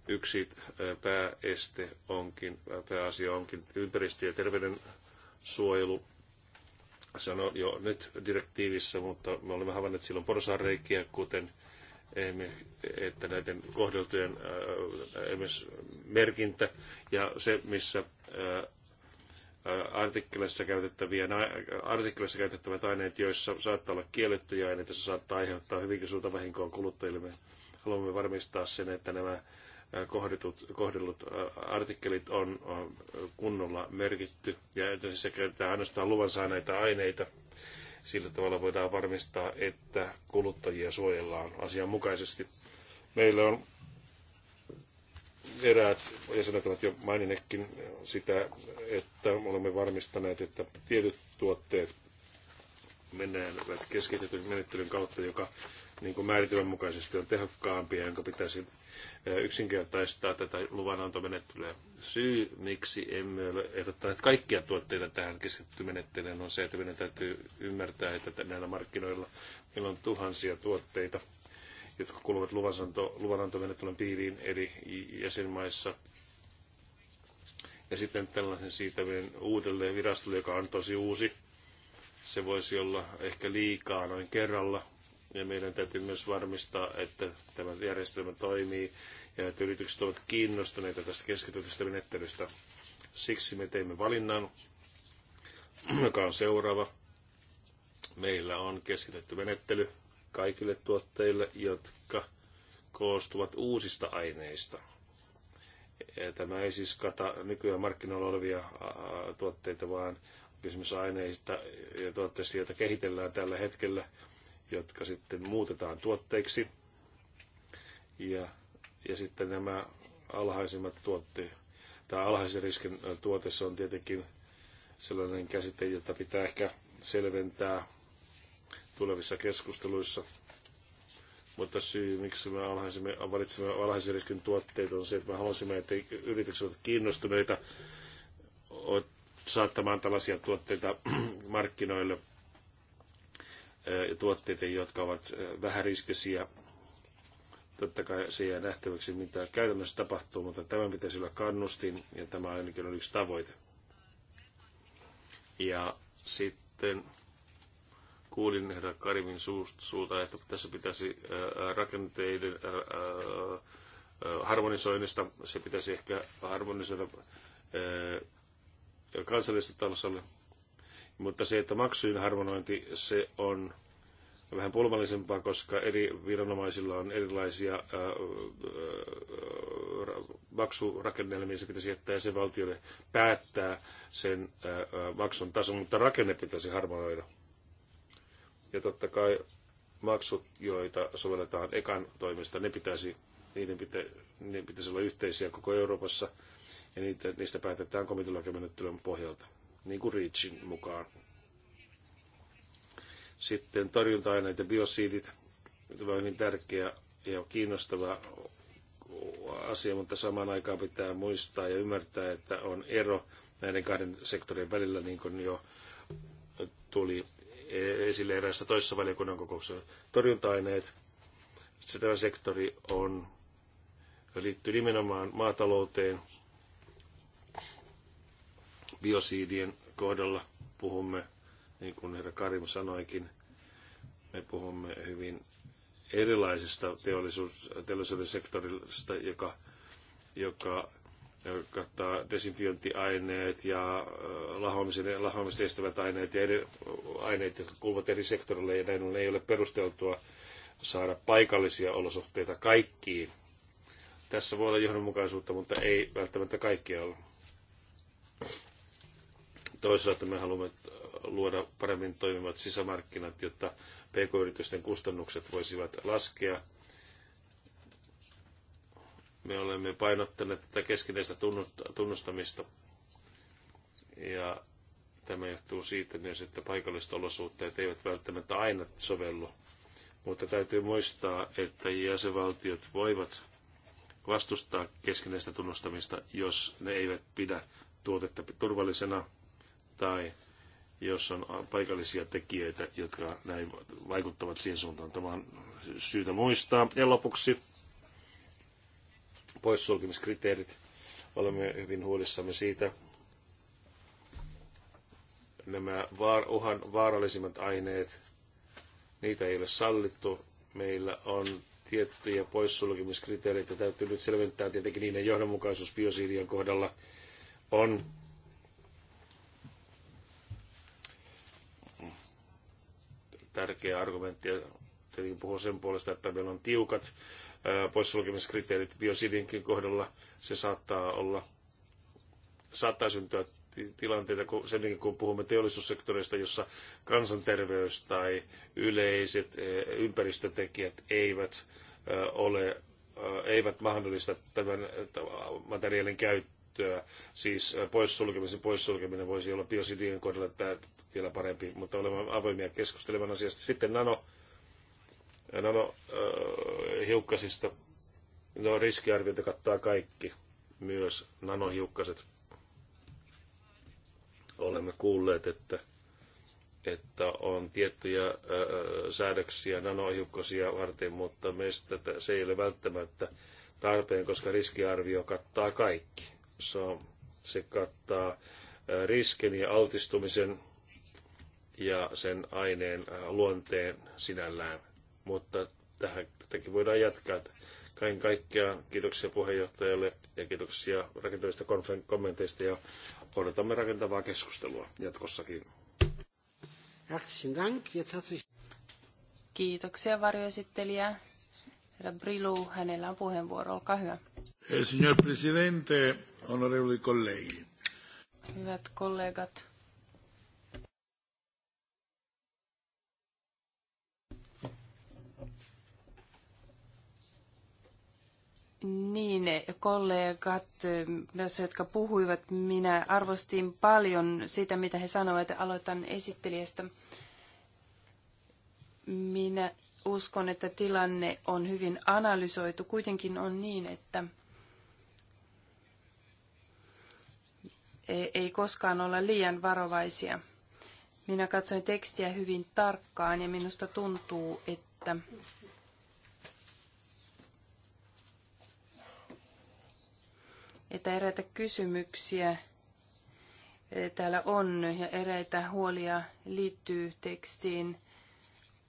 Yksi äh, pääeste onkin, äh, pääasia onkin ympäristö- ja terveydensuojelu. Se on jo nyt direktiivissä, mutta me olemme havainneet silloin porsaanreikiä, kuten että näiden kohdeltujen äh, merkintä ja se, missä artikkelissa, käytettäviä, artikkelissa käytettävät aineet, joissa saattaa olla kiellettyjä aineita, se saattaa aiheuttaa hyvinkin suurta vahinkoa kuluttajille. Haluamme varmistaa sen, että nämä kohditut, kohdellut artikkelit on kunnolla merkitty ja että se käytetään ainoastaan luvan saaneita aineita. Sillä tavalla voidaan varmistaa, että kuluttajia suojellaan asianmukaisesti. Meillä on eräät jäsenet ovat jo maininnekin sitä, että olemme varmistaneet, että tietyt tuotteet menevät keskitetyn menettelyn kautta, joka niin kuin määritelmän mukaisesti on tehokkaampi ja jonka pitäisi yksinkertaistaa tätä luvanantomenettelyä. Syy, miksi emme ole ehdottaneet kaikkia tuotteita tähän keskitetty menettelyyn, on se, että meidän täytyy ymmärtää, että näillä markkinoilla meillä on tuhansia tuotteita – jotka kuuluvat luvananto, luvanantomenettelyn piiriin eri jäsenmaissa. Ja sitten tällaisen siitäminen uudelleen virastolle, joka on tosi uusi. Se voisi olla ehkä liikaa noin kerralla. Ja meidän täytyy myös varmistaa, että tämä järjestelmä toimii ja että yritykset ovat kiinnostuneita tästä keskitytystä menettelystä. Siksi me teimme valinnan, joka on seuraava. Meillä on keskitetty menettely, kaikille tuotteille, jotka koostuvat uusista aineista. Tämä ei siis kata nykyään markkinoilla olevia tuotteita, vaan kysymys aineista ja tuotteista, joita kehitellään tällä hetkellä, jotka sitten muutetaan tuotteiksi. Ja, ja sitten nämä alhaisimmat tuotteet, tämä alhaisen riskin tuote, se on tietenkin sellainen käsite, jota pitää ehkä selventää tulevissa keskusteluissa. Mutta syy, miksi me alhaisimme, valitsemme alhaisen riskin tuotteet, on se, että me haluaisimme, että yritykset ovat kiinnostuneita saattamaan tällaisia tuotteita [clears throat] markkinoille ja tuotteita, jotka ovat vähäriskisiä. Totta kai se jää nähtäväksi, mitä käytännössä tapahtuu, mutta tämä pitäisi olla kannustin ja tämä ainakin on yksi tavoite. Ja sitten Kuulin herra Karimin suusta, että tässä pitäisi rakenteiden harmonisoinnista, se pitäisi ehkä harmonisoida kansallisessa tasolla, mutta se, että maksujen harmonointi, se on vähän pulmallisempaa, koska eri viranomaisilla on erilaisia ää, ää, maksurakennelmia, se pitäisi jättää se valtiolle päättää sen ää, maksun tason, mutta rakenne pitäisi harmonoida. Ja totta kai maksut, joita sovelletaan ekan toimesta, ne pitäisi, niiden pitä, ne pitäisi olla yhteisiä koko Euroopassa ja niitä, niistä päätetään komiteologiamenettelyn pohjalta, niin kuin REACHin mukaan. Sitten torjunta-aineet ja biosiidit. Tämä on hyvin tärkeä ja kiinnostava asia, mutta samaan aikaan pitää muistaa ja ymmärtää, että on ero näiden kahden sektorin välillä, niin kuin jo tuli esille eräässä toisessa valiokunnan kokouksessa. Torjunta-aineet, tämä sektori on, liittyy nimenomaan maatalouteen. Biosiidien kohdalla puhumme, niin kuin herra Karim sanoikin, me puhumme hyvin erilaisesta teollisuus, teollisuuden sektorista, joka, joka kattaa desinfiointiaineet ja lahoamisen, lahoamista estävät aineet ja eri, aineet, jotka kuuluvat eri sektorille, ja näin ei ole perusteltua saada paikallisia olosuhteita kaikkiin. Tässä voi olla johdonmukaisuutta, mutta ei välttämättä kaikkialla. Toisaalta me haluamme luoda paremmin toimivat sisämarkkinat, jotta pk-yritysten kustannukset voisivat laskea – Me olemme painottaneet tätä keskinäistä tunnustamista. Ja tämä johtuu siitä myös, että paikalliset olosuhteet eivät välttämättä aina sovellu. Mutta täytyy muistaa, että jäsenvaltiot voivat vastustaa keskinäistä tunnustamista, jos ne eivät pidä tuotetta turvallisena tai jos on paikallisia tekijöitä, jotka näin vaikuttavat siihen suuntaan. Tämä on syytä muistaa. Ja lopuksi poissulkemiskriteerit. Olemme hyvin huolissamme siitä. Nämä vaar, uhan vaarallisimmat aineet, niitä ei ole sallittu. Meillä on tiettyjä poissulkemiskriteereitä. Täytyy nyt selventää tietenkin niiden johdonmukaisuus biosiilien kohdalla on. Tärkeä argumentti tietenkin puhua sen puolesta, että meillä on tiukat poissulkemiskriteerit biosidinkin kohdalla. Se saattaa olla, saattaa syntyä tilanteita, kun senkin kun puhumme teollisuussektorista, jossa kansanterveys tai yleiset ympäristötekijät eivät ole, eivät mahdollista tämän materiaalin käyttöä. Siis poissulkemisen poissulkeminen voisi olla biosidien kohdalla tämä vielä parempi, mutta olemme avoimia keskustelemaan asiasta. Sitten nano nanohiukkasista. No riskiarviointi kattaa kaikki, myös nanohiukkaset. Olemme kuulleet, että, että on tiettyjä ää, säädöksiä nanohiukkasia varten, mutta meistä se ei ole välttämättä tarpeen, koska riskiarvio kattaa kaikki. Se, on, se kattaa riskin ja altistumisen ja sen aineen luonteen sinällään mutta tähän, tätäkin voidaan jatkaa. Kaiken kaikkiaan kiitoksia puheenjohtajalle ja kiitoksia rakentavista kommenteista ja odotamme rakentavaa keskustelua jatkossakin. Herzlichen Dank. Jetzt hat sich... Kiitoksia varjoesittelijä. Herra Brilu, hänellä on puheenvuoro. Olkaa hyvä. Eh, signor Presidente, onorevoli colleghi. Hyvät kollegat. Niin, kollegat, myös jotka puhuivat, minä arvostin paljon sitä, mitä he sanoivat. Aloitan esittelijästä. Minä uskon, että tilanne on hyvin analysoitu. Kuitenkin on niin, että e- ei koskaan olla liian varovaisia. Minä katsoin tekstiä hyvin tarkkaan ja minusta tuntuu, että että eräitä kysymyksiä e, täällä on ja eräitä huolia liittyy tekstiin.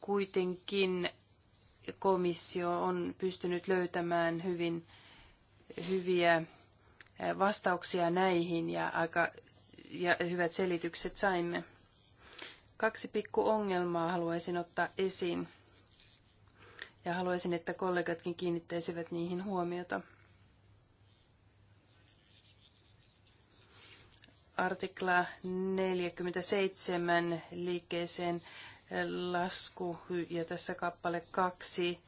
Kuitenkin komissio on pystynyt löytämään hyvin hyviä e, vastauksia näihin ja aika ja hyvät selitykset saimme. Kaksi pikku ongelmaa haluaisin ottaa esiin ja haluaisin, että kollegatkin kiinnittäisivät niihin huomiota. artikla 47 liikkeeseen lasku ja tässä kappale kaksi.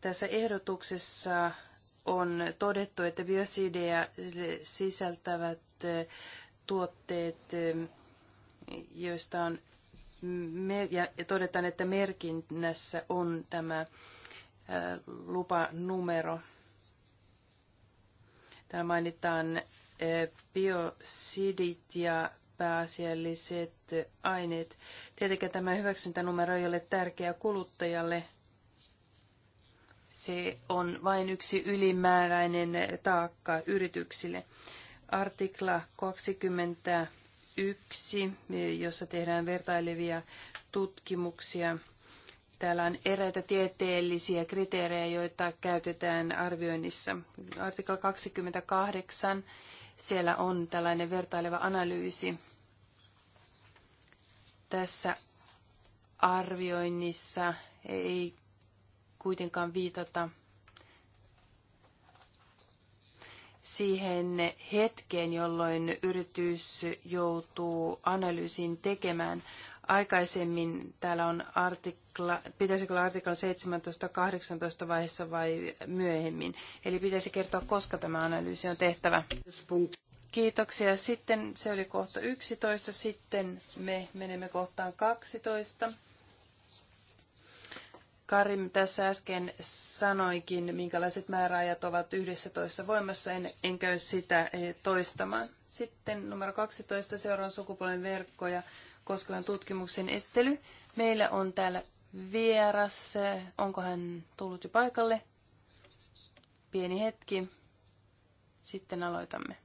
Tässä ehdotuksessa on todettu, että biosideja sisältävät tuotteet, joista on, ja todetaan, että merkinnässä on tämä lupanumero. Täällä mainitaan E, biosidit ja pääasialliset aineet. Tietenkin tämä hyväksyntänumero ei ole tärkeä kuluttajalle. Se on vain yksi ylimääräinen taakka yrityksille. Artikla 21, jossa tehdään vertailevia tutkimuksia. Täällä on eräitä tieteellisiä kriteerejä, joita käytetään arvioinnissa. Artikla 28 Siellä on tällainen vertaileva analyysi. Tässä arvioinnissa ei kuitenkaan viitata siihen hetkeen, jolloin yritys joutuu analyysin tekemään. Aikaisemmin täällä on artik- artikla, pitäisikö olla artikla 17, 18 vaiheessa vai myöhemmin. Eli pitäisi kertoa, koska tämä analyysi on tehtävä. Kiitoksia. Sitten se oli kohta 11. Sitten me menemme kohtaan 12. Karim tässä äsken sanoikin, minkälaiset määräajat ovat 11 voimassa, en, en käy sitä eh, toistamaan. Sitten numero 12, seuraan sukupuolen verkkoja koskevan tutkimuksen esittely. Meillä on täällä vieras. Onko hän tullut jo paikalle? Pieni hetki. Sitten aloitamme.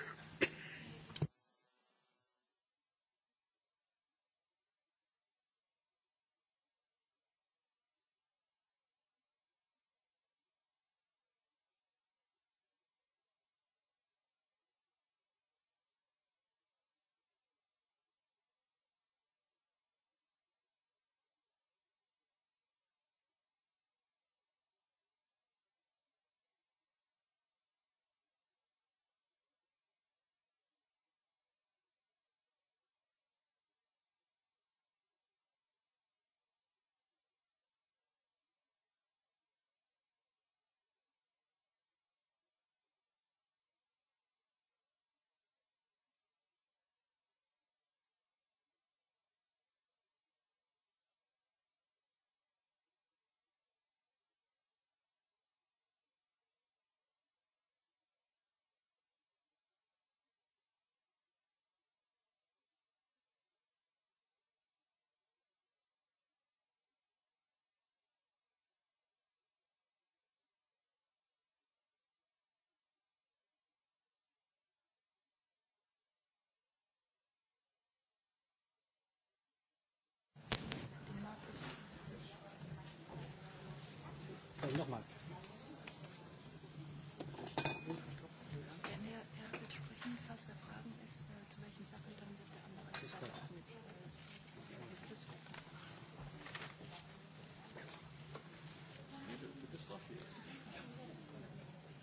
[coughs]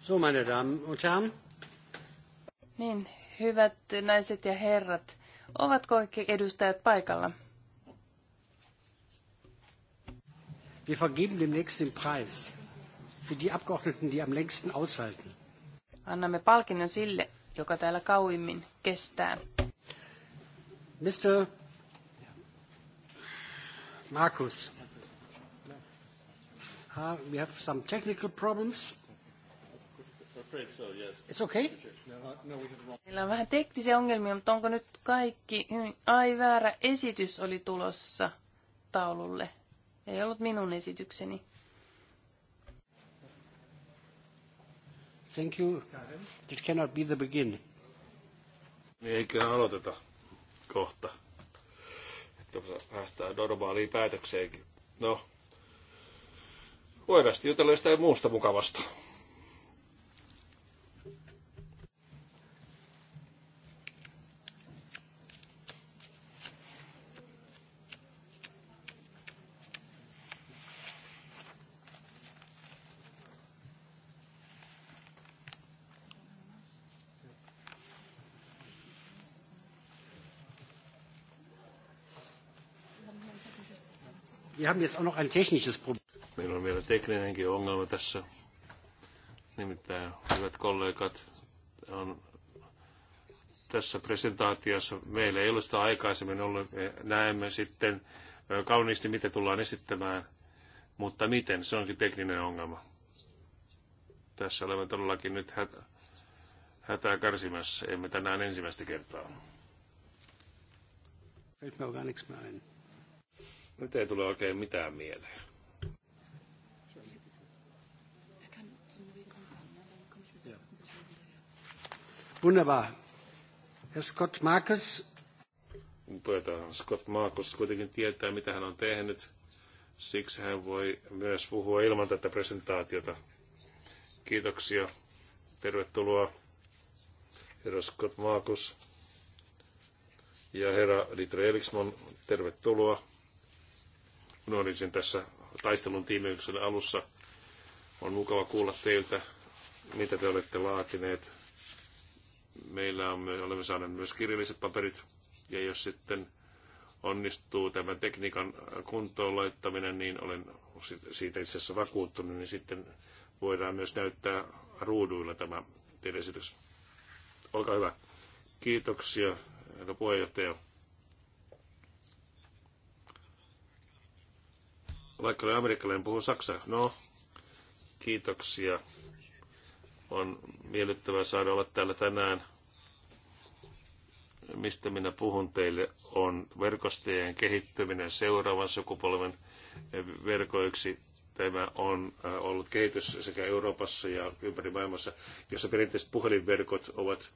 So, meine Damen und Herren. Niin, hyvät naiset ja herrat, ovatko kaikki edustajat paikalla? Wir vergeben demnächst den Preis für die Abgeordneten, die am längsten aushalten. Annamme palkinnon sille, joka täällä kauimmin kestää. Mr. Markus, uh, we have some technical problems. So, yes. It's okay. Uh, no, no, Meillä on vähän teknisiä ongelmia, mutta onko nyt kaikki... Ai, väärä esitys oli tulossa taululle. Ei ollut minun esitykseni. Thank you. It cannot be the beginning. Eiköhän aloiteta kohta. Että päästään normaaliin päätökseenkin. No, oivasti jutella jostain muusta mukavasta. Wir haben jetzt auch noch ein technisches Problem. Meillä on vielä tekninenkin ongelma tässä. Nimittäin, hyvät kollegat, on tässä presentaatiossa. Meillä ei ole sitä aikaisemmin ollut. Me näemme sitten kauniisti, mitä tullaan esittämään, mutta miten, se onkin tekninen ongelma. Tässä olemme todellakin nyt hätä, hätää kärsimässä. Emme tänään ensimmäistä kertaa. Fällt mir auch gar nichts mehr ein. Nyt ei tule oikein mitään mieleen. Wunderbar. Herr Scott Marcus. Puheenjohtaja Scott Marcus kuitenkin tietää, mitä hän on tehnyt. Siksi hän voi myös puhua ilman tätä presentaatiota. Kiitoksia. Tervetuloa, herra Scott Marcus. Ja herra Dieter Eriksson, tervetuloa. Nuorisen tässä taistelun tiimeyksen alussa. On mukava kuulla teiltä, mitä te olette laatineet. Meillä on, me olemme saaneet myös kirjalliset paperit. Ja jos sitten onnistuu tämä tekniikan kuntoon laittaminen, niin olen siitä itse asiassa vakuuttunut, niin sitten voidaan myös näyttää ruuduilla tämä teidän esitys. Olkaa hyvä. Kiitoksia, herra puheenjohtaja. vaikka olen amerikkalainen, puhun saksaa. No, kiitoksia. On miellyttävää saada olla täällä tänään. Mistä minä puhun teille on verkostojen kehittyminen seuraavan sukupolven verkoiksi. Tämä on äh, ollut kehitys sekä Euroopassa ja ympäri maailmassa, jossa perinteiset puhelinverkot ovat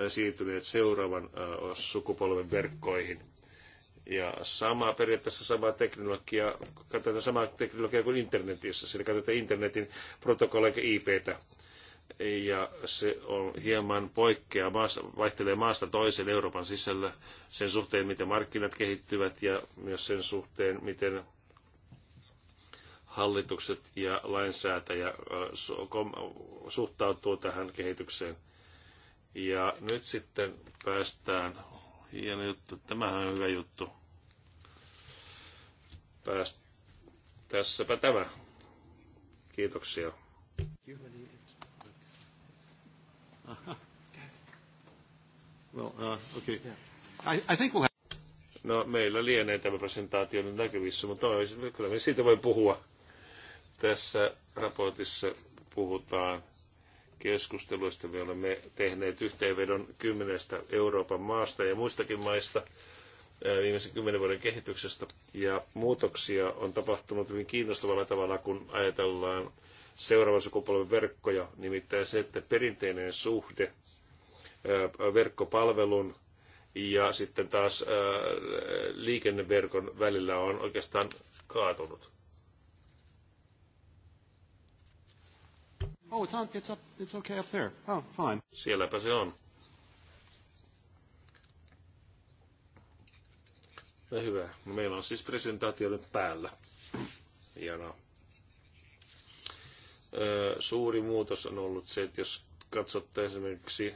äh, siirtyneet seuraavan äh, sukupolven verkkoihin – Ja sama, periaatteessa samaa teknologiaa, katsotaan samaa teknologiaa kuin internetissä, sillä katsotaan internetin protokolla eikä IPtä. Ja se on hieman poikkea, maasta, vaihtelee maasta toiseen Euroopan sisällä sen suhteen, miten markkinat kehittyvät ja myös sen suhteen, miten hallitukset ja lainsäätäjä äh, suhtautuu tähän kehitykseen. Ja nyt sitten päästään Hieno juttu. Tämähän on hyvä juttu. Pääst... Tässäpä tämä. Kiitoksia. Well, uh, okay. I, I think we'll have... No, meillä lienee tämä presentaatio nyt näkyvissä, mutta olisi, kyllä me siitä voi puhua. Tässä raportissa puhutaan keskusteluista. Me olemme tehneet yhteenvedon kymmenestä Euroopan maasta ja muistakin maista viimeisen kymmenen vuoden kehityksestä. Ja muutoksia on tapahtunut hyvin kiinnostavalla tavalla, kun ajatellaan seuraavan sukupolven verkkoja, nimittäin se, että perinteinen suhde verkkopalvelun ja sitten taas liikenneverkon välillä on oikeastaan kaatunut. Oh, it's on. It's up. It's okay up there. Oh, fine. Sielläpä se on. No hyvä. Meillä on siis presentaatio nyt päällä. Hienoa. Öö, suuri muutos on ollut se, että jos katsotte esimerkiksi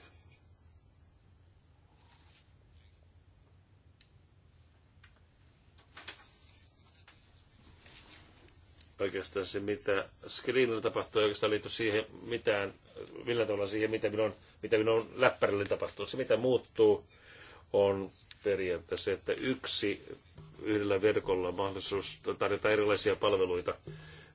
oikeastaan se, mitä screenillä tapahtuu, oikeastaan liity siihen mitään, millä tavalla siihen, mitä minun, mitä minun läppärillä tapahtuu. Se, mitä muuttuu, on periaatteessa se, että yksi yhdellä verkolla mahdollisuus tarjota erilaisia palveluita.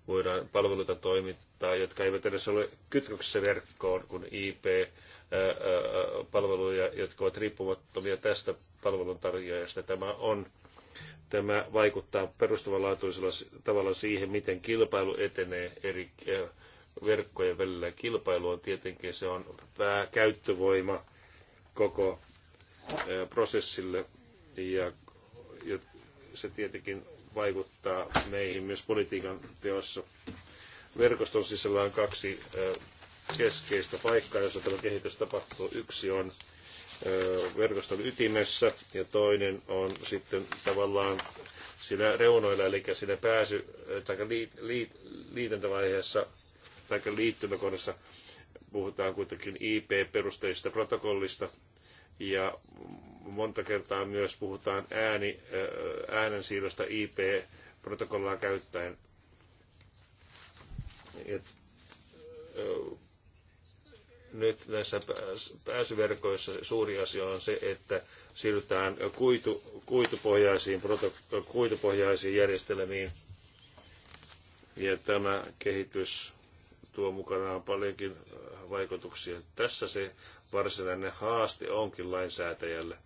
Voidaan palveluita toimittaa, jotka eivät edes ole kytköksessä verkkoon, kun IP-palveluja, jotka ovat riippumattomia tästä palveluntarjoajasta. Tämä on Tämä vaikuttaa perustavanlaatuisella tavalla siihen, miten kilpailu etenee eri eh, verkkojen välillä. Kilpailu on tietenkin se on pääkäyttövoima koko eh, prosessille ja, ja se tietenkin vaikuttaa meihin myös politiikan teossa. Verkoston sisällä on kaksi eh, keskeistä paikkaa, jossa tämä kehitys tapahtuu. Yksi on verkoston ytimessä ja toinen on sitten tavallaan siinä reunoilla, eli siinä pääsy- tai liit, liit, liitäntävaiheessa tai liittymäkohdassa puhutaan kuitenkin IP-perusteisesta protokollista ja monta kertaa myös puhutaan ääni, äh, äänensiirrosta IP-protokollaa käyttäen. Et, äh, nyt näissä pääsyverkoissa suuri asia on se, että siirrytään kuitu, kuitupohjaisiin, proto, kuitupohjaisiin järjestelmiin. Ja tämä kehitys tuo mukanaan paljonkin äh, vaikutuksia. Tässä se varsinainen haaste onkin lainsäätäjälle.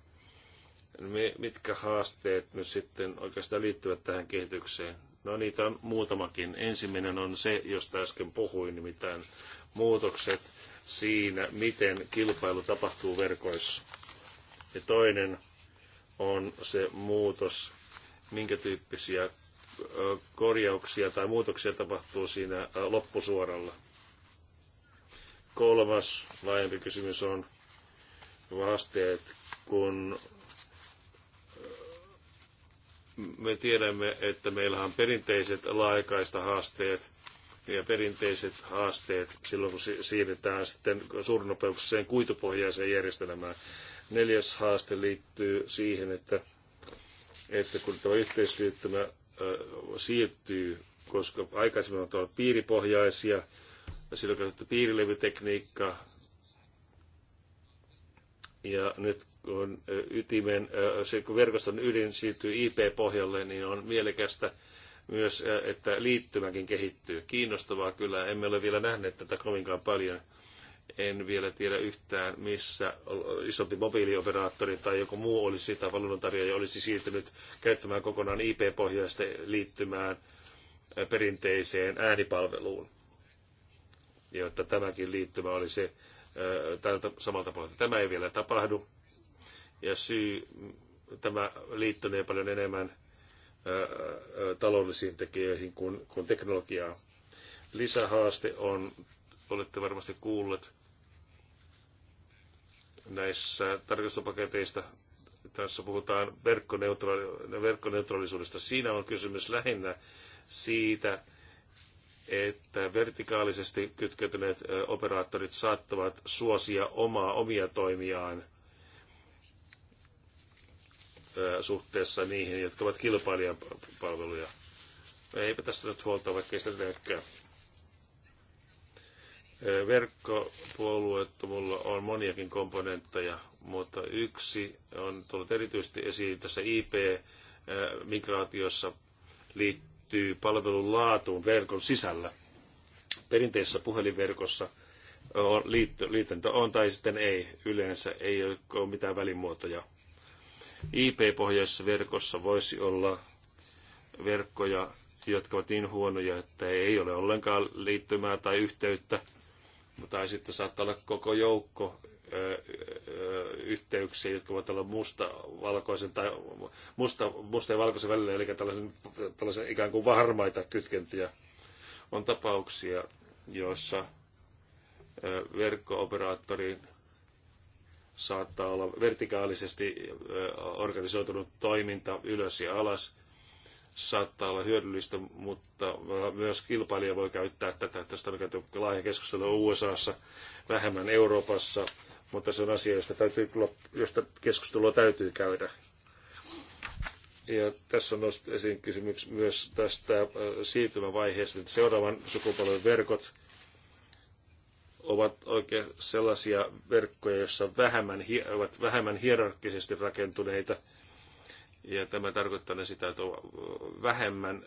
Mitkä haasteet nyt sitten oikeastaan liittyvät tähän kehitykseen? No niitä on muutamakin. Ensimmäinen on se, josta äsken puhuin, nimittäin muutokset siinä, miten kilpailu tapahtuu verkoissa. Ja toinen on se muutos, minkä tyyppisiä korjauksia tai muutoksia tapahtuu siinä loppusuoralla. Kolmas laajempi kysymys on haasteet, kun me tiedämme, että meillä on perinteiset laaikaista haasteet, ja perinteiset haasteet silloin, kun siirrytään sitten suurnopeukseen kuitupohjaiseen järjestelmään. Neljäs haaste liittyy siihen, että, että kun tämä yhteisliittymä ö, siirtyy, koska aikaisemmin on ollut piiripohjaisia, silloin käytetty piirilevytekniikkaa, ja nyt kun ytimen, se, kun verkoston ydin siirtyy IP-pohjalle, niin on mielekästä myös, että liittymäkin kehittyy. Kiinnostavaa kyllä, emme ole vielä nähneet tätä kovinkaan paljon. En vielä tiedä yhtään, missä isompi mobiilioperaattori tai joku muu olisi sitä palveluntarjoaja olisi siirtynyt käyttämään kokonaan IP-pohjaista liittymään perinteiseen äänipalveluun. Jotta tämäkin liittymä oli se tältä samalta puolelta. Tämä ei vielä tapahdu. Ja syy, tämä liittynee paljon enemmän taloudellisiin tekijöihin kuin, kuin teknologiaa. Lisähaaste on, olette varmasti kuulleet näissä tarkastuspaketeista, tässä puhutaan verkkoneutraali, verkkoneutraalisuudesta. Siinä on kysymys lähinnä siitä, että vertikaalisesti kytkeytyneet operaattorit saattavat suosia omaa omia toimiaan – suhteessa niihin, jotka ovat kilpailijan palveluja. Eipä tästä nyt huolta, vaikka ei sitä näkään. Verkkopuolueettomulla on moniakin komponentteja, mutta yksi on tullut erityisesti esiin tässä IP-migraatiossa liittyy palvelun laatuun verkon sisällä. Perinteisessä puhelinverkossa on, liittyntä on tai sitten ei. Yleensä ei ole mitään välimuotoja IP-pohjaisessa verkossa voisi olla verkkoja, jotka ovat niin huonoja, että ei ole ollenkaan liittymää tai yhteyttä, tai sitten saattaa olla koko joukko yhteyksiä, jotka voivat olla musta, valkoisen tai musta, musta ja valkoisen välillä, eli tällaisen, tällaisen ikään kuin varmaita kytkentiä. On tapauksia, joissa verkko-operaattorin saattaa olla vertikaalisesti organisoitunut toiminta ylös ja alas, saattaa olla hyödyllistä, mutta myös kilpailija voi käyttää tätä. Tästä on käyty laaja keskustelu USAssa, vähemmän Euroopassa, mutta se on asia, josta, täytyy, josta keskustelua täytyy käydä. Ja tässä on nostettu esiin kysymys myös tästä siirtymävaiheesta, että seuraavan sukupolven verkot – ovat oikein sellaisia verkkoja, joissa vähemmän, ovat vähemmän hierarkkisesti rakentuneita. Ja tämä tarkoittaa sitä, että on vähemmän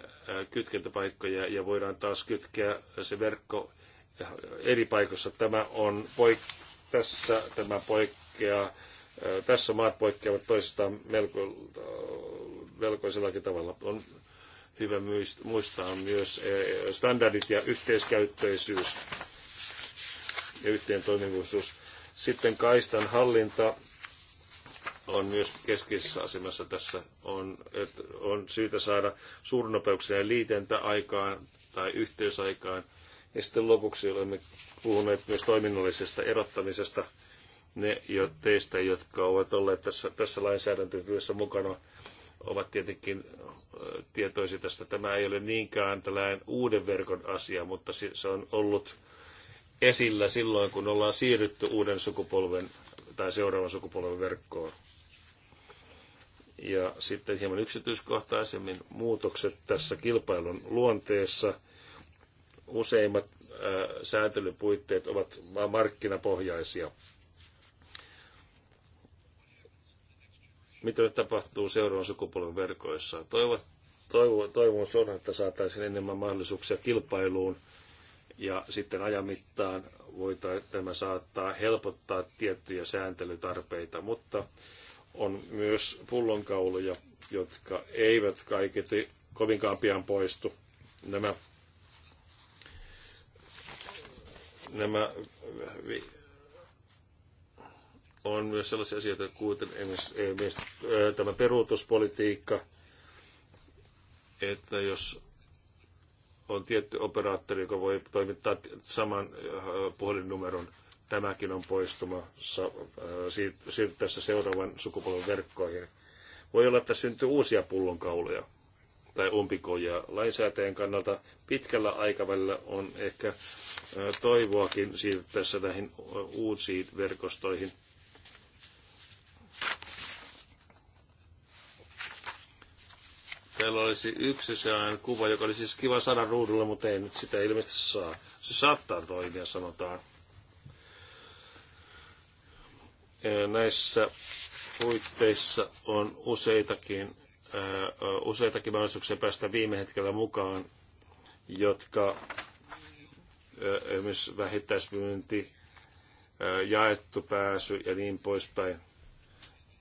kytkentäpaikkoja ja voidaan taas kytkeä se verkko eri paikoissa. Tämä on poik- tässä tämä poikkeaa, tässä maat poikkeavat toisistaan melko, melkoisellakin tavalla. On hyvä muistaa myös standardit ja yhteiskäyttöisyys ja yhteentoimivuus. Sitten kaistan hallinta on myös keskeisessä asemassa tässä. On, että on syytä saada suurnopeuksia liitentä aikaan tai yhteysaikaan. Ja sitten lopuksi olemme puhuneet myös toiminnallisesta erottamisesta. Ne jo teistä, jotka ovat olleet tässä, tässä lainsäädäntötyössä mukana, ovat tietenkin äh, tietoisia tästä. Tämä ei ole niinkään tällainen uuden verkon asia, mutta se on ollut esillä silloin, kun ollaan siirrytty uuden sukupolven tai seuraavan sukupolven verkkoon. Ja sitten hieman yksityiskohtaisemmin muutokset tässä kilpailun luonteessa. Useimmat äh, sääntelypuitteet ovat markkinapohjaisia. Mitä nyt tapahtuu seuraavan sukupolven verkoissa? Toivo, toivo, toivon on, että saataisiin enemmän mahdollisuuksia kilpailuun – ja sitten ajan mittaan voi tämä saattaa helpottaa tiettyjä sääntelytarpeita, mutta on myös pullonkauluja, jotka eivät kaiketi kovinkaan pian poistu. Nämä, nämä on myös sellaisia asioita, kuten esimerkiksi eh, tämä peruutuspolitiikka, että jos on tietty operaattori, joka voi toimittaa saman äh, puhelinnumeron. Tämäkin on poistumassa äh, siirtyessä seuraavan sukupolven verkkoihin. Voi olla, että syntyy uusia pullonkauloja tai umpikoja. Lainsäätäjän kannalta pitkällä aikavälillä on ehkä äh, toivoakin siirtyessä näihin uusiin verkostoihin – Meillä olisi yksi sellainen kuva, joka oli siis kiva saada ruudulla, mutta ei nyt sitä ilmeisesti saa. Se saattaa toimia, sanotaan. Näissä puitteissa on useitakin, useitakin mahdollisuuksia päästä viime hetkellä mukaan, jotka esimerkiksi vähittäismyynti, jaettu pääsy ja niin poispäin.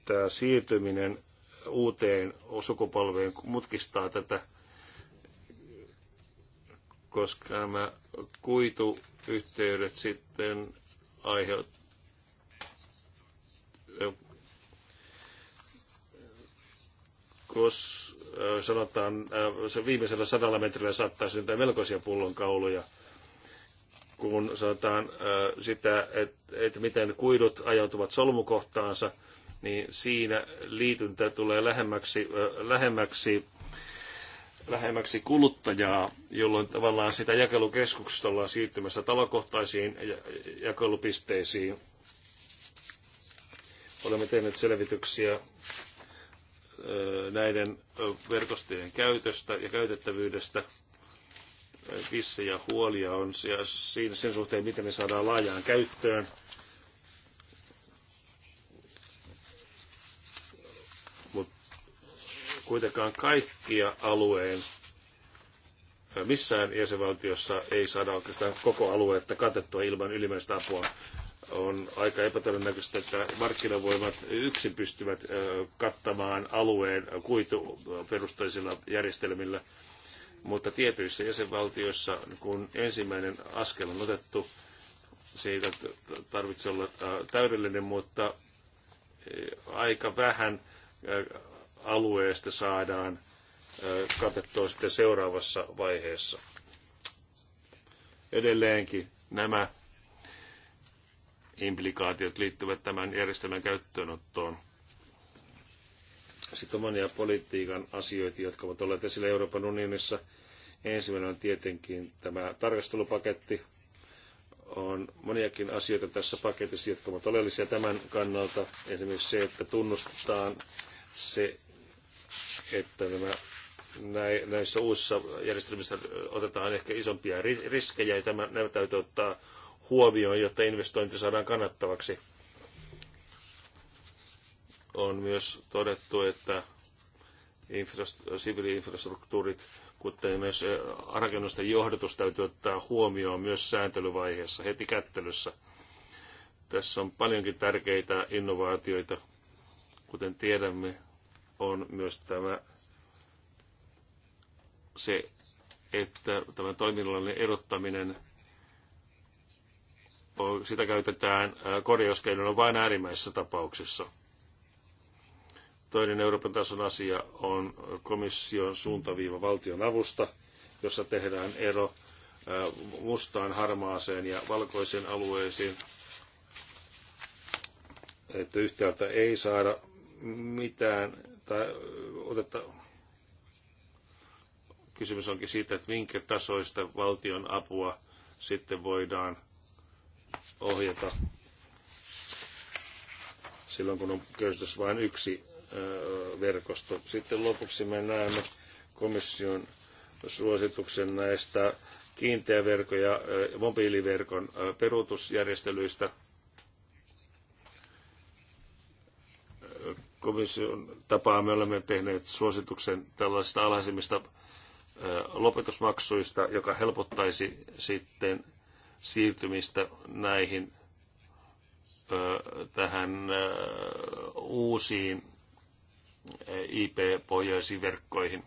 Tämä siirtyminen uuteen sukupolveen mutkistaa tätä, koska nämä kuituyhteydet sitten aiheuttavat kos, äh, sanotaan, äh, se viimeisellä sadalla metrillä saattaa syntyä melkoisia pullonkauluja, kun sanotaan äh, sitä, että, että miten kuidut ajautuvat solmukohtaansa – niin siinä liityntä tulee lähemmäksi, lähemmäksi, lähemmäksi kuluttajaa, jolloin tavallaan sitä jakelukeskuksesta ollaan siirtymässä talokohtaisiin jakelupisteisiin. Olemme tehneet selvityksiä näiden verkostojen käytöstä ja käytettävyydestä. Vissejä huolia on siinä sen suhteen, miten ne saadaan laajaan käyttöön – Kuitenkaan kaikkia alueen missään jäsenvaltiossa ei saada oikeastaan koko aluetta katettua ilman ylimääräistä apua. On aika epätodennäköistä, että markkinavoimat yksin pystyvät kattamaan alueen kuituperusteisilla järjestelmillä. Mutta tietyissä jäsenvaltioissa, kun ensimmäinen askel on otettu, se ei tarvitse olla täydellinen, mutta aika vähän alueesta saadaan katettua sitten seuraavassa vaiheessa. Edelleenkin nämä implikaatiot liittyvät tämän järjestelmän käyttöönottoon. Sitten on monia politiikan asioita, jotka ovat olleet esillä Euroopan unionissa. Ensimmäinen on tietenkin tämä tarkastelupaketti. On moniakin asioita tässä paketissa, jotka ovat oleellisia tämän kannalta. Esimerkiksi se, että tunnustetaan se että nämä näissä uusissa järjestelmissä otetaan ehkä isompia riskejä ja tämä, nämä täytyy ottaa huomioon, jotta investointi saadaan kannattavaksi. On myös todettu, että siviiliinfrastruktuurit, kuten myös rakennusten johdatus, täytyy ottaa huomioon myös sääntelyvaiheessa heti kättelyssä. Tässä on paljonkin tärkeitä innovaatioita, kuten tiedämme, on myös tämä se, että tämä toiminnallinen erottaminen sitä käytetään korjauskeinona vain äärimmäisissä tapauksissa. Toinen Euroopan tason asia on komission suuntaviiva valtion avusta, jossa tehdään ero mustaan, harmaaseen ja valkoiseen alueisiin. Että yhtäältä ei saada mitään tai äh, otetta, kysymys onkin siitä, että minkä tasoista valtion apua sitten voidaan ohjata silloin, kun on köyhdys vain yksi äh, verkosto. Sitten lopuksi me näemme komission suosituksen näistä kiinteäverkon ja äh, mobiiliverkon peruutusjärjestelyistä – komission tapaa me olemme tehneet suosituksen tällaisista alhaisemmista lopetusmaksuista, joka helpottaisi sitten siirtymistä näihin tähän uusiin IP-pohjaisiin verkkoihin.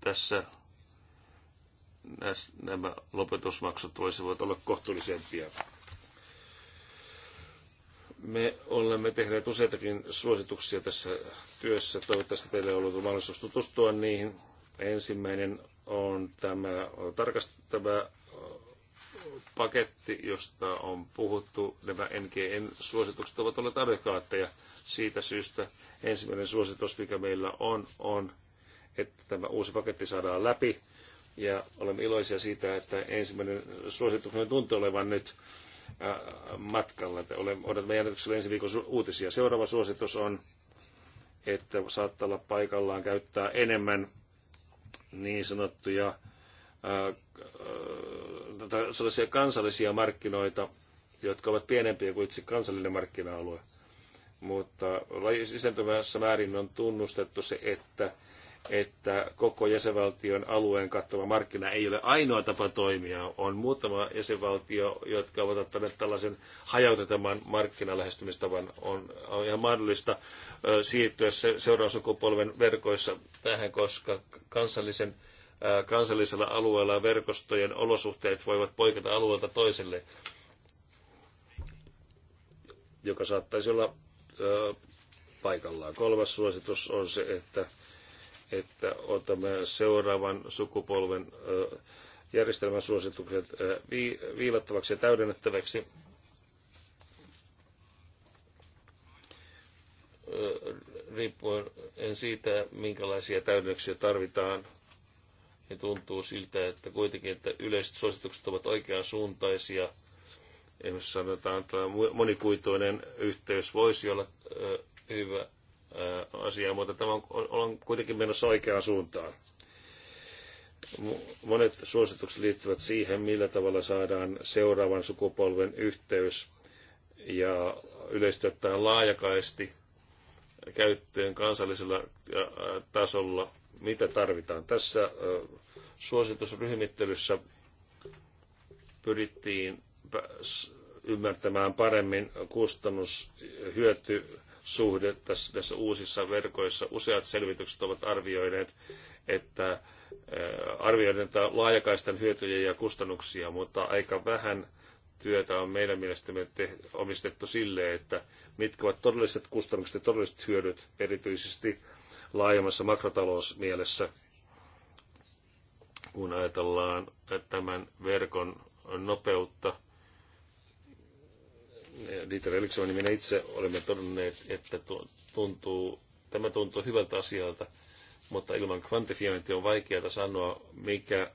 Tässä nämä lopetusmaksut voisivat olla kohtuullisempia. Me olemme tehneet useitakin suosituksia tässä työssä. Toivottavasti teille on ollut mahdollisuus tutustua niihin. Ensimmäinen on tämä tarkastava paketti, josta on puhuttu. Nämä NGN-suositukset ovat olleet adekaatteja siitä syystä. Ensimmäinen suositus, mikä meillä on, on, että tämä uusi paketti saadaan läpi. Ja olemme iloisia siitä, että ensimmäinen suositus tuntuu olevan nyt matkalla. Odotamme jännityksellä ensi viikon uutisia. Seuraava suositus on, että saattaa olla paikallaan käyttää enemmän niin sanottuja sellaisia kansallisia markkinoita, jotka ovat pienempiä kuin itse kansallinen markkina-alue. Mutta lisääntyvässä määrin on tunnustettu se, että että koko jäsenvaltion alueen kattava markkina ei ole ainoa tapa toimia. On muutama jäsenvaltio, jotka ovat ottaneet tällaisen hajautettavan markkinalähestymistavan. On, on ihan mahdollista ö, siirtyä se, seuraavan sukupolven verkoissa tähän, koska kansallisen ö, kansallisella alueella verkostojen olosuhteet voivat poiketa alueelta toiselle, joka saattaisi olla ö, paikallaan. Kolmas suositus on se, että että otamme seuraavan sukupolven järjestelmän suositukset viilattavaksi ja täydennettäväksi. Riippuen siitä, minkälaisia täydennyksiä tarvitaan, niin tuntuu siltä, että kuitenkin että yleiset suositukset ovat oikean suuntaisia. Esimerkiksi sanotaan, että monikuituinen yhteys voisi olla hyvä asiaa, mutta tämä on, on kuitenkin menossa oikeaan suuntaan. Monet suositukset liittyvät siihen, millä tavalla saadaan seuraavan sukupolven yhteys ja yleistyttää laajakaisti käyttöön kansallisella tasolla, mitä tarvitaan. Tässä suositusryhmittelyssä pyrittiin ymmärtämään paremmin kustannushyöty suhde tässä, tässä uusissa verkoissa. Useat selvitykset ovat arvioineet, että arvioineet laajakaistan hyötyjä ja kustannuksia, mutta aika vähän työtä on meidän mielestämme te- omistettu sille, että mitkä ovat todelliset kustannukset ja todelliset hyödyt, erityisesti laajemmassa makrotalousmielessä, kun ajatellaan tämän verkon nopeutta – niitä realisoiminen itse olemme todenneet, että tuntuu, tämä tuntuu hyvältä asialta, mutta ilman kvantifiointia on vaikeaa sanoa, mikä,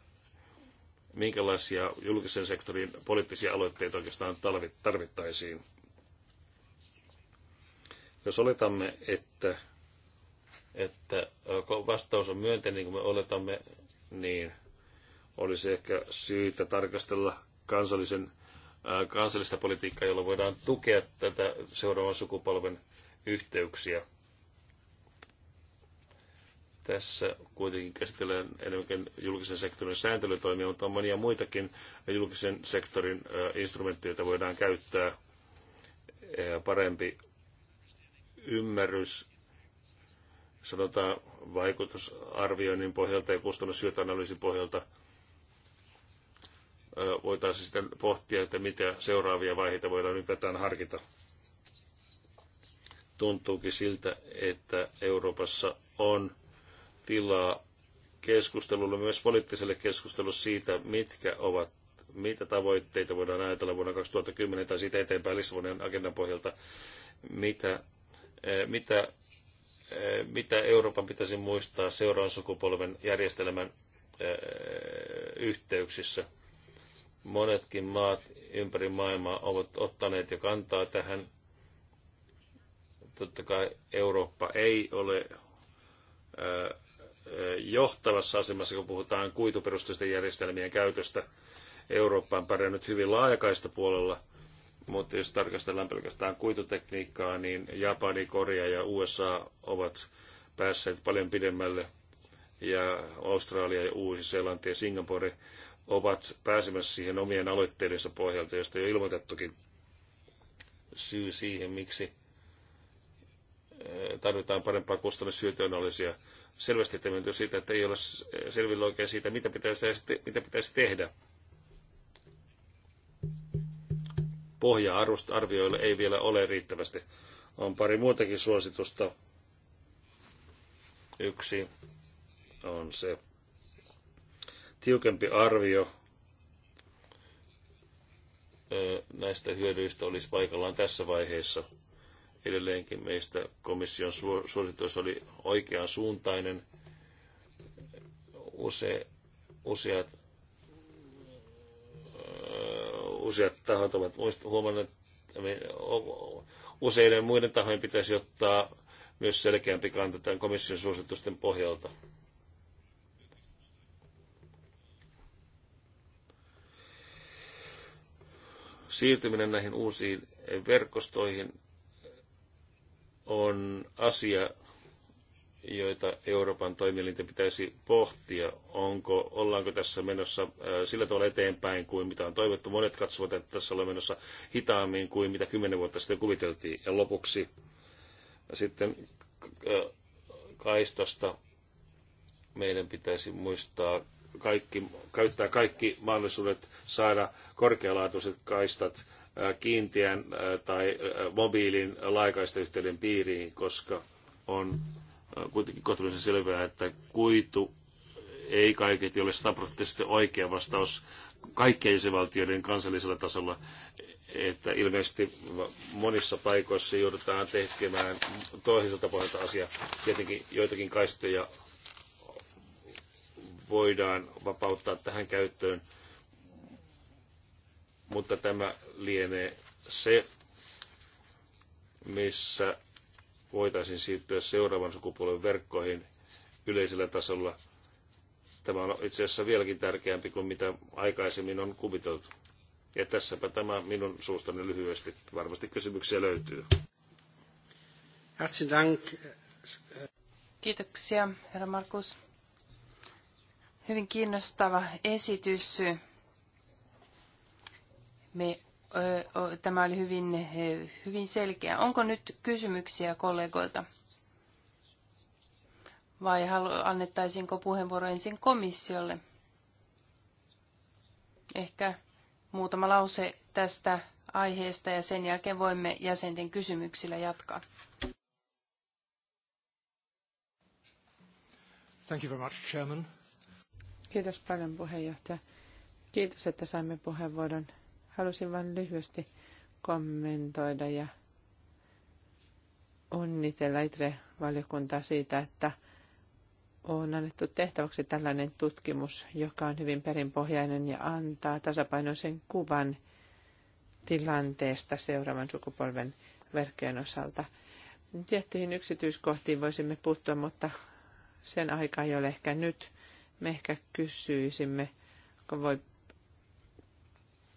minkälaisia julkisen sektorin poliittisia aloitteita oikeastaan tarvittaisiin. Jos oletamme, että, että vastaus on myönteinen, niin kuin me oletamme, niin olisi ehkä syytä tarkastella kansallisen kansallista politiikkaa, jolla voidaan tukea tätä seuraavan sukupolven yhteyksiä. Tässä kuitenkin käsitellään enemmän julkisen sektorin sääntelytoimia, mutta on monia muitakin julkisen sektorin instrumentteja, joita voidaan käyttää parempi ymmärrys, sanotaan vaikutusarvioinnin pohjalta ja kustannushyötyanalyysin pohjalta – voitaisiin sitten pohtia, että mitä seuraavia vaiheita voidaan ylipäätään harkita. Tuntuukin siltä, että Euroopassa on tilaa keskustelulle, myös poliittiselle keskustelulle siitä, mitkä ovat mitä tavoitteita voidaan ajatella vuonna 2010 tai siitä eteenpäin Lissabonin agendan pohjalta, mitä, mitä, mitä Euroopan pitäisi muistaa seuraavan sukupolven järjestelmän yhteyksissä – Monetkin maat ympäri maailmaa ovat ottaneet jo kantaa tähän. Totta kai Eurooppa ei ole johtavassa asemassa, kun puhutaan kuituperusteisten järjestelmien käytöstä. Eurooppa on pärjännyt hyvin laajakaista puolella, mutta jos tarkastellaan pelkästään kuitutekniikkaa, niin Japani, Korea ja USA ovat päässeet paljon pidemmälle ja Australia ja Uusi-Seelanti ja Singapore ovat pääsemässä siihen omien aloitteidensa pohjalta, josta jo ilmoitettukin syy siihen, miksi eh, tarvitaan parempaa kustannushyötyanalyysiä. Selvästi tämä siitä, että ei ole eh, selvillä oikein siitä, mitä pitäisi, mitä pitäisi tehdä. Pohjaa arvioille ei vielä ole riittävästi. On pari muutakin suositusta. Yksi on se, tiukempi arvio näistä hyödyistä olisi paikallaan tässä vaiheessa. Edelleenkin meistä komission suositus oli oikean suuntainen. Use, useat, useat tahot ovat huomanneet, että useiden muiden tahojen pitäisi ottaa myös selkeämpi kanta tämän komission suositusten pohjalta. siirtyminen näihin uusiin verkostoihin on asia, joita Euroopan toimielinten pitäisi pohtia. Onko, ollaanko tässä menossa äh, sillä tavalla eteenpäin kuin mitä on toivottu? Monet katsovat, että tässä ollaan menossa hitaammin kuin mitä kymmenen vuotta sitten kuviteltiin. Ja lopuksi äh, sitten äh, kaistasta meidän pitäisi muistaa kaikki, käyttää kaikki mahdollisuudet saada korkealaatuiset kaistat kiinteän tai mobiilin laikaistayhteyden piiriin, koska on kuitenkin kohtuullisen selvää, että kuitu ei kaiketi ole sataprosenttisesti oikea vastaus kaikkien jäsenvaltioiden kansallisella tasolla, että ilmeisesti monissa paikoissa joudutaan tekemään toiselta pohjalta asia. Tietenkin joitakin kaistoja voidaan vapauttaa tähän käyttöön, mutta tämä lienee se, missä voitaisiin siirtyä seuraavan sukupolven verkkoihin yleisellä tasolla. Tämä on itse asiassa vieläkin tärkeämpi kuin mitä aikaisemmin on kuviteltu. Ja tässäpä tämä minun suustani lyhyesti. Varmasti kysymyksiä löytyy. Herzlichen Dank. Kiitoksia, herra Markus. Hyvin kiinnostava esitys. Me, ö, tämä oli hyvin, hyvin selkeä. Onko nyt kysymyksiä kollegoilta? Vai annettaisiinko puheenvuoro ensin komissiolle? Ehkä muutama lause tästä aiheesta ja sen jälkeen voimme jäsenten kysymyksillä jatkaa. Thank you very much, Chairman. Kiitos paljon puheenjohtaja. Kiitos, että saimme puheenvuoron. Halusin vain lyhyesti kommentoida ja onnitella ITRE-valiokuntaa siitä, että on annettu tehtäväksi tällainen tutkimus, joka on hyvin perinpohjainen ja antaa tasapainoisen kuvan tilanteesta seuraavan sukupolven verkkojen osalta. Tiettyihin yksityiskohtiin voisimme puuttua, mutta sen aika ei ole ehkä nyt. Me ehkä kysyisimme, kun voi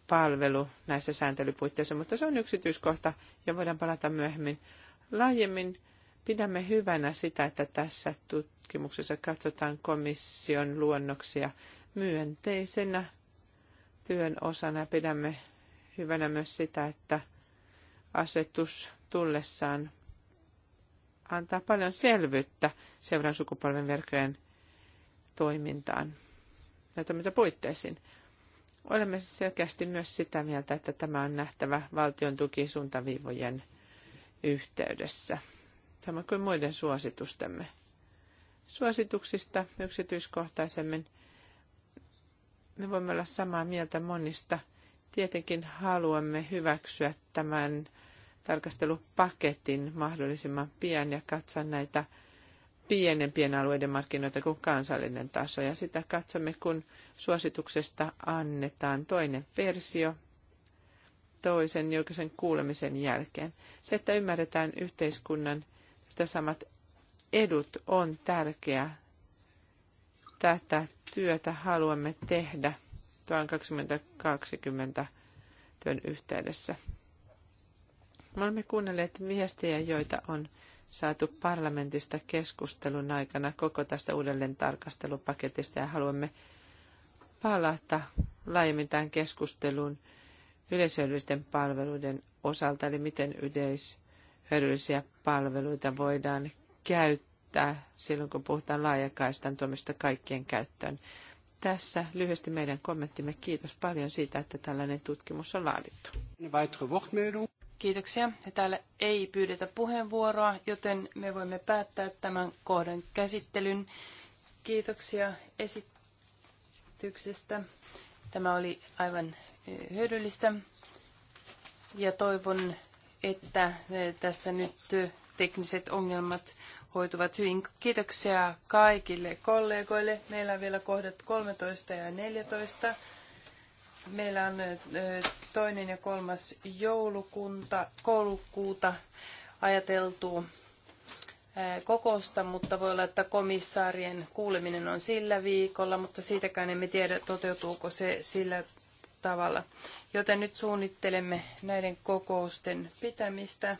palvelu näissä sääntelypuitteissa, mutta se on yksityiskohta ja voidaan palata myöhemmin. Laajemmin pidämme hyvänä sitä, että tässä tutkimuksessa katsotaan komission luonnoksia myönteisenä työn osana. Pidämme hyvänä myös sitä, että asetus tullessaan antaa paljon selvyyttä seuran sukupolven verkkojen toimintaan ja toimintapuitteisiin. Olemme selkeästi myös sitä mieltä, että tämä on nähtävä valtion tukisuuntaviivojen yhteydessä, samoin kuin muiden suositustemme. Suosituksista yksityiskohtaisemmin me voimme olla samaa mieltä monista. Tietenkin haluamme hyväksyä tämän tarkastelupaketin mahdollisimman pian ja katsoa näitä pienempien alueiden markkinoita kuin kansallinen taso. Ja sitä katsomme, kun suosituksesta annetaan toinen versio toisen julkisen kuulemisen jälkeen. Se, että ymmärretään yhteiskunnan sitä samat edut on tärkeä. Tätä työtä haluamme tehdä tuon 2020 työn yhteydessä. Me olemme kuunnelleet viestejä, joita on saatu parlamentista keskustelun aikana koko tästä uudelleen tarkastelupaketista ja haluamme palata laajemmin tähän keskusteluun yleishyödyllisten palveluiden osalta, eli miten yleishyödyllisiä palveluita voidaan käyttää silloin, kun puhutaan laajakaistan tuomista kaikkien käyttöön. Tässä lyhyesti meidän kommenttimme. Kiitos paljon siitä, että tällainen tutkimus on laadittu. Kiitoksia. Ja täällä ei pyydetä puheenvuoroa, joten me voimme päättää tämän kohdan käsittelyn. Kiitoksia esityksestä. Tämä oli aivan hyödyllistä ja toivon, että tässä nyt tekniset ongelmat hoituvat hyvin. Kiitoksia kaikille kollegoille. Meillä on vielä kohdat 13 ja 14. Meillä on toinen ja kolmas joulukunta, koulukuuta ajateltu kokousta, mutta voi olla, että komissaarien kuuleminen on sillä viikolla, mutta siitäkään emme tiedä, toteutuuko se sillä tavalla. Joten nyt suunnittelemme näiden kokousten pitämistä.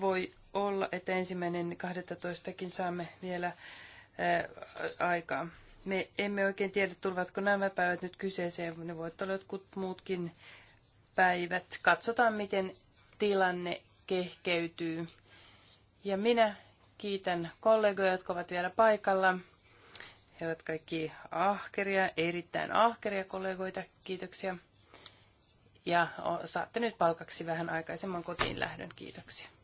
Voi olla, että ensimmäinen 12. saamme vielä aikaa. Me emme oikein tiedä, tulevatko nämä päivät nyt kyseeseen, ne voivat olla jotkut muutkin päivät. Katsotaan, miten tilanne kehkeytyy. Ja minä kiitän kollegoja, jotka ovat vielä paikalla. He ovat kaikki ahkeria, erittäin ahkeria kollegoita. Kiitoksia. Ja saatte nyt palkaksi vähän aikaisemman kotiin lähdön. Kiitoksia.